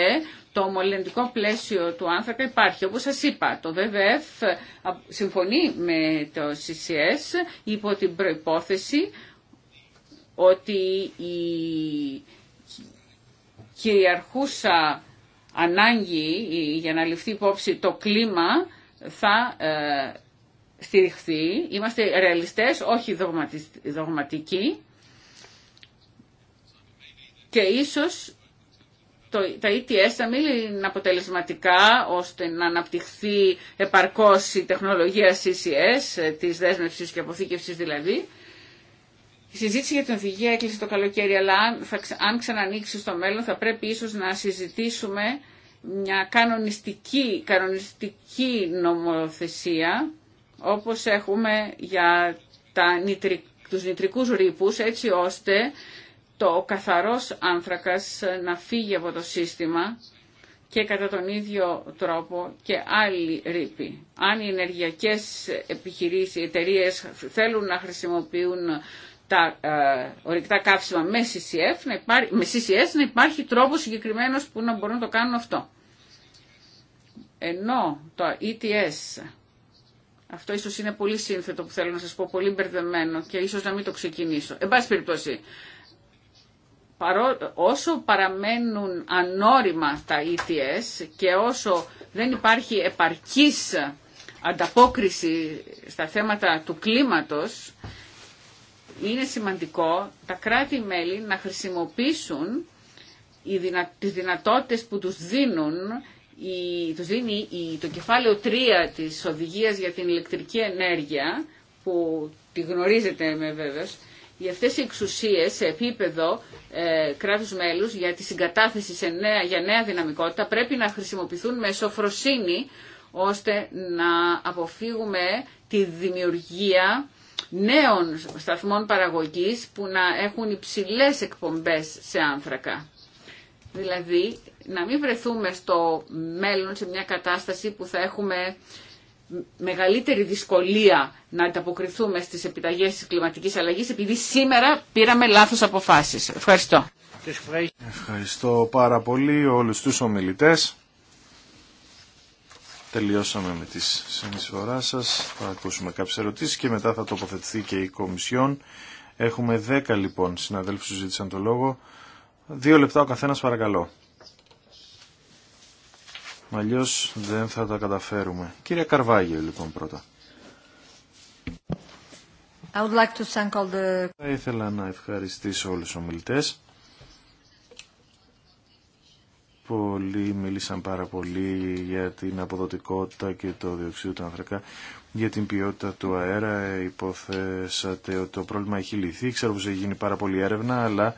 το μολυντικό πλαίσιο του άνθρακα υπάρχει. Όπως σας είπα, το ΒΒΕΦ συμφωνεί με το CCS υπό την προϋπόθεση ότι η κυριαρχούσα ανάγκη για να ληφθεί υπόψη το κλίμα θα ε, στηριχθεί. Είμαστε ρεαλιστές, όχι δογματικοί και ίσως τα ETS θα είναι αποτελεσματικά ώστε να αναπτυχθεί επαρκώς η τεχνολογία CCS, ε, της δέσμευσης και αποθήκευσης δηλαδή. Η συζήτηση για την οδηγία έκλεισε το καλοκαίρι, αλλά αν, θα, αν ξανανοίξει στο μέλλον θα πρέπει ίσως να συζητήσουμε μια κανονιστική, κανονιστική νομοθεσία όπως έχουμε για τα νητρικ, τους νητρικούς ρήπους έτσι ώστε το καθαρός άνθρακας να φύγει από το σύστημα και κατά τον ίδιο τρόπο και άλλοι ρήπη. Αν οι ενεργειακές επιχειρήσεις, οι εταιρείες θέλουν να χρησιμοποιούν τα ε, ορυκτά καύσιμα με CCS, να υπάρχει, με CCS, υπάρχει τρόπος συγκεκριμένος που να μπορούν να το κάνουν αυτό. Ενώ το ETS, αυτό ίσως είναι πολύ σύνθετο που θέλω να σας πω, πολύ μπερδεμένο και ίσως να μην το ξεκινήσω. Εν πάση περιπτώσει, όσο παραμένουν ανώριμα τα ETS και όσο δεν υπάρχει επαρκής ανταπόκριση στα θέματα του κλίματος, είναι σημαντικό τα κράτη-μέλη να χρησιμοποιήσουν τις δυνατότητες που τους δίνουν η, τους δίνει το κεφάλαιο 3 της οδηγίας για την ηλεκτρική ενέργεια που τη γνωρίζετε με βέβαιος για αυτές οι εξουσίες σε επίπεδο ε, κράτους μέλους για τη συγκατάθεση σε νέα, για νέα δυναμικότητα πρέπει να χρησιμοποιηθούν με σοφροσύνη ώστε να αποφύγουμε τη δημιουργία νέων σταθμών παραγωγής που να έχουν υψηλές εκπομπές σε άνθρακα. Δηλαδή να μην βρεθούμε στο μέλλον σε μια κατάσταση που θα έχουμε μεγαλύτερη δυσκολία να ανταποκριθούμε στις επιταγές της κλιματικής αλλαγής επειδή σήμερα πήραμε λάθος αποφάσεις. Ευχαριστώ. Ευχαριστώ πάρα πολύ όλους τους ομιλητές. Τελειώσαμε με τις συνεισφορά σας. Θα ακούσουμε κάποιες ερωτήσεις και μετά θα τοποθετηθεί και η Κομισιόν. Έχουμε δέκα λοιπόν συναδέλφους που ζήτησαν το λόγο. Δύο λεπτά ο καθένας παρακαλώ. Αλλιώ δεν θα τα καταφέρουμε. Κύριε Καρβάγιο, λοιπόν, πρώτα. I would like to thank all the... Θα ήθελα να ευχαριστήσω όλου του ομιλητέ. Πολλοί μίλησαν πάρα πολύ για την αποδοτικότητα και το διοξείδιο του ανθρακά, για την ποιότητα του αέρα. Υποθέσατε ότι το πρόβλημα έχει λυθεί. Ξέρω πως έχει γίνει πάρα πολύ έρευνα, αλλά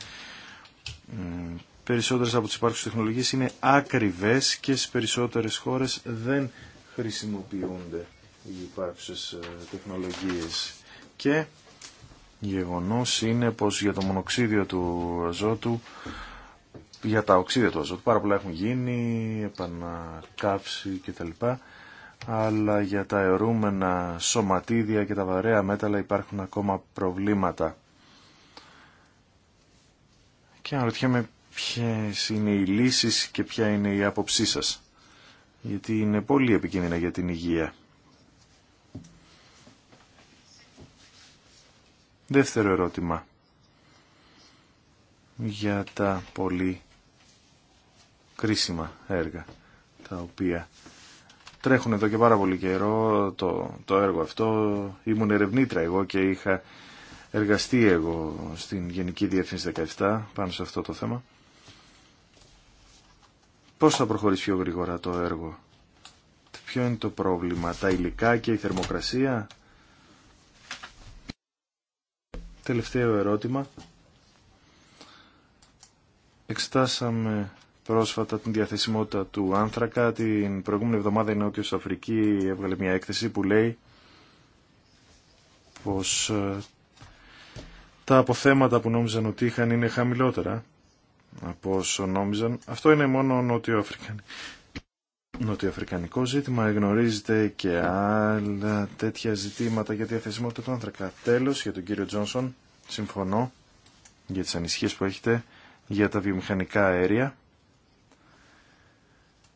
περισσότερες από τις υπάρχουσες τεχνολογίες είναι άκριβες και στις περισσότερες χώρες δεν χρησιμοποιούνται οι υπάρχουσες ε, τεχνολογίες. Και γεγονός είναι πως για το μονοξίδιο του αζότου, για τα οξύδια του αζότου, πάρα πολλά έχουν γίνει, επανακάψη κτλ. Αλλά για τα αιρούμενα σωματίδια και τα βαρέα μέταλλα υπάρχουν ακόμα προβλήματα. Και αναρωτιέμαι ποιες είναι οι λύσεις και ποια είναι η άποψή σας. Γιατί είναι πολύ επικίνδυνα για την υγεία. Δεύτερο ερώτημα για τα πολύ κρίσιμα έργα τα οποία τρέχουν εδώ και πάρα πολύ καιρό το, το έργο αυτό. Ήμουν ερευνήτρα εγώ και είχα εργαστεί εγώ στην Γενική Διεύθυνση 17 πάνω σε αυτό το θέμα. Πώς θα προχωρήσει πιο γρήγορα το έργο. Ποιο είναι το πρόβλημα, τα υλικά και η θερμοκρασία. Τελευταίο ερώτημα. Εξετάσαμε πρόσφατα την διαθεσιμότητα του άνθρακα. Την προηγούμενη εβδομάδα η Νότιος Αφρική έβγαλε μια έκθεση που λέει πως ε, τα αποθέματα που νόμιζαν ότι είχαν είναι χαμηλότερα από όσο νόμιζαν. Αυτό είναι μόνο νοτιοαφρικανικό. Νοτιοαφρικανικό ζήτημα Εγνωρίζετε και άλλα τέτοια ζητήματα για διαθεσιμότητα του άνθρακα. Τέλος, για τον κύριο Τζόνσον, συμφωνώ για τις ανησυχίες που έχετε για τα βιομηχανικά αέρια.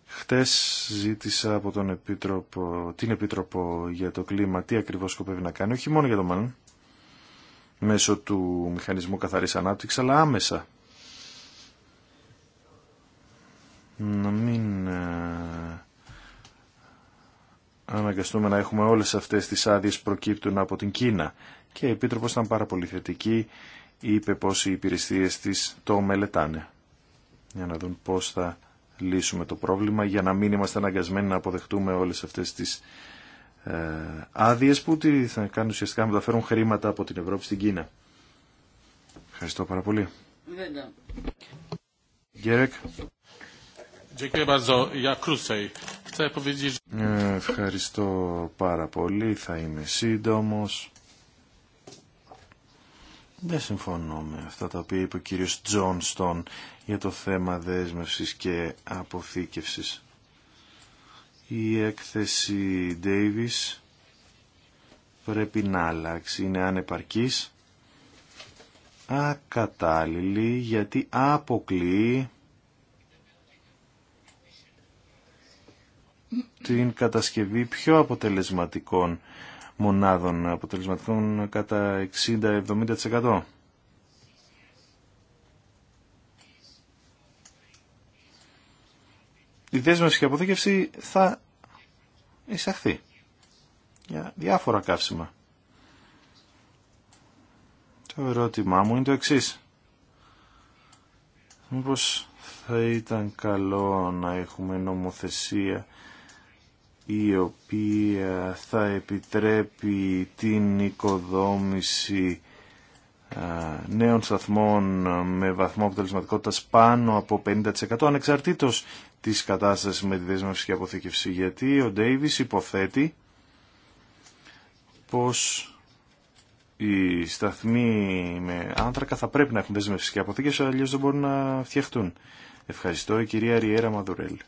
Χτες ζήτησα από τον Επίτροπο, την Επίτροπο για το κλίμα τι ακριβώς σκοπεύει να κάνει, όχι μόνο για το μάλλον μέσω του μηχανισμού καθαρής ανάπτυξης, αλλά άμεσα να μην ε, αναγκαστούμε να έχουμε όλες αυτές τις άδειε προκύπτουν από την Κίνα. Και η Επίτροπος ήταν πάρα πολύ θετική, είπε πως οι υπηρεσίες της το μελετάνε. Για να δουν πώς θα λύσουμε το πρόβλημα, για να μην είμαστε αναγκασμένοι να αποδεχτούμε όλες αυτές τις ε, άδειε που τι θα κάνουν ουσιαστικά να μεταφέρουν χρήματα από την Ευρώπη στην Κίνα. Ευχαριστώ πάρα πολύ. Ε, ευχαριστώ πάρα πολύ. Θα είμαι σύντομος. Δεν συμφωνώ με αυτά τα οποία είπε ο κύριος Τζόνστον για το θέμα δέσμευσης και αποθήκευσης. Η έκθεση Davis πρέπει να αλλάξει. Είναι ανεπαρκής, ακατάλληλη, γιατί αποκλείει την κατασκευή πιο αποτελεσματικών μονάδων, αποτελεσματικών κατά 60-70%. Η δέσμευση και αποθήκευση θα εισαχθεί για διάφορα καύσιμα. Το ερώτημά μου είναι το εξής. Μήπως θα ήταν καλό να έχουμε νομοθεσία η οποία θα επιτρέπει την οικοδόμηση νέων σταθμών με βαθμό αποτελεσματικότητας πάνω από 50% ανεξαρτήτως της κατάστασης με τη δέσμευση και αποθήκευση γιατί ο Ντέιβις υποθέτει πως οι σταθμοί με άνθρακα θα πρέπει να έχουν δέσμευση και αποθήκευση αλλιώς δεν μπορούν να φτιαχτούν. Ευχαριστώ η κυρία Ριέρα Μαδουρέλη.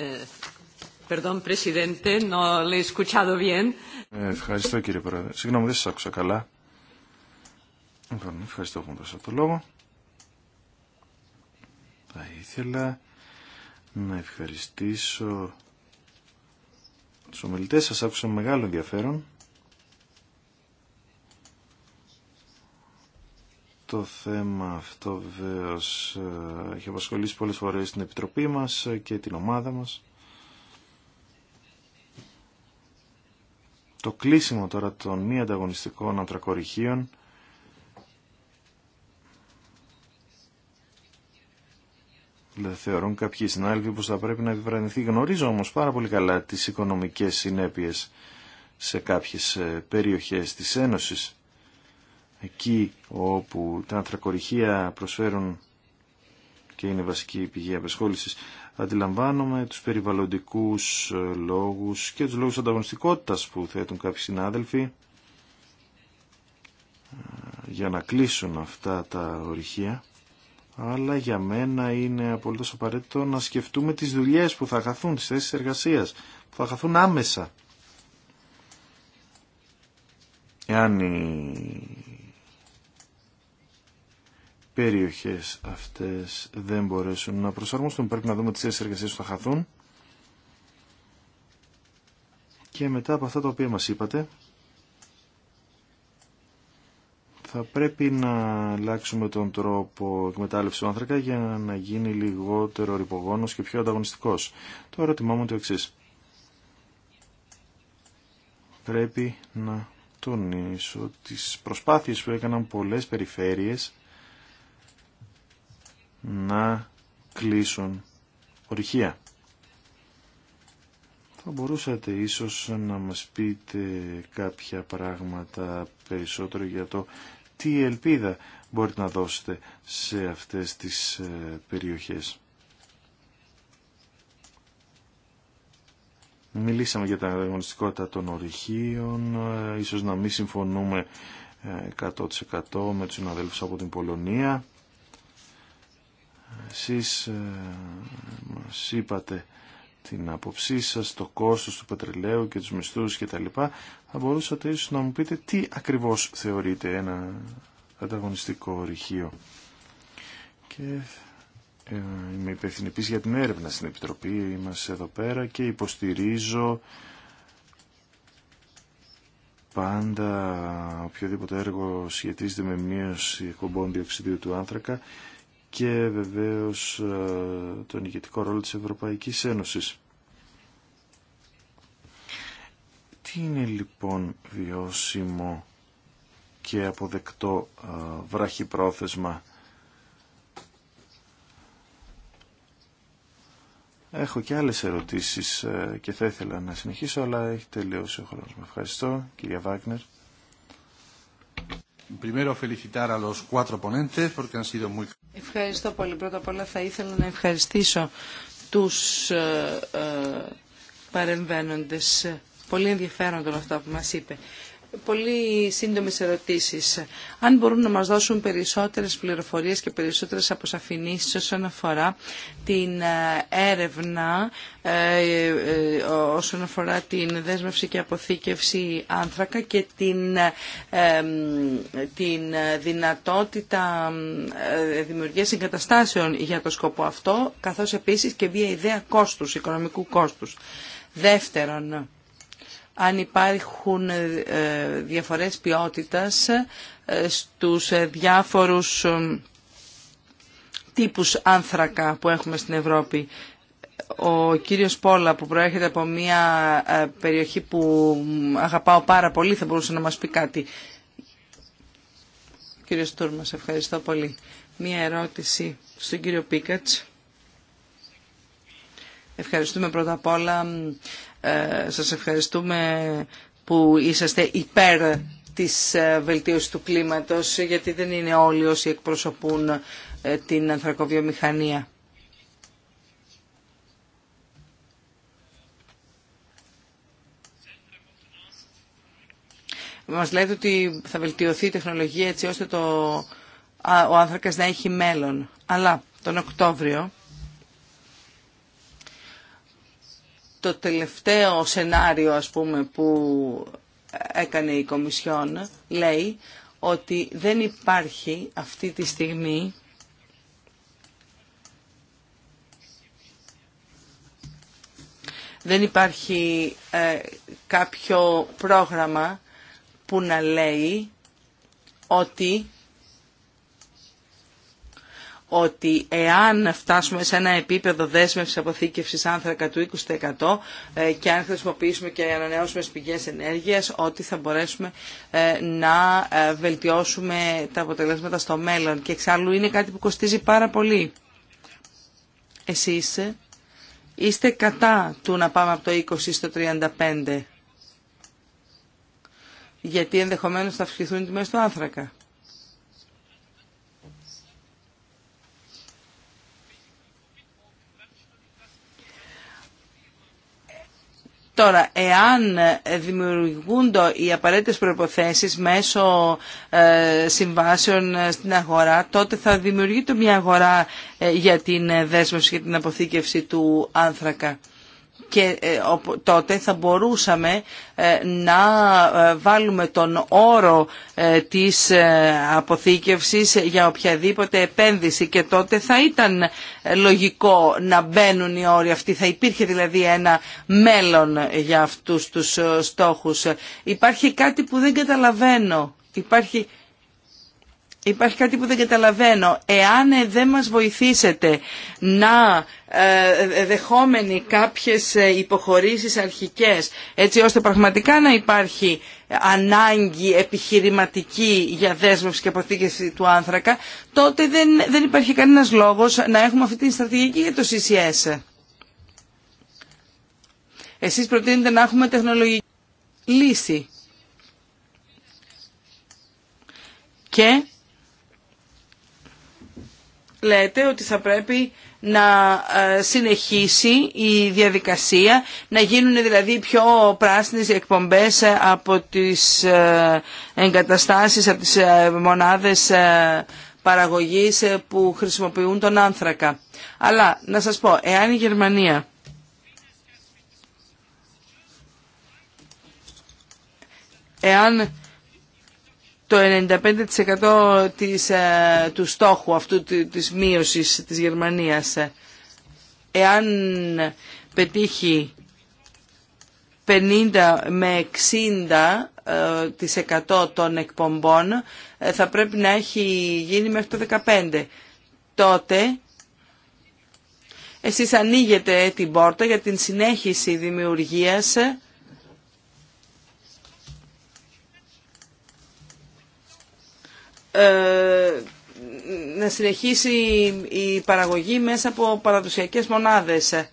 Ε, ε, ευχαριστώ κύριε Πρόεδρε. Συγγνώμη, δεν σα άκουσα καλά. Λοιπόν, ευχαριστώ που μου δώσατε το λόγο. Θα ήθελα να ευχαριστήσω του ομιλητέ, σα άκουσα με μεγάλο ενδιαφέρον Το θέμα αυτό βεβαίω ε, έχει απασχολήσει πολλές φορές την Επιτροπή μας και την ομάδα μας. Το κλείσιμο τώρα των μη ανταγωνιστικών ανθρακοριχείων θεωρούν κάποιοι συνάδελφοι πως θα πρέπει να επιβραδυνθεί. Γνωρίζω όμως πάρα πολύ καλά τις οικονομικές συνέπειες σε κάποιες ε, περιοχές της Ένωσης εκεί όπου τα ανθρακοριχεία προσφέρουν και είναι βασική πηγή απασχόλησης, αντιλαμβάνομαι τους περιβαλλοντικούς ε, λόγους και τους λόγους ανταγωνιστικότητας που θέτουν κάποιοι συνάδελφοι ε, για να κλείσουν αυτά τα ορυχεία, αλλά για μένα είναι απολύτως απαραίτητο να σκεφτούμε τις δουλειές που θα χαθούν, τις θέσεις εργασίας, που θα χαθούν άμεσα. Εάν περιοχές αυτές δεν μπορέσουν να προσαρμοστούν. Πρέπει να δούμε τις θέσεις εργασίες που θα χαθούν. Και μετά από αυτά τα οποία μας είπατε, θα πρέπει να αλλάξουμε τον τρόπο εκμετάλλευση του άνθρακα για να γίνει λιγότερο ρηπογόνος και πιο ανταγωνιστικός. Το ερώτημά μου είναι το εξής. Πρέπει να τονίσω τις προσπάθειες που έκαναν πολλές περιφέρειες να κλείσουν ορυχεία. Θα μπορούσατε ίσως να μας πείτε κάποια πράγματα περισσότερο για το τι ελπίδα μπορείτε να δώσετε σε αυτές τις ε, περιοχές. Μιλήσαμε για τα τα των ορυχείων, ε, ίσως να μην συμφωνούμε 100% ε, με τους συναδέλφους από την Πολωνία. Εσείς ε, μας είπατε την άποψή σας, το κόστος του πετρελαίου και τους μισθούς και τα λοιπά, θα μπορούσατε ίσως να μου πείτε τι ακριβώς θεωρείτε ένα ανταγωνιστικό ρηχείο. Και ε, είμαι υπεύθυνη επίσης για την έρευνα στην Επιτροπή, είμαστε εδώ πέρα και υποστηρίζω πάντα οποιοδήποτε έργο σχετίζεται με μείωση εκπομπών διοξιδίου του άνθρακα και βεβαίως ε, τον ηγετικό ρόλο της Ευρωπαϊκής Ένωσης. Τι είναι λοιπόν βιώσιμο και αποδεκτό ε, βραχυπρόθεσμα Έχω και άλλες ερωτήσεις ε, και θα ήθελα να συνεχίσω, αλλά έχει τελειώσει ο χρόνος. Με ευχαριστώ, κυρία Βάγκνερ. Primero felicitar a los cuatro ponentes porque han sido muy Ευχαριστώ πολύ. Πρώτα απ' όλα θα ήθελα να ευχαριστήσω τους ε, ε, παρεμβαίνοντες. Πολύ ενδιαφέρον αυτό αυτά που μας είπε πολύ σύντομες ερωτήσεις. Αν μπορούν να μας δώσουν περισσότερες πληροφορίες και περισσότερες αποσαφηνήσεις όσον αφορά την ε, έρευνα, ε, ε, όσον αφορά την δέσμευση και αποθήκευση άνθρακα και την, την δυνατότητα δημιουργίας εγκαταστάσεων για το σκοπό αυτό, καθώς επίσης και μια ιδέα κόστους, οικονομικού κόστους. Δεύτερον, αν υπάρχουν ε, διαφορές ποιότητας ε, στους ε, διάφορους τύπους άνθρακα που έχουμε στην Ευρώπη. Ο κύριος Πόλα που προέρχεται από μια περιοχή που αγαπάω πάρα πολύ θα μπορούσε να μας πει κάτι. Κύριε Στούρμα, ευχαριστώ πολύ. Μία ερώτηση στον κύριο Πίκατς. Ευχαριστούμε πρώτα απ' όλα, ε, σας ευχαριστούμε που είσαστε υπέρ της ε, βελτίωσης του κλίματος, γιατί δεν είναι όλοι όσοι εκπροσωπούν ε, την ανθρακοβιομηχανία. Μας λέτε ότι θα βελτιωθεί η τεχνολογία έτσι ώστε το, ο άνθρακας να έχει μέλλον. Αλλά τον Οκτώβριο το τελευταίο σενάριο ας πούμε που έκανε η Κομισιόν λέει ότι δεν υπάρχει αυτή τη στιγμή δεν υπάρχει ε, κάποιο πρόγραμμα που να λέει ότι ότι εάν φτάσουμε σε ένα επίπεδο δέσμευσης αποθήκευσης άνθρακα του 20% ε, και αν χρησιμοποιήσουμε και ανανεώσουμε πηγές ενέργειας, ότι θα μπορέσουμε ε, να ε, βελτιώσουμε τα αποτελέσματα στο μέλλον. Και εξάλλου είναι κάτι που κοστίζει πάρα πολύ. Εσείς είστε κατά του να πάμε από το 20% στο 35% γιατί ενδεχομένως θα αυξηθούν οι τιμές του άνθρακα. Τώρα, εάν ε, δημιουργούνται οι απαραίτητες προϋποθέσεις μέσω ε, συμβάσεων ε, στην αγορά, τότε θα δημιουργείται μια αγορά για την δέσμευση και την αποθήκευση του άνθρακα και ε, τότε θα μπορούσαμε ε, να ε, βάλουμε τον όρο της αποθήκευσης για οποιαδήποτε επένδυση και τότε θα ήταν λογικό να μπαίνουν οι όροι αυτοί, θα υπήρχε δηλαδή ένα μέλλον για αυτούς τους στόχους. Υπάρχει κάτι που δεν καταλαβαίνω. Υπάρχει Υπάρχει κάτι που δεν καταλαβαίνω. Εάν ε, δεν μας βοηθήσετε να ε, ε, δεχόμενοι κάποιες υποχωρήσεις αρχικές, έτσι ώστε πραγματικά να υπάρχει ανάγκη επιχειρηματική για δέσμευση και αποθήκευση του άνθρακα, τότε δεν, δεν υπάρχει κανένας λόγος να έχουμε αυτή την στρατηγική για το CCS. Εσείς προτείνετε να έχουμε τεχνολογική λύση. Και λέτε ότι θα πρέπει να ε, συνεχίσει η διαδικασία, να γίνουν δηλαδή πιο πράσινες οι εκπομπές ε, από τις ε, εγκαταστάσεις, από τις μονάδες παραγωγής που χρησιμοποιούν τον άνθρακα. Αλλά να σας πω, εάν η Γερμανία εάν το 95% ε, του στόχου αυτού της μείωσης της Γερμανίας. Εάν πετύχει 50 με 60% ε, των εκπομπών ε, θα πρέπει να έχει γίνει μέχρι το 15. Τότε εσείς ανοίγετε την πόρτα για την συνέχιση δημιουργίας Ε, να συνεχίσει η παραγωγή μέσα από παραδοσιακές μονάδες.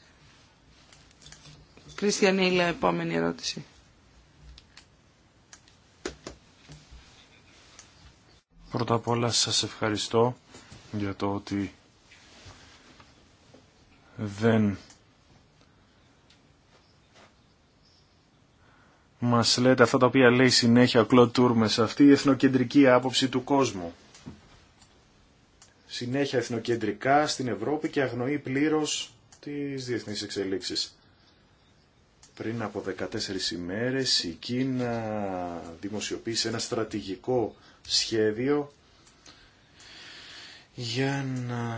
Κρίστιαν Ήλα, επόμενη ερώτηση. Πρώτα απ' όλα σας ευχαριστώ για το ότι δεν μας λέτε αυτά τα οποία λέει συνέχεια ο Τούρμες, αυτή η εθνοκεντρική άποψη του κόσμου. Συνέχεια εθνοκεντρικά στην Ευρώπη και αγνοεί πλήρως τις διεθνείς εξελίξεις. Πριν από 14 ημέρες η Κίνα δημοσιοποίησε ένα στρατηγικό σχέδιο για να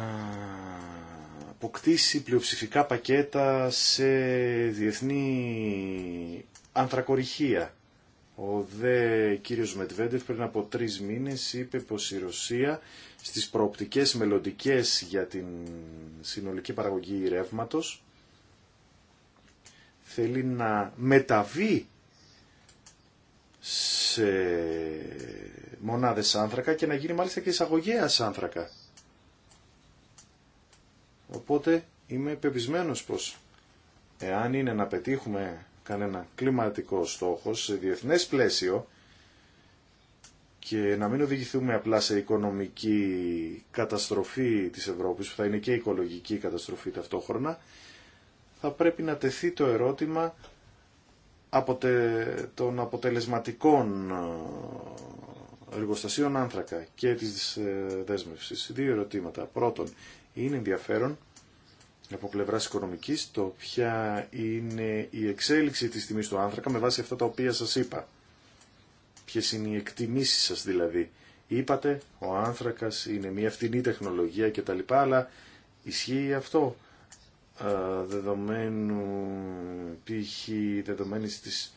αποκτήσει πλειοψηφικά πακέτα σε διεθνή ανθρακοριχία. Ο δε κύριος Μετβέντεφ πριν από τρεις μήνες είπε πως η Ρωσία στις προοπτικές μελλοντικέ για την συνολική παραγωγή ρεύματο θέλει να μεταβεί σε μονάδες άνθρακα και να γίνει μάλιστα και εισαγωγέα άνθρακα. Οπότε είμαι πεπισμένος πως εάν είναι να πετύχουμε κανένα κλιματικό στόχο σε διεθνές πλαίσιο και να μην οδηγηθούμε απλά σε οικονομική καταστροφή της Ευρώπης, που θα είναι και οικολογική καταστροφή ταυτόχρονα, θα πρέπει να τεθεί το ερώτημα των αποτελεσματικών ε, εργοστασίων άνθρακα και της ε, δέσμευσης. Δύο ερωτήματα. Πρώτον, είναι ενδιαφέρον από πλευρά οικονομική το ποια είναι η εξέλιξη της τιμή του άνθρακα με βάση αυτά τα οποία σας είπα. Ποιε είναι οι εκτιμήσει σας δηλαδή. Είπατε ο άνθρακας είναι μια φτηνή τεχνολογία κτλ. Αλλά ισχύει αυτό δεδομένου π.χ. δεδομένης της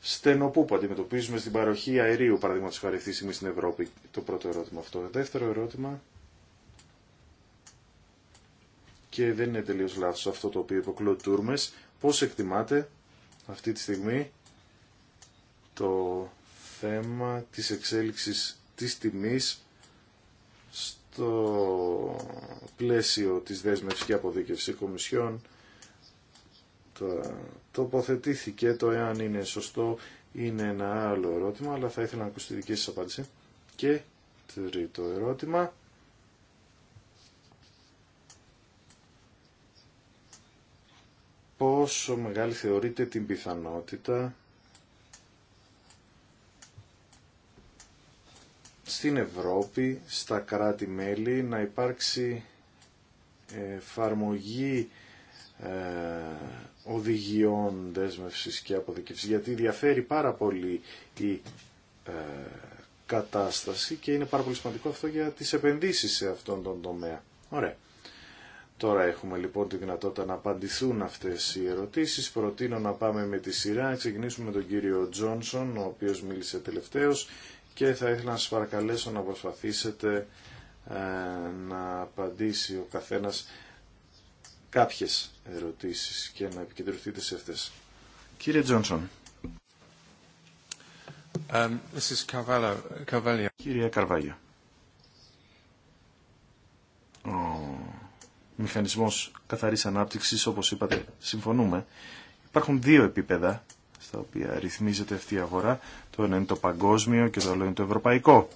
στενοπού που αντιμετωπίζουμε στην παροχή αερίου παραδείγματο χάρη εμεί στην Ευρώπη. Το πρώτο ερώτημα αυτό. Δεύτερο ερώτημα και δεν είναι τελείω λάθος αυτό το οποίο Κλοντ Τούρμες. Πώς εκτιμάτε αυτή τη στιγμή το θέμα της εξέλιξης τη τιμή στο πλαίσιο της δέσμευσης και αποδίκευση κομισιών το, τοποθετήθηκε το εάν είναι σωστό είναι ένα άλλο ερώτημα αλλά θα ήθελα να ακούσω τη δική σας απάντηση και τρίτο ερώτημα πόσο μεγάλη θεωρείται την πιθανότητα στην Ευρώπη, στα κράτη-μέλη, να υπάρξει εφαρμογή ε, οδηγιών δέσμευσης και αποδικευσής, γιατί διαφέρει πάρα πολύ η ε, κατάσταση και είναι πάρα πολύ σημαντικό αυτό για τις επενδύσεις σε αυτόν τον τομέα. Ωραία. Τώρα έχουμε λοιπόν τη δυνατότητα να απαντηθούν αυτές οι ερωτήσεις. Προτείνω να πάμε με τη σειρά. ξεκινήσουμε με τον κύριο Τζόνσον, ο οποίος μίλησε τελευταίος και θα ήθελα να σας παρακαλέσω να προσπαθήσετε ε, να απαντήσει ο καθένας κάποιες ερωτήσεις και να επικεντρωθείτε σε αυτές. Κύριε Τζόνσον. Um, μηχανισμός καθαρής ανάπτυξης, όπως είπατε, συμφωνούμε. Υπάρχουν δύο επίπεδα στα οποία ρυθμίζεται αυτή η αγορά. Το ένα είναι το παγκόσμιο και το άλλο είναι το ευρωπαϊκό.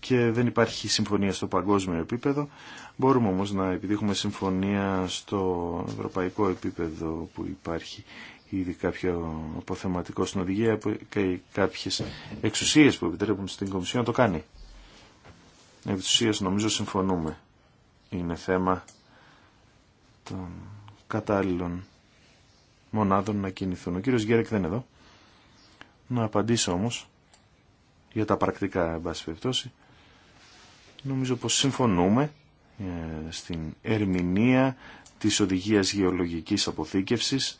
Και δεν υπάρχει συμφωνία στο παγκόσμιο επίπεδο. Μπορούμε όμως να επιδείχουμε συμφωνία στο ευρωπαϊκό επίπεδο που υπάρχει ήδη κάποιο αποθεματικό στην οδηγία και κάποιες εξουσίες που επιτρέπουν στην Κομισιόν να το κάνει. Επί νομίζω συμφωνούμε. Είναι θέμα των κατάλληλων μονάδων να κινηθούν. Ο κύριος Γκέρεκ δεν είναι εδώ. Να απαντήσω όμως για τα πρακτικά, εν περιπτώσει. Νομίζω πως συμφωνούμε ε, στην ερμηνεία της οδηγίας γεωλογικής αποθήκευσης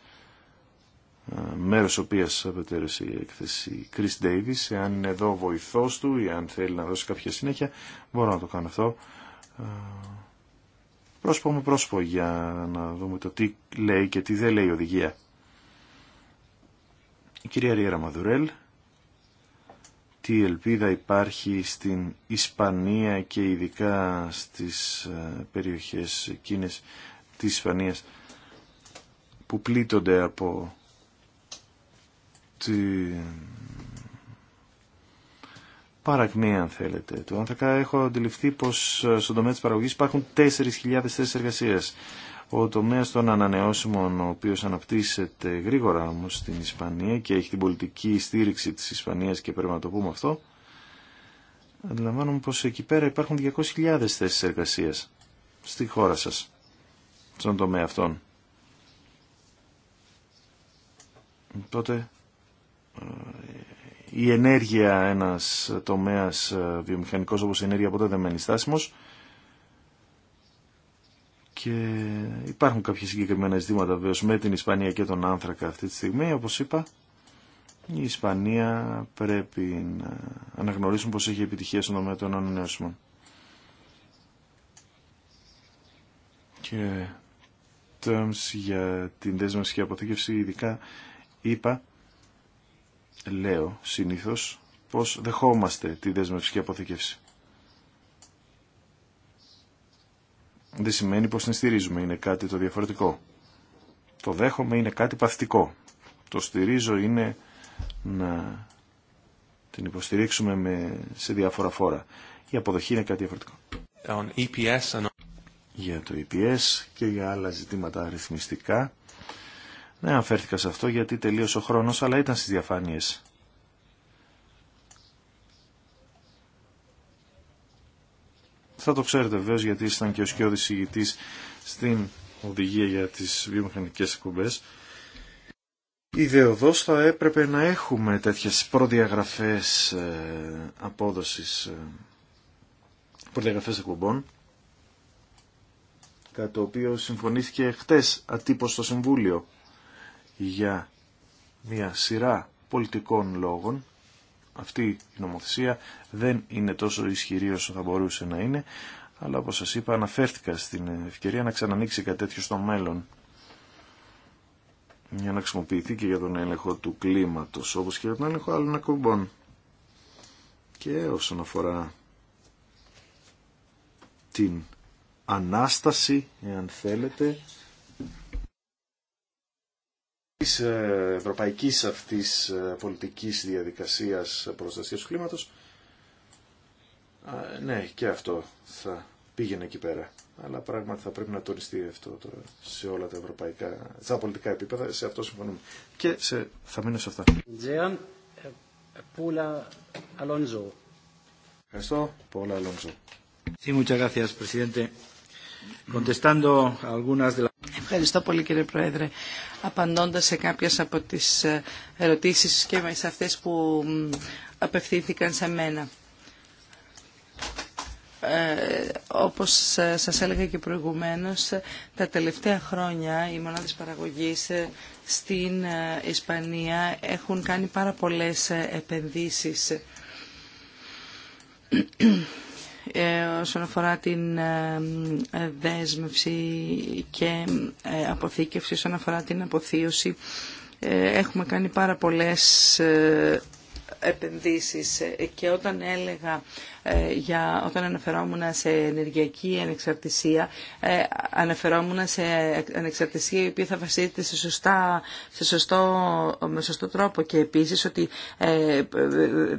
μέρος οποίας απαιτέρεσε η έκθεση Chris Davis. Εάν είναι εδώ βοηθός του ή αν θέλει να δώσει κάποια συνέχεια, μπορώ να το κάνω αυτό. Πρόσωπο με πρόσωπο για να δούμε το τι λέει και τι δεν λέει η οδηγία. Η κυρία Ριέρα Μαδουρέλ, τι ελπίδα υπάρχει στην Ισπανία και ειδικά στις ε, περιοχές εκείνες της Ισπανίας που πλήττονται από την παρακμή αν θέλετε του Ανθακά έχω αντιληφθεί πως ε, στον τομέα της παραγωγής υπάρχουν 4.000 θέσεις εργασίας ο τομέας των ανανεώσιμων ο οποίος αναπτύσσεται γρήγορα όμως στην Ισπανία και έχει την πολιτική στήριξη της Ισπανίας και πρέπει να το πούμε αυτό αντιλαμβάνομαι πως εκεί πέρα υπάρχουν 200.000 θέσεις εργασίας στη χώρα σας στον τομέα αυτών Τότε η ενέργεια ένας τομέας ε, βιομηχανικός όπως η ενέργεια ποτέ δεν μένει στάσιμος και υπάρχουν κάποια συγκεκριμένα ζητήματα βέβαια με την Ισπανία και τον Άνθρακα αυτή τη στιγμή όπως είπα η Ισπανία πρέπει να αναγνωρίσουν πως έχει επιτυχία στον τομέα των ανανεώσιμων και terms για την δέσμευση και αποθήκευση ειδικά είπα λέω συνήθως πως δεχόμαστε τη δέσμευση αποθήκευση. Δεν σημαίνει πως την στηρίζουμε, είναι κάτι το διαφορετικό. Το δέχομαι είναι κάτι παθητικό. Το στηρίζω είναι να την υποστηρίξουμε με, σε διάφορα φόρα. Η αποδοχή είναι κάτι διαφορετικό. E για το EPS και για άλλα ζητήματα αριθμιστικά ναι, αφέρθηκα σε αυτό γιατί τελείωσε ο χρόνος, αλλά ήταν στις διαφάνειες. Θα το ξέρετε βεβαίω γιατί ήταν και ο σκιώδης ηγητής στην οδηγία για τις βιομηχανικές εκπομπές. Ιδεοδό θα έπρεπε να έχουμε τέτοιες προδιαγραφές ε, απόδοσης, ε, εκπομπών, κατά το οποίο συμφωνήθηκε χτες ατύπως στο Συμβούλιο για μια σειρά πολιτικών λόγων. Αυτή η νομοθεσία δεν είναι τόσο ισχυρή όσο θα μπορούσε να είναι, αλλά όπως σας είπα αναφέρθηκα στην ευκαιρία να ξανανοίξει κάτι τέτοιο στο μέλλον για να χρησιμοποιηθεί και για τον έλεγχο του κλίματος, όπως και για τον έλεγχο άλλων ακομπών. Και όσον αφορά την ανάσταση, εάν θέλετε, της ε, ευρωπαϊκής αυτής ε, πολιτικής διαδικασίας προστασίας του κλίματος, ναι, και αυτό θα πήγαινε εκεί πέρα. Αλλά πράγματι θα πρέπει να τονιστεί αυτό σε όλα τα ευρωπαϊκά, στα πολιτικά επίπεδα, σε αυτό συμφωνούμε. Και σε, θα μείνω σε αυτά. Ε, Ευχαριστώ, Πούλα Αλόνζο. Sí, muchas gracias, Ευχαριστώ πολύ κύριε Πρόεδρε. Απαντώντας σε κάποιες από τις ε, ερωτήσεις και σε αυτές που απευθύνθηκαν σε μένα. Ε, όπως ε, σας έλεγα και προηγουμένως, τα τελευταία χρόνια οι μονάδες παραγωγής στην Ισπανία έχουν κάνει πάρα πολλές επενδύσεις ε, όσον αφορά την ε, δέσμευση και ε, αποθήκευση, όσον αφορά την αποθείωση. Έχουμε κάνει πάρα πολλές επενδύσεις και όταν έλεγα ε, για, όταν αναφερόμουν σε ενεργειακή ανεξαρτησία ε, αναφερόμουν σε ανεξαρτησία η οποία θα βασίζεται σε, σε σωστό, με σωστό τρόπο και επίσης ότι ε,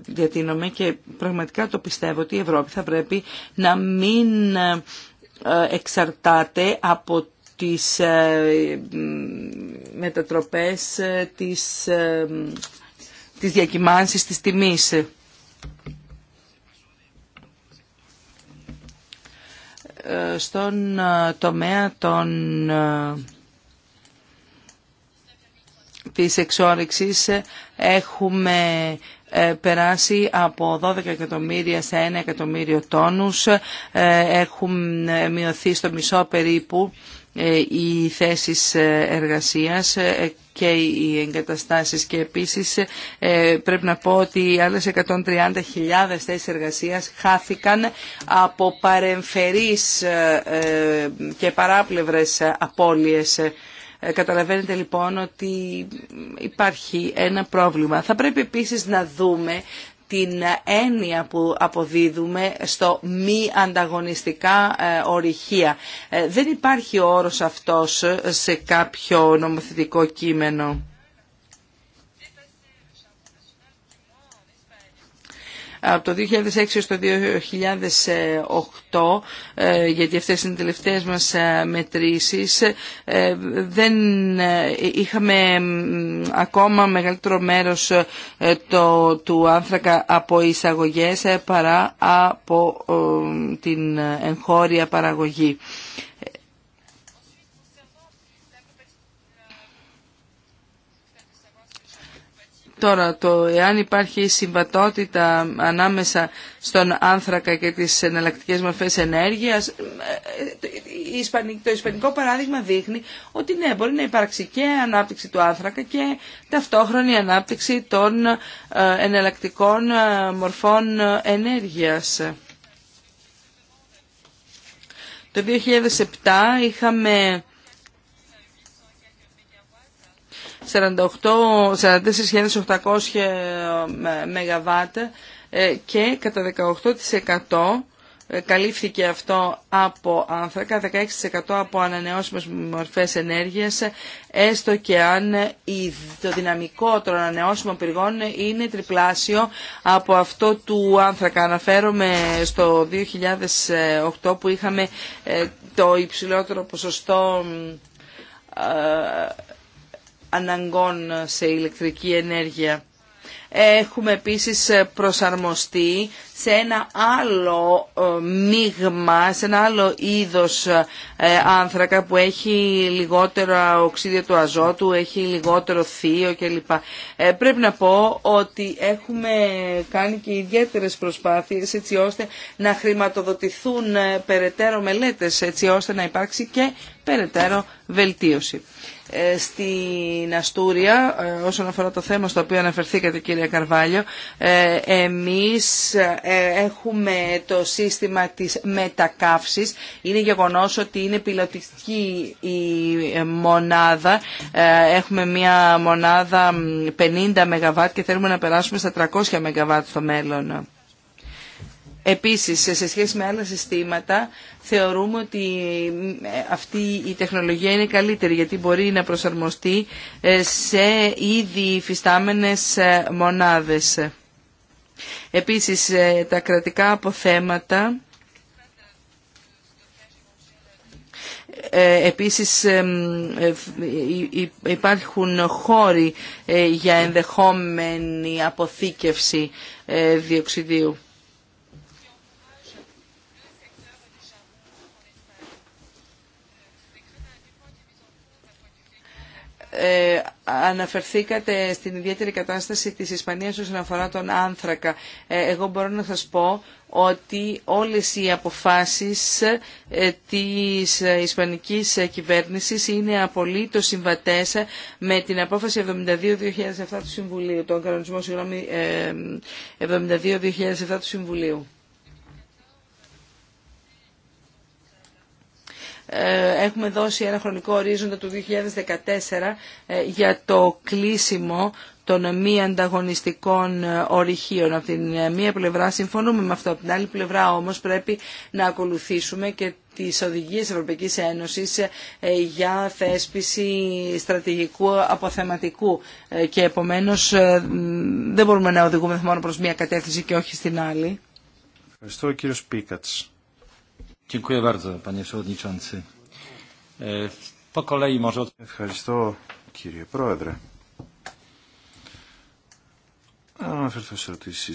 διατείνομαι και πραγματικά το πιστεύω ότι η Ευρώπη θα πρέπει να μην ε, εξαρτάται από τις μετατροπές της τις διακυμάνσεις της τιμής. Ε, στον ε, τομέα των, ε, της εξόρυξης έχουμε περάσει από 12 εκατομμύρια σε 1 εκατομμύριο τόνους. Έχουν μειωθεί στο μισό περίπου οι θέσεις ε, εργασίας ε, και οι εγκαταστάσεις και επίσης ε, πρέπει να πω ότι οι άλλες 130.000 θέσεις εργασίας χάθηκαν από παρεμφερείς και παράπλευρες απώλειες. Καταλαβαίνετε λοιπόν ότι υπάρχει ένα πρόβλημα. Θα πρέπει επίσης να δούμε την έννοια που αποδίδουμε στο μη ανταγωνιστικά ε, ορυχεία. Ε, δεν υπάρχει ο όρος αυτός σε κάποιο νομοθετικό κείμενο. Από το 2006 στο 2008, γιατί αυτές είναι οι τελευταίες μας ε, μετρήσεις, ε, δεν ε, είχαμε ακόμα μεγαλύτερο μέρος το, του άνθρακα από εισαγωγές παρά από την εγχώρια παραγωγή. Τώρα, το εάν υπάρχει συμβατότητα ανάμεσα στον άνθρακα και τις εναλλακτικέ μορφές ενέργειας, ε, ε, το ισπανικό παράδειγμα δείχνει ότι ναι, μπορεί να υπάρξει και ανάπτυξη του άνθρακα και ταυτόχρονη ανάπτυξη των ε, εναλλακτικών μορφών ενέργειας. Το 2007 είχαμε 44.800 ε, ΜΒ ε, και κατά 18% ε, καλύφθηκε αυτό από άνθρακα, 16% από ανανεώσιμες μορφές ενέργειας, έστω και αν το δυναμικό των ανανεώσιμων πυργών είναι τριπλάσιο από αυτό του άνθρακα. Αναφέρομαι στο 2008 που είχαμε το υψηλότερο ποσοστό αναγκών σε ηλεκτρική ενέργεια. Έχουμε επίσης προσαρμοστεί σε ένα άλλο ε, μείγμα, σε ένα άλλο είδος ε, άνθρακα που έχει λιγότερο οξύδιο του αζότου, έχει λιγότερο θείο κλπ. Ε, πρέπει να πω ότι έχουμε κάνει και ιδιαίτερες προσπάθειες έτσι ώστε να χρηματοδοτηθούν περαιτέρω μελέτες, έτσι ώστε να υπάρξει και περαιτέρω βελτίωση. Ε, στην Αστούρια, ε, όσον αφορά το θέμα στο οποίο αναφερθήκατε κύριε Καρβάλιο, ε, εμείς έχουμε το σύστημα της μετακαύσης. Είναι γεγονός ότι είναι πιλωτική η μονάδα. Έχουμε μια μονάδα 50 ΜΒ και θέλουμε να περάσουμε στα 300 ΜΒ στο μέλλον. Επίσης, σε σχέση με άλλα συστήματα, θεωρούμε ότι ε, αυτή η τεχνολογία είναι καλύτερη, γιατί μπορεί να προσαρμοστεί ε, σε ήδη φυστάμενες ε, μονάδες. Επίσης, τα κρατικά αποθέματα... Επίσης υπάρχουν χώροι για ενδεχόμενη αποθήκευση διοξιδίου. ε, αναφερθήκατε στην ιδιαίτερη κατάσταση της Ισπανίας όσον αφορά τον άνθρακα. Ε, εγώ μπορώ να σας πω ότι όλες οι αποφάσεις ε, της Ισπανικής κυβέρνησης είναι απολύτως συμβατές με την απόφαση 72-2007 του Συμβουλίου, τον κανονισμό συγγνώμη 72-2007 ε, του Συμβουλίου. Ε, έχουμε δώσει ένα χρονικό ορίζοντα του 2014 ε, για το κλείσιμο των μη ανταγωνιστικών ε, ορυχείων. Από την μία πλευρά συμφωνούμε με αυτό, από την άλλη πλευρά όμως πρέπει να ακολουθήσουμε και τις οδηγίες Ευρωπαϊκής Ένωσης για θέσπιση στρατηγικού αποθεματικού και επομένως δεν μπορούμε να οδηγούμε μόνο προς μία κατεύθυνση και όχι στην άλλη. Ευχαριστώ κύριο Πίκατς. E, Ευχαριστώ κύριε Πρόεδρε. Αναφερθώ σε ερωτήσει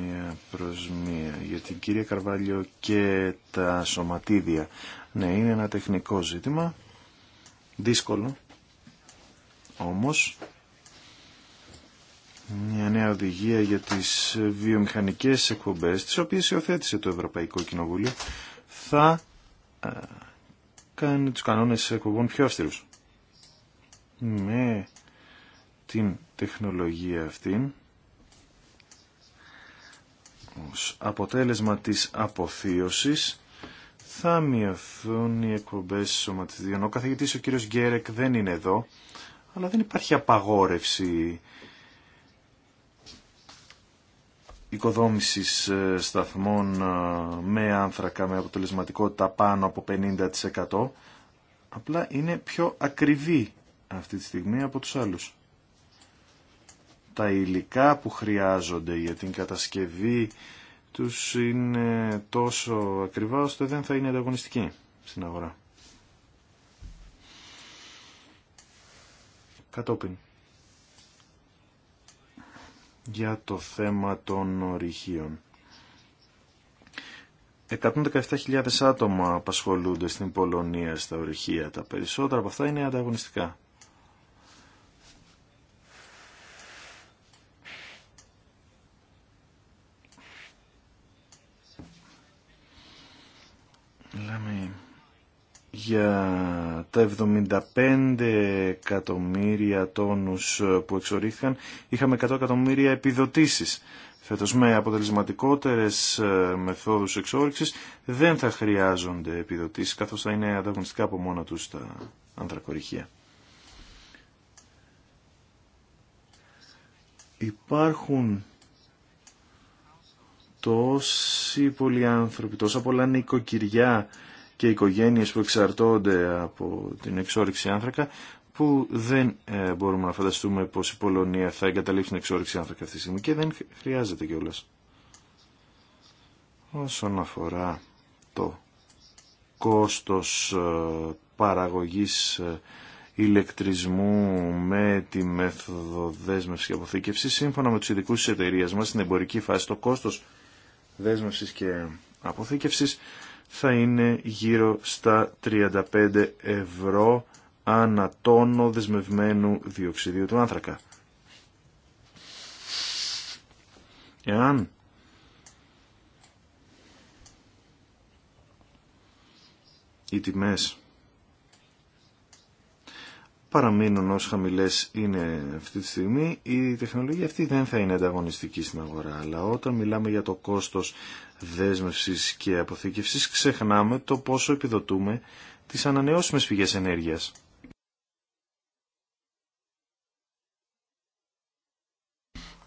μία προς μία για την κυρία Καρβάλιο και τα σωματίδια. Ναι, είναι ένα τεχνικό ζήτημα, δύσκολο, όμως μια νέα οδηγία για τις βιομηχανικές εκπομπές, τις οποίες υιοθέτησε το Ευρωπαϊκό Κοινοβούλιο, θα ε, κάνει τους κανόνες εκπομπών πιο αυστηρούς. Με την τεχνολογία αυτή, ως αποτέλεσμα της αποθείωσης, θα μειωθούν οι εκπομπές σωματιδιών. Ο καθηγητής ο κύριος Γκέρεκ δεν είναι εδώ, αλλά δεν υπάρχει απαγόρευση οικοδόμησης ε, σταθμών ε, με άνθρακα με αποτελεσματικότητα πάνω από 50% απλά είναι πιο ακριβή αυτή τη στιγμή από τους άλλους. Τα υλικά που χρειάζονται για την κατασκευή τους είναι τόσο ακριβά ώστε δεν θα είναι ανταγωνιστική στην αγορά. Κατόπιν για το θέμα των ορυχείων. 117.000 άτομα απασχολούνται στην Πολωνία στα ορυχεία. Τα περισσότερα από αυτά είναι ανταγωνιστικά. Μιλάμε για τα 75 εκατομμύρια τόνους που εξορίχθηκαν είχαμε 100 εκατομμύρια επιδοτήσεις. Φέτος με αποτελεσματικότερες ε, μεθόδους εξόρυξης δεν θα χρειάζονται επιδοτήσεις καθώς θα είναι ανταγωνιστικά από μόνα τους τα ανθρακοριχεία. Υπάρχουν τόσοι πολλοί άνθρωποι, τόσα πολλά νοικοκυριά και οικογένειες που εξαρτώνται από την εξόριξη άνθρακα που δεν ε, μπορούμε να φανταστούμε πως η Πολωνία θα εγκαταλείψει την εξόριξη άνθρακα αυτή τη στιγμή και δεν χρειάζεται κιόλα. Όσον αφορά το κόστος ε, παραγωγής ε, ηλεκτρισμού με τη μέθοδο δέσμευση και αποθήκευση. Σύμφωνα με τους ειδικούς της εταιρείας μας, στην εμπορική φάση το κόστος δέσμευσης και αποθήκευσης θα είναι γύρω στα 35 ευρώ ανά τόνο δεσμευμένου διοξιδίου του άνθρακα. Εάν οι τιμές παραμείνουν όσο χαμηλές είναι αυτή τη στιγμή, η τεχνολογία αυτή δεν θα είναι ανταγωνιστική στην αγορά. Αλλά όταν μιλάμε για το κόστος δέσμευσης και αποθήκευσης, ξεχνάμε το πόσο επιδοτούμε τις ανανεώσιμες πηγές ενέργειας.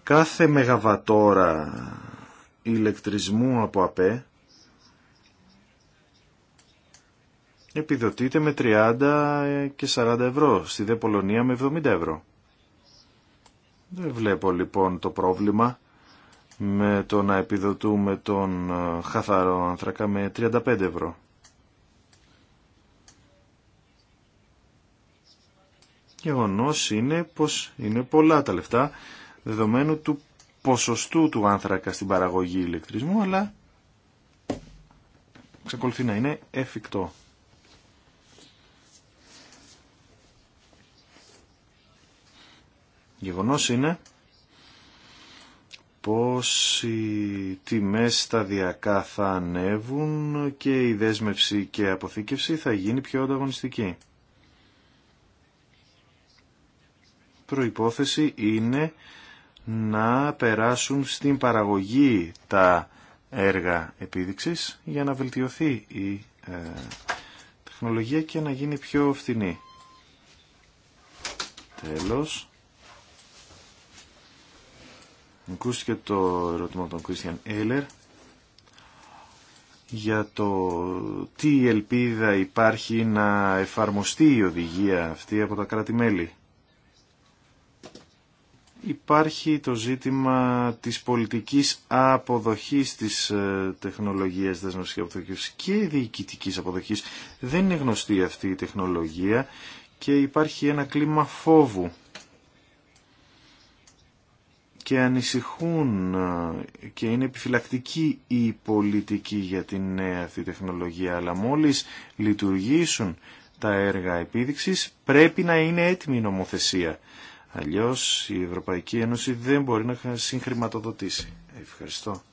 Κάθε μεγαβατόρα ηλεκτρισμού από ΑΠΕ επιδοτείται με 30 και 40 ευρώ, στη δε Πολωνία με 70 ευρώ. Δεν βλέπω λοιπόν το πρόβλημα με το να επιδοτούμε τον ε, χαθαρό άνθρακα με 35 ευρώ. Γεγονό είναι πως είναι πολλά τα λεφτά δεδομένου του ποσοστού του άνθρακα στην παραγωγή ηλεκτρισμού αλλά ξεκολουθεί να είναι εφικτό. Γεγονός είναι πως οι τιμές σταδιακά θα ανέβουν και η δέσμευση και αποθήκευση θα γίνει πιο ανταγωνιστική. Προϋπόθεση είναι να περάσουν στην παραγωγή τα έργα επίδειξης για να βελτιωθεί η ε, τεχνολογία και να γίνει πιο φθηνή. Τέλος, Ακούστηκε το ερώτημα των Κρίστιαν Έλερ για το τι ελπίδα υπάρχει να εφαρμοστεί η οδηγία αυτή από τα κράτη-μέλη. Υπάρχει το ζήτημα της πολιτικής αποδοχής της ε, τεχνολογίας δεσμευσης και αποδοχής και διοικητικής αποδοχής. Δεν είναι γνωστή αυτή η τεχνολογία και υπάρχει ένα κλίμα φόβου και ανησυχούν ε, και είναι επιφυλακτική η πολιτική για την νέα αυτή τεχνολογία αλλά μόλις λειτουργήσουν τα έργα επίδειξης πρέπει να είναι έτοιμη η νομοθεσία. Αλλιώς η Ευρωπαϊκή Ένωση δεν μπορεί να συγχρηματοδοτήσει. Ευχαριστώ.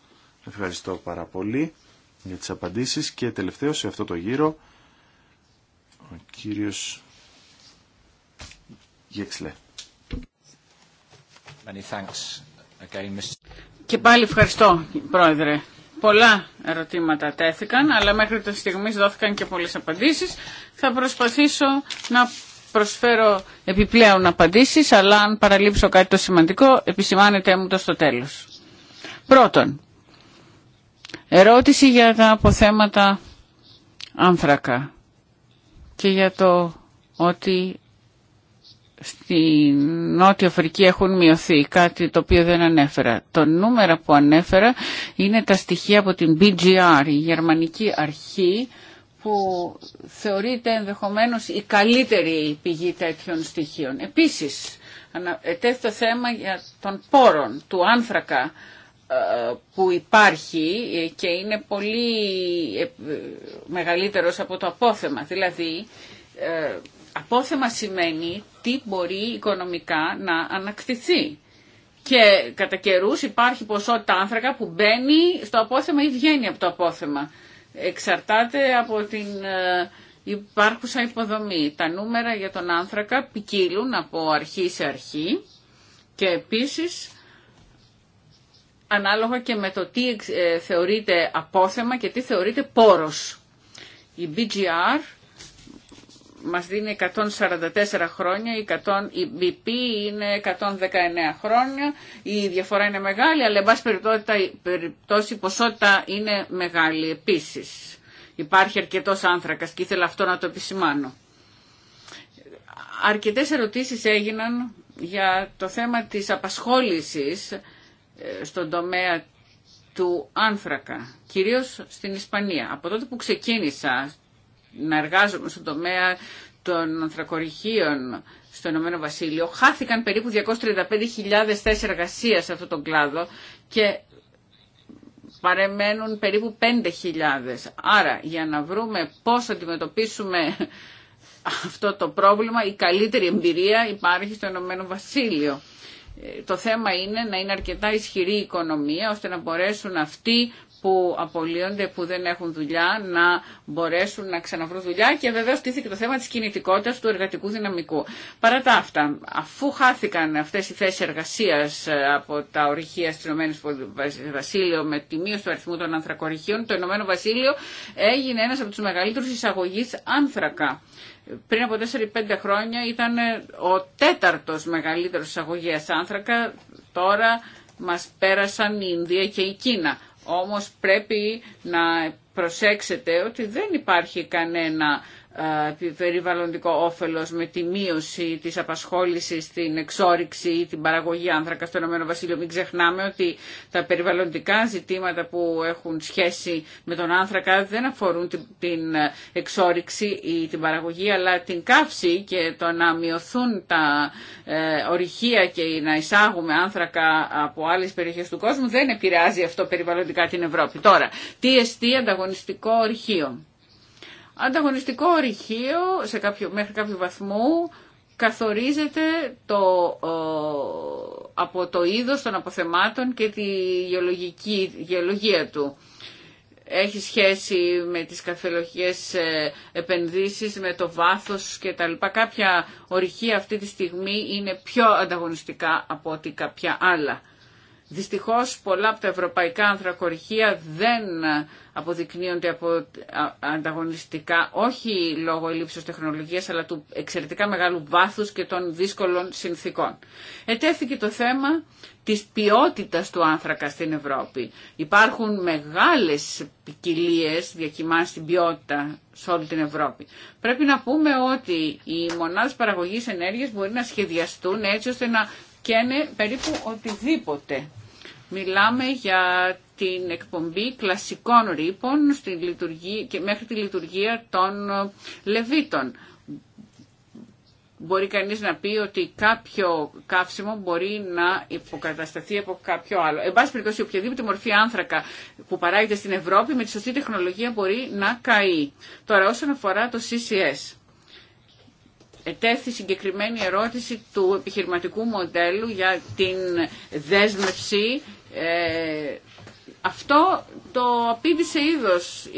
Ευχαριστώ πάρα πολύ για τις απαντήσεις και τελευταίο σε αυτό το γύρο ο κύριος Γεξλέ. Και πάλι ευχαριστώ, Πρόεδρε. Πολλά ερωτήματα τέθηκαν, αλλά μέχρι το στιγμή δόθηκαν και πολλές απαντήσεις. Θα προσπαθήσω να προσφέρω επιπλέον απαντήσεις, αλλά αν παραλείψω κάτι το σημαντικό, επισημάνετε μου το στο τέλος. Πρώτον, ερώτηση για τα αποθέματα άνθρακα και για το ότι στη Νότια Αφρική έχουν μειωθεί, κάτι το οποίο δεν ανέφερα. Το νούμερο που ανέφερα είναι τα στοιχεία από την BGR, η γερμανική αρχή, που θεωρείται ενδεχομένως η καλύτερη πηγή τέτοιων στοιχείων. Επίσης, τέτοιο το θέμα για τον πόρων του άνθρακα ε, που υπάρχει ε, και είναι πολύ ε, μεγαλύτερος από το απόθεμα. Δηλαδή, απόθεμα σημαίνει τι μπορεί οικονομικά να ανακτηθεί. Και κατά καιρού υπάρχει ποσότητα άνθρακα που μπαίνει στο απόθεμα ή βγαίνει από το απόθεμα. Εξαρτάται από την ε, υπάρχουσα υποδομή. Τα νούμερα για τον άνθρακα ποικίλουν από αρχή σε αρχή και επίσης ανάλογα και με το τι ε, θεωρείται απόθεμα και τι θεωρείται πόρος. Η BGR μας δίνει 144 χρόνια, η, BP είναι 119 χρόνια, η διαφορά είναι μεγάλη, αλλά εν πάση περιπτώσει η ποσότητα είναι μεγάλη επίσης. Υπάρχει αρκετός άνθρακας και ήθελα αυτό να το επισημάνω. Αρκετές ερωτήσεις έγιναν για το θέμα της απασχόλησης ε, στον τομέα του άνθρακα, κυρίως στην Ισπανία. Από τότε που ξεκίνησα να εργάζομαι στον τομέα των ανθρακοριχείων στο Ηνωμένο Βασίλειο, χάθηκαν περίπου 235.000 θέσεις εργασία σε αυτόν τον κλάδο και παρεμένουν περίπου 5.000. Άρα, για να βρούμε πώς αντιμετωπίσουμε αυτό το πρόβλημα, η καλύτερη εμπειρία υπάρχει στο Ηνωμένο Βασίλειο. Ε, το θέμα είναι να είναι αρκετά ισχυρή η οικονομία, ώστε να μπορέσουν αυτοί που απολύονται, που δεν έχουν δουλειά, να μπορέσουν να ξαναβρούν δουλειά και βεβαίως τίθεται το θέμα της κινητικότητας του εργατικού δυναμικού. Παρά τα αυτά, αφού χάθηκαν αυτές οι θέσεις εργασίας ε, από τα ορυχεία στι Ηνωμένης Βασίλειο με τη μείωση του αριθμού των ανθρακοριχείων, το Ηνωμένο Βασίλειο έγινε ένας από τους μεγαλύτερους εισαγωγείς άνθρακα πριν από 4-5 χρόνια ήταν ε, ο τέταρτος μεγαλύτερος εισαγωγέας άνθρακα, τώρα μας πέρασαν η Ινδία και η Κίνα. Όμως πρέπει να προσέξετε ότι δεν υπάρχει κανένα περιβαλλοντικό όφελος με τη μείωση της απασχόλησης στην εξόριξη ή την παραγωγή άνθρακα στο Ηνωμένο Βασίλειο. Μην ξεχνάμε ότι τα περιβαλλοντικά ζητήματα που έχουν σχέση με τον άνθρακα δεν αφορούν την εξόριξη ή την παραγωγή αλλά την καύση και το να μειωθούν τα ε, ορυχεία και να εισάγουμε άνθρακα από άλλες περιοχές του κόσμου δεν επηρεάζει αυτό περιβαλλοντικά την Ευρώπη. Τώρα, TST ανταγωνιστικό ορυχείο ανταγωνιστικό ορυχείο σε κάποιο, μέχρι κάποιο βαθμό καθορίζεται το, ε, από το είδος των αποθεμάτων και τη γεωλογική, γεωλογία του. Έχει σχέση με τις καθελογικές ε, επενδύσεις, με το βάθος και τα Κάποια ορυχεία αυτή τη στιγμή είναι πιο ανταγωνιστικά από ότι κάποια άλλα. Δυστυχώς πολλά από τα ευρωπαϊκά ανθρακοριχεία δεν αποδεικνύονται από ανταγωνιστικά, όχι λόγω ελλείψεως τεχνολογίας, αλλά του εξαιρετικά μεγάλου βάθους και των δύσκολων συνθήκων. Ετέθηκε το θέμα της ποιότητας του άνθρακα στην Ευρώπη. Υπάρχουν μεγάλες ποικιλίε διακιμάστη στην ποιότητα σε όλη την Ευρώπη. Πρέπει να πούμε ότι οι μονάδες παραγωγής ενέργειας μπορεί να σχεδιαστούν έτσι ώστε να και είναι περίπου οτιδήποτε. Μιλάμε για την εκπομπή κλασικών ρήπων στη λειτουργία, και μέχρι τη λειτουργία των Λεβίτων. Μπορεί κανείς να πει ότι κάποιο καύσιμο μπορεί να υποκατασταθεί από κάποιο άλλο. Εν πάση περιπτώσει, οποιαδήποτε μορφή άνθρακα που παράγεται στην Ευρώπη με τη σωστή τεχνολογία μπορεί να καεί. Τώρα, όσον αφορά το CCS ετέθη συγκεκριμένη ερώτηση του επιχειρηματικού μοντέλου για την δέσμευση. Ε, αυτό το απίδησε είδος,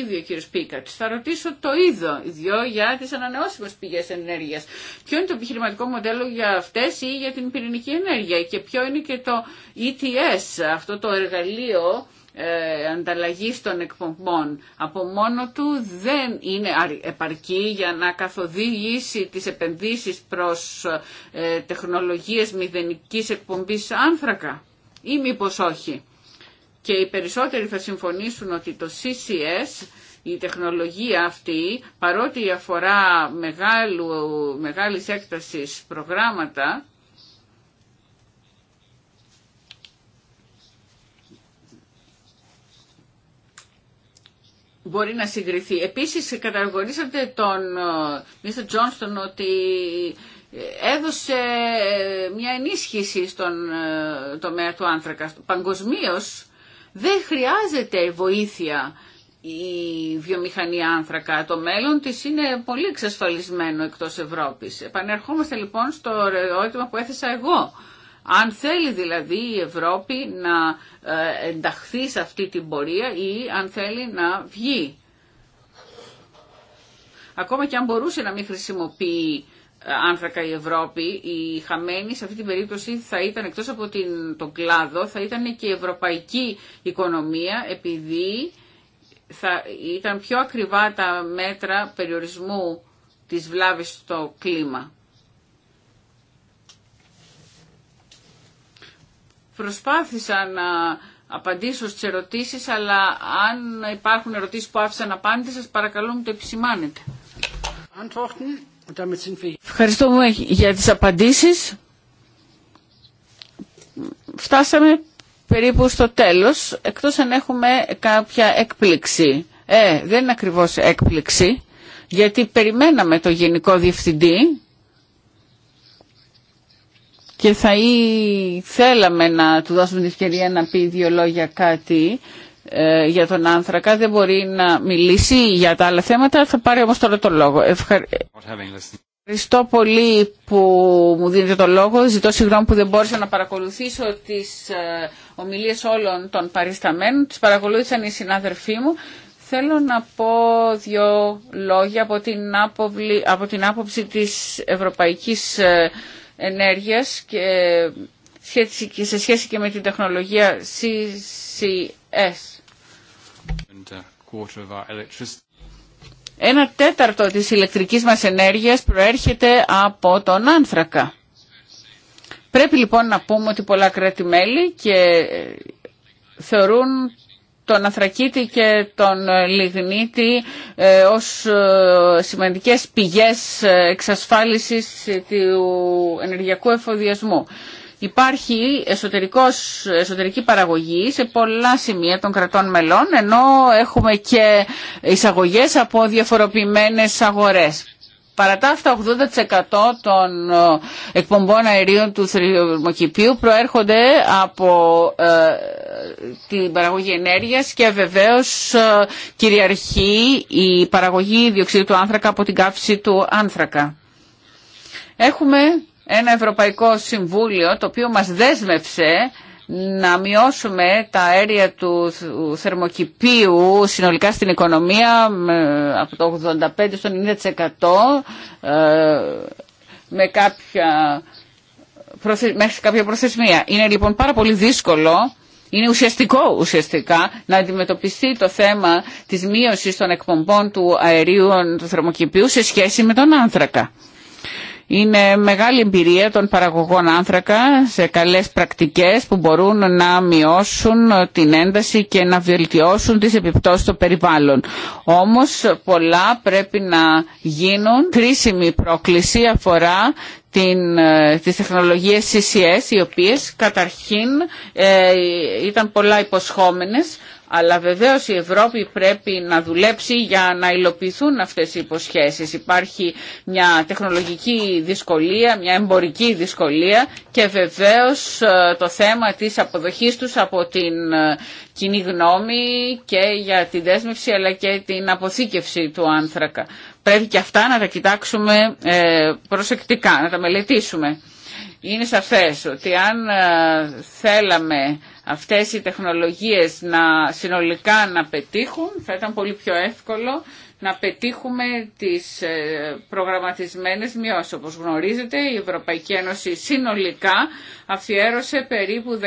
ήδη, ο κύριος Πίκατς. Θα ρωτήσω το ίδιο ίδιο για τις ανανεώσιμες πηγές ενέργειας. Ποιο είναι το επιχειρηματικό μοντέλο για αυτές ή για την πυρηνική ενέργεια και ποιο είναι και το ETS, αυτό το εργαλείο ε, ανταλλαγής των εκπομπών από μόνο του δεν είναι επαρκή για να καθοδήγησει τις επενδύσεις προς ε, τεχνολογίες μηδενικής εκπομπής άνθρακα ή μήπως όχι. Και οι περισσότεροι θα συμφωνήσουν ότι το CCS η τεχνολογία αυτή παρότι αφορά μεγάλου, μεγάλης έκτασης προγράμματα μπορεί να συγκριθεί. Επίσης καταγορήσατε τον Μίστερ Τζόνστον ότι έδωσε ε, μια ενίσχυση στον ε, τομέα του άνθρακα. Παγκοσμίω δεν χρειάζεται βοήθεια η βιομηχανία άνθρακα. Το μέλλον της είναι πολύ εξασφαλισμένο εκτός Ευρώπης. Επανερχόμαστε λοιπόν στο ερώτημα που έθεσα εγώ αν θέλει δηλαδή η Ευρώπη να ε, ενταχθεί σε αυτή την πορεία ή αν θέλει να βγει. Ακόμα και αν μπορούσε να μην χρησιμοποιεί ε, άνθρακα η Ευρώπη, η χαμένη σε αυτή την περίπτωση θα ήταν εκτός από την, τον κλάδο, θα ήταν και η ευρωπαϊκή οικονομία επειδή θα ήταν πιο ακριβά τα μέτρα περιορισμού της βλάβης στο κλίμα. προσπάθησα να απαντήσω στις ερωτήσεις, αλλά αν υπάρχουν ερωτήσεις που άφησαν να σας παρακαλώ μου το επισημάνετε. Ευχαριστώ για τις απαντήσεις. Φτάσαμε περίπου στο τέλος, εκτός αν έχουμε κάποια έκπληξη. Ε, δεν είναι ακριβώς έκπληξη, γιατί περιμέναμε το Γενικό Διευθυντή και θα ή, θέλαμε να του δώσουμε την ευκαιρία να πει δύο λόγια κάτι ε, για τον άνθρακα. Δεν μπορεί να μιλήσει για τα άλλα θέματα. Θα πάρει όμως τώρα το λόγο. Ε, ευχαριστώ πολύ που μου δίνετε το λόγο. Ζητώ συγγνώμη που δεν μπόρεσα να παρακολουθήσω τις ε, ομιλίες όλων των παρισταμένων. Τις παρακολούθησαν οι συνάδελφοί μου. Θέλω να πω δύο λόγια από την, άποψη, από την άποψη της Ευρωπαϊκής ε, ενέργειας και σε σχέση και με την τεχνολογία CCS. Uh, Ένα τέταρτο της ηλεκτρικής μας ενέργειας προέρχεται από τον άνθρακα. Πρέπει λοιπόν να πούμε ότι πολλά κράτη-μέλη και θεωρούν τον Αθρακίτη και τον ε, Λιγνίτη ε, ως ε, σημαντικές πηγές εξασφάλισης του ενεργειακού εφοδιασμού. Υπάρχει εσωτερικός, εσωτερική παραγωγή σε πολλά σημεία των κρατών μελών, ενώ έχουμε και εισαγωγές από διαφοροποιημένες αγορές τα αυτά, 80% των ε, εκπομπών αερίων του θερμοκηπίου προέρχονται από ε, την παραγωγή ενέργειας και βεβαίως ε, κυριαρχεί η παραγωγή διοξείδου του άνθρακα από την καύση του άνθρακα. Έχουμε ένα Ευρωπαϊκό Συμβούλιο το οποίο μας δέσμευσε να μειώσουμε τα αέρια του θερμοκηπίου συνολικά στην οικονομία από το 85% στο 90% ε, με κάποια, μέχρι κάποια προθεσμία. Είναι λοιπόν πάρα πολύ δύσκολο είναι ουσιαστικό ουσιαστικά να αντιμετωπιστεί το θέμα της μείωσης των εκπομπών του αερίου του θερμοκηπίου σε σχέση με τον άνθρακα. Είναι μεγάλη εμπειρία των παραγωγών άνθρακα σε καλές πρακτικές που μπορούν να μειώσουν την ένταση και να βελτιώσουν τις επιπτώσεις στο περιβάλλον. Όμως πολλά πρέπει να γίνουν. Κρίσιμη πρόκληση αφορά την, ε, τις τεχνολογίες CCS, οι οποίες καταρχήν ε, ήταν πολλά υποσχόμενες, αλλά βεβαίως η Ευρώπη πρέπει να δουλέψει για να υλοποιηθούν αυτές οι υποσχέσεις. Υπάρχει μια τεχνολογική δυσκολία, μια εμπορική δυσκολία και βεβαίως ε, το θέμα της αποδοχής τους από την ε, κοινή γνώμη και για την δέσμευση αλλά και την αποθήκευση του άνθρακα. Πρέπει και αυτά να τα κοιτάξουμε ε, προσεκτικά, να τα μελετήσουμε. Είναι σαφές ότι αν θέλαμε αυτές οι τεχνολογίες να συνολικά να πετύχουν, θα ήταν πολύ πιο εύκολο να πετύχουμε τις ε, προγραμματισμένες μειώσεις. Όπως γνωρίζετε, η Ευρωπαϊκή Ένωση συνολικά αφιέρωσε περίπου 15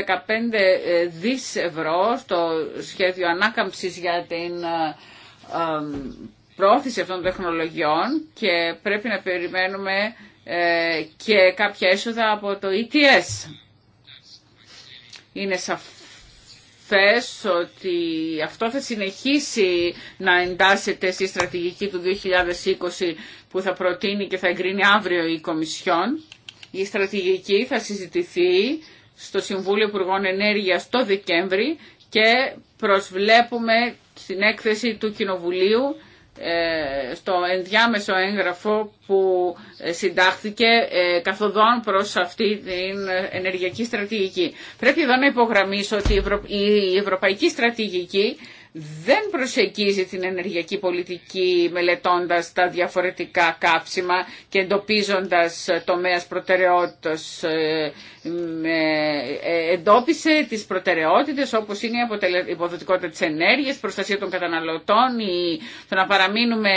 ε, δις ευρώ στο σχέδιο ανάκαμψης για την ε, πρόθεση αυτών των τεχνολογιών και πρέπει να περιμένουμε και κάποια έσοδα από το ETS. Είναι σαφές ότι αυτό θα συνεχίσει να εντάσσεται στη στρατηγική του 2020 που θα προτείνει και θα εγκρίνει αύριο η Κομισιόν. Η στρατηγική θα συζητηθεί στο Συμβούλιο Υπουργών Ενέργειας το Δεκέμβρη και προσβλέπουμε στην έκθεση του Κοινοβουλίου ε, στο ενδιάμεσο έγγραφο που συντάχθηκε ε, καθοδόν προς αυτή την ενεργειακή στρατηγική. Πρέπει εδώ να υπογραμμίσω ότι η ευρωπαϊκή στρατηγική δεν προσεγγίζει την ενεργειακή πολιτική μελετώντας τα διαφορετικά κάψιμα και εντοπίζοντας τομέας προτεραιότητας ε, ε, εντόπισε τις προτεραιότητες όπως είναι η υποδοτικότητα της ενέργειας, προστασία των καταναλωτών, η, το να παραμείνουμε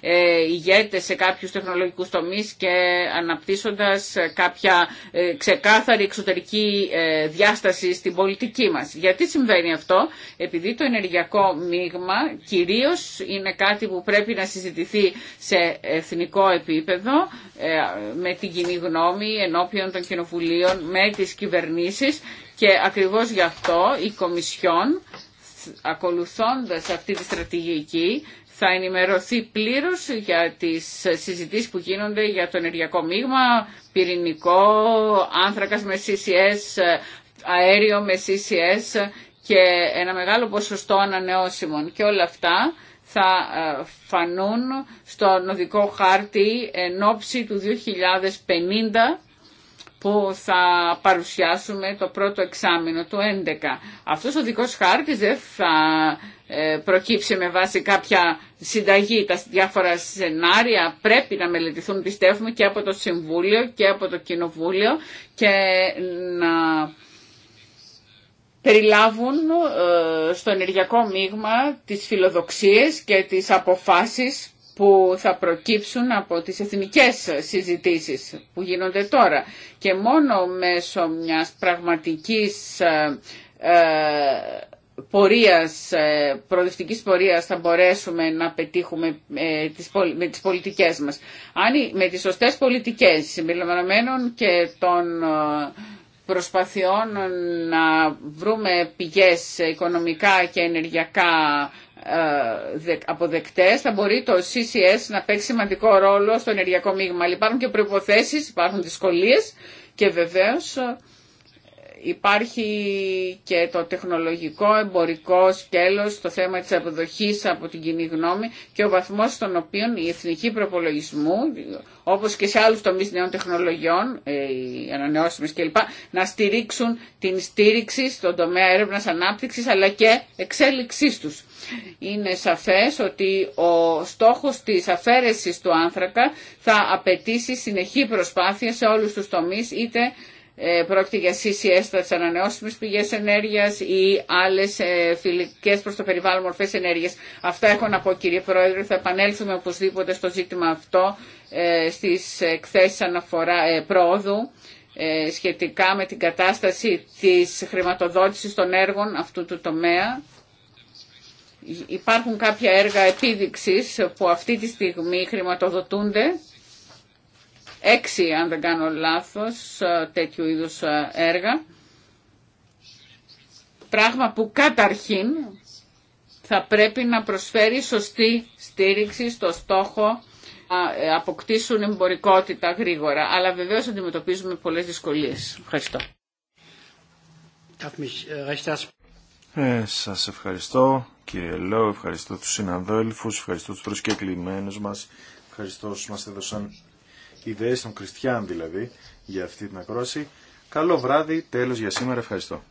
ε, ηγέτες σε κάποιους τεχνολογικούς τομείς και αναπτύσσοντας κάποια ε, ξεκάθαρη εξωτερική διάσταση στην πολιτική μας. Γιατί συμβαίνει αυτό, επειδή το ενεργειακό μείγμα κυρίως είναι κάτι που πρέπει να συζητηθεί σε εθνικό επίπεδο με την κοινή γνώμη ενώπιον των κοινοβουλίων με τις κυβερνήσεις και ακριβώς γι' αυτό η Κομισιόν ακολουθώντας αυτή τη στρατηγική θα ενημερωθεί πλήρως για τις συζητήσεις που γίνονται για το ενεργειακό μείγμα, πυρηνικό, άνθρακας με CCS, αέριο με CCS και ένα μεγάλο ποσοστό ανανεώσιμων. Και όλα αυτά θα ε, φανούν στον οδικό χάρτη εν του 2050 που θα παρουσιάσουμε το πρώτο εξάμεινο του 11. Αυτός ο δικός χάρτης δεν θα ε, προκύψει με βάση κάποια συνταγή τα διάφορα σενάρια πρέπει να μελετηθούν πιστεύουμε και από το Συμβούλιο και από το Κοινοβούλιο και να περιλάβουν ε, στο ενεργειακό μείγμα τις φιλοδοξίες και τις αποφάσεις που θα προκύψουν από τις εθνικές συζητήσεις που γίνονται τώρα και μόνο μέσω μιας πραγματικής ε, ε, πορείας, ε, προοδευτικής πορείας θα μπορέσουμε να πετύχουμε με τις πολιτικές μας. Αν με τις σωστές πολιτικές συμπεριλαμβανομένων και των προσπαθειών να βρούμε πηγές οικονομικά και ενεργειακά ε, αποδεκτές, θα μπορεί το CCS να παίξει σημαντικό ρόλο στο ενεργειακό μείγμα. υπάρχουν και προϋποθέσεις, υπάρχουν δυσκολίες και βεβαίως ε, Υπάρχει και το τεχνολογικό εμπορικό σκέλος, το θέμα της αποδοχής από την κοινή γνώμη και ο βαθμός στον οποίο η εθνική προπολογισμού, όπως και σε άλλους τομείς νέων τεχνολογιών, ε, οι ανανεώσιμες κλπ, να στηρίξουν την στήριξη στον τομέα έρευνας ανάπτυξης αλλά και εξέλιξής τους. Είναι σαφές ότι ο στόχος της αφαίρεσης του άνθρακα θα απαιτήσει συνεχή προσπάθεια σε όλους τους τομείς, είτε ε, πρόκειται για CCS, τι ανανεώσιμε πηγέ ενέργεια ή άλλε φιλικέ προ το περιβάλλον μορφέ ενέργεια. Αυτά έχω να πω, κύριε Πρόεδρε. Θα επανέλθουμε οπωσδήποτε στο ζήτημα αυτό ε, στι εκθέσει αναφορά ε, πρόοδου σχετικά με την κατάσταση της χρηματοδότησης των έργων αυτού του τομέα. Υπάρχουν κάποια έργα επίδειξης που αυτή τη στιγμή χρηματοδοτούνται έξι αν δεν κάνω λάθος ε, τέτοιου είδους ε, έργα. Πράγμα που καταρχήν θα πρέπει να προσφέρει σωστή στήριξη στο στόχο να ε, αποκτήσουν εμπορικότητα γρήγορα. Αλλά βεβαίως αντιμετωπίζουμε πολλές δυσκολίες. Ευχαριστώ. Äh, ε, σας ευχαριστώ κύριε Λό, ευχαριστώ τους συναδέλφους, ευχαριστώ τους προσκεκλημένους μας, ευχαριστώ όσους μας έδωσαν ιδέες των Κριστιαν δηλαδή για αυτή την ακρόση. Καλό βράδυ, τέλος για σήμερα, ευχαριστώ.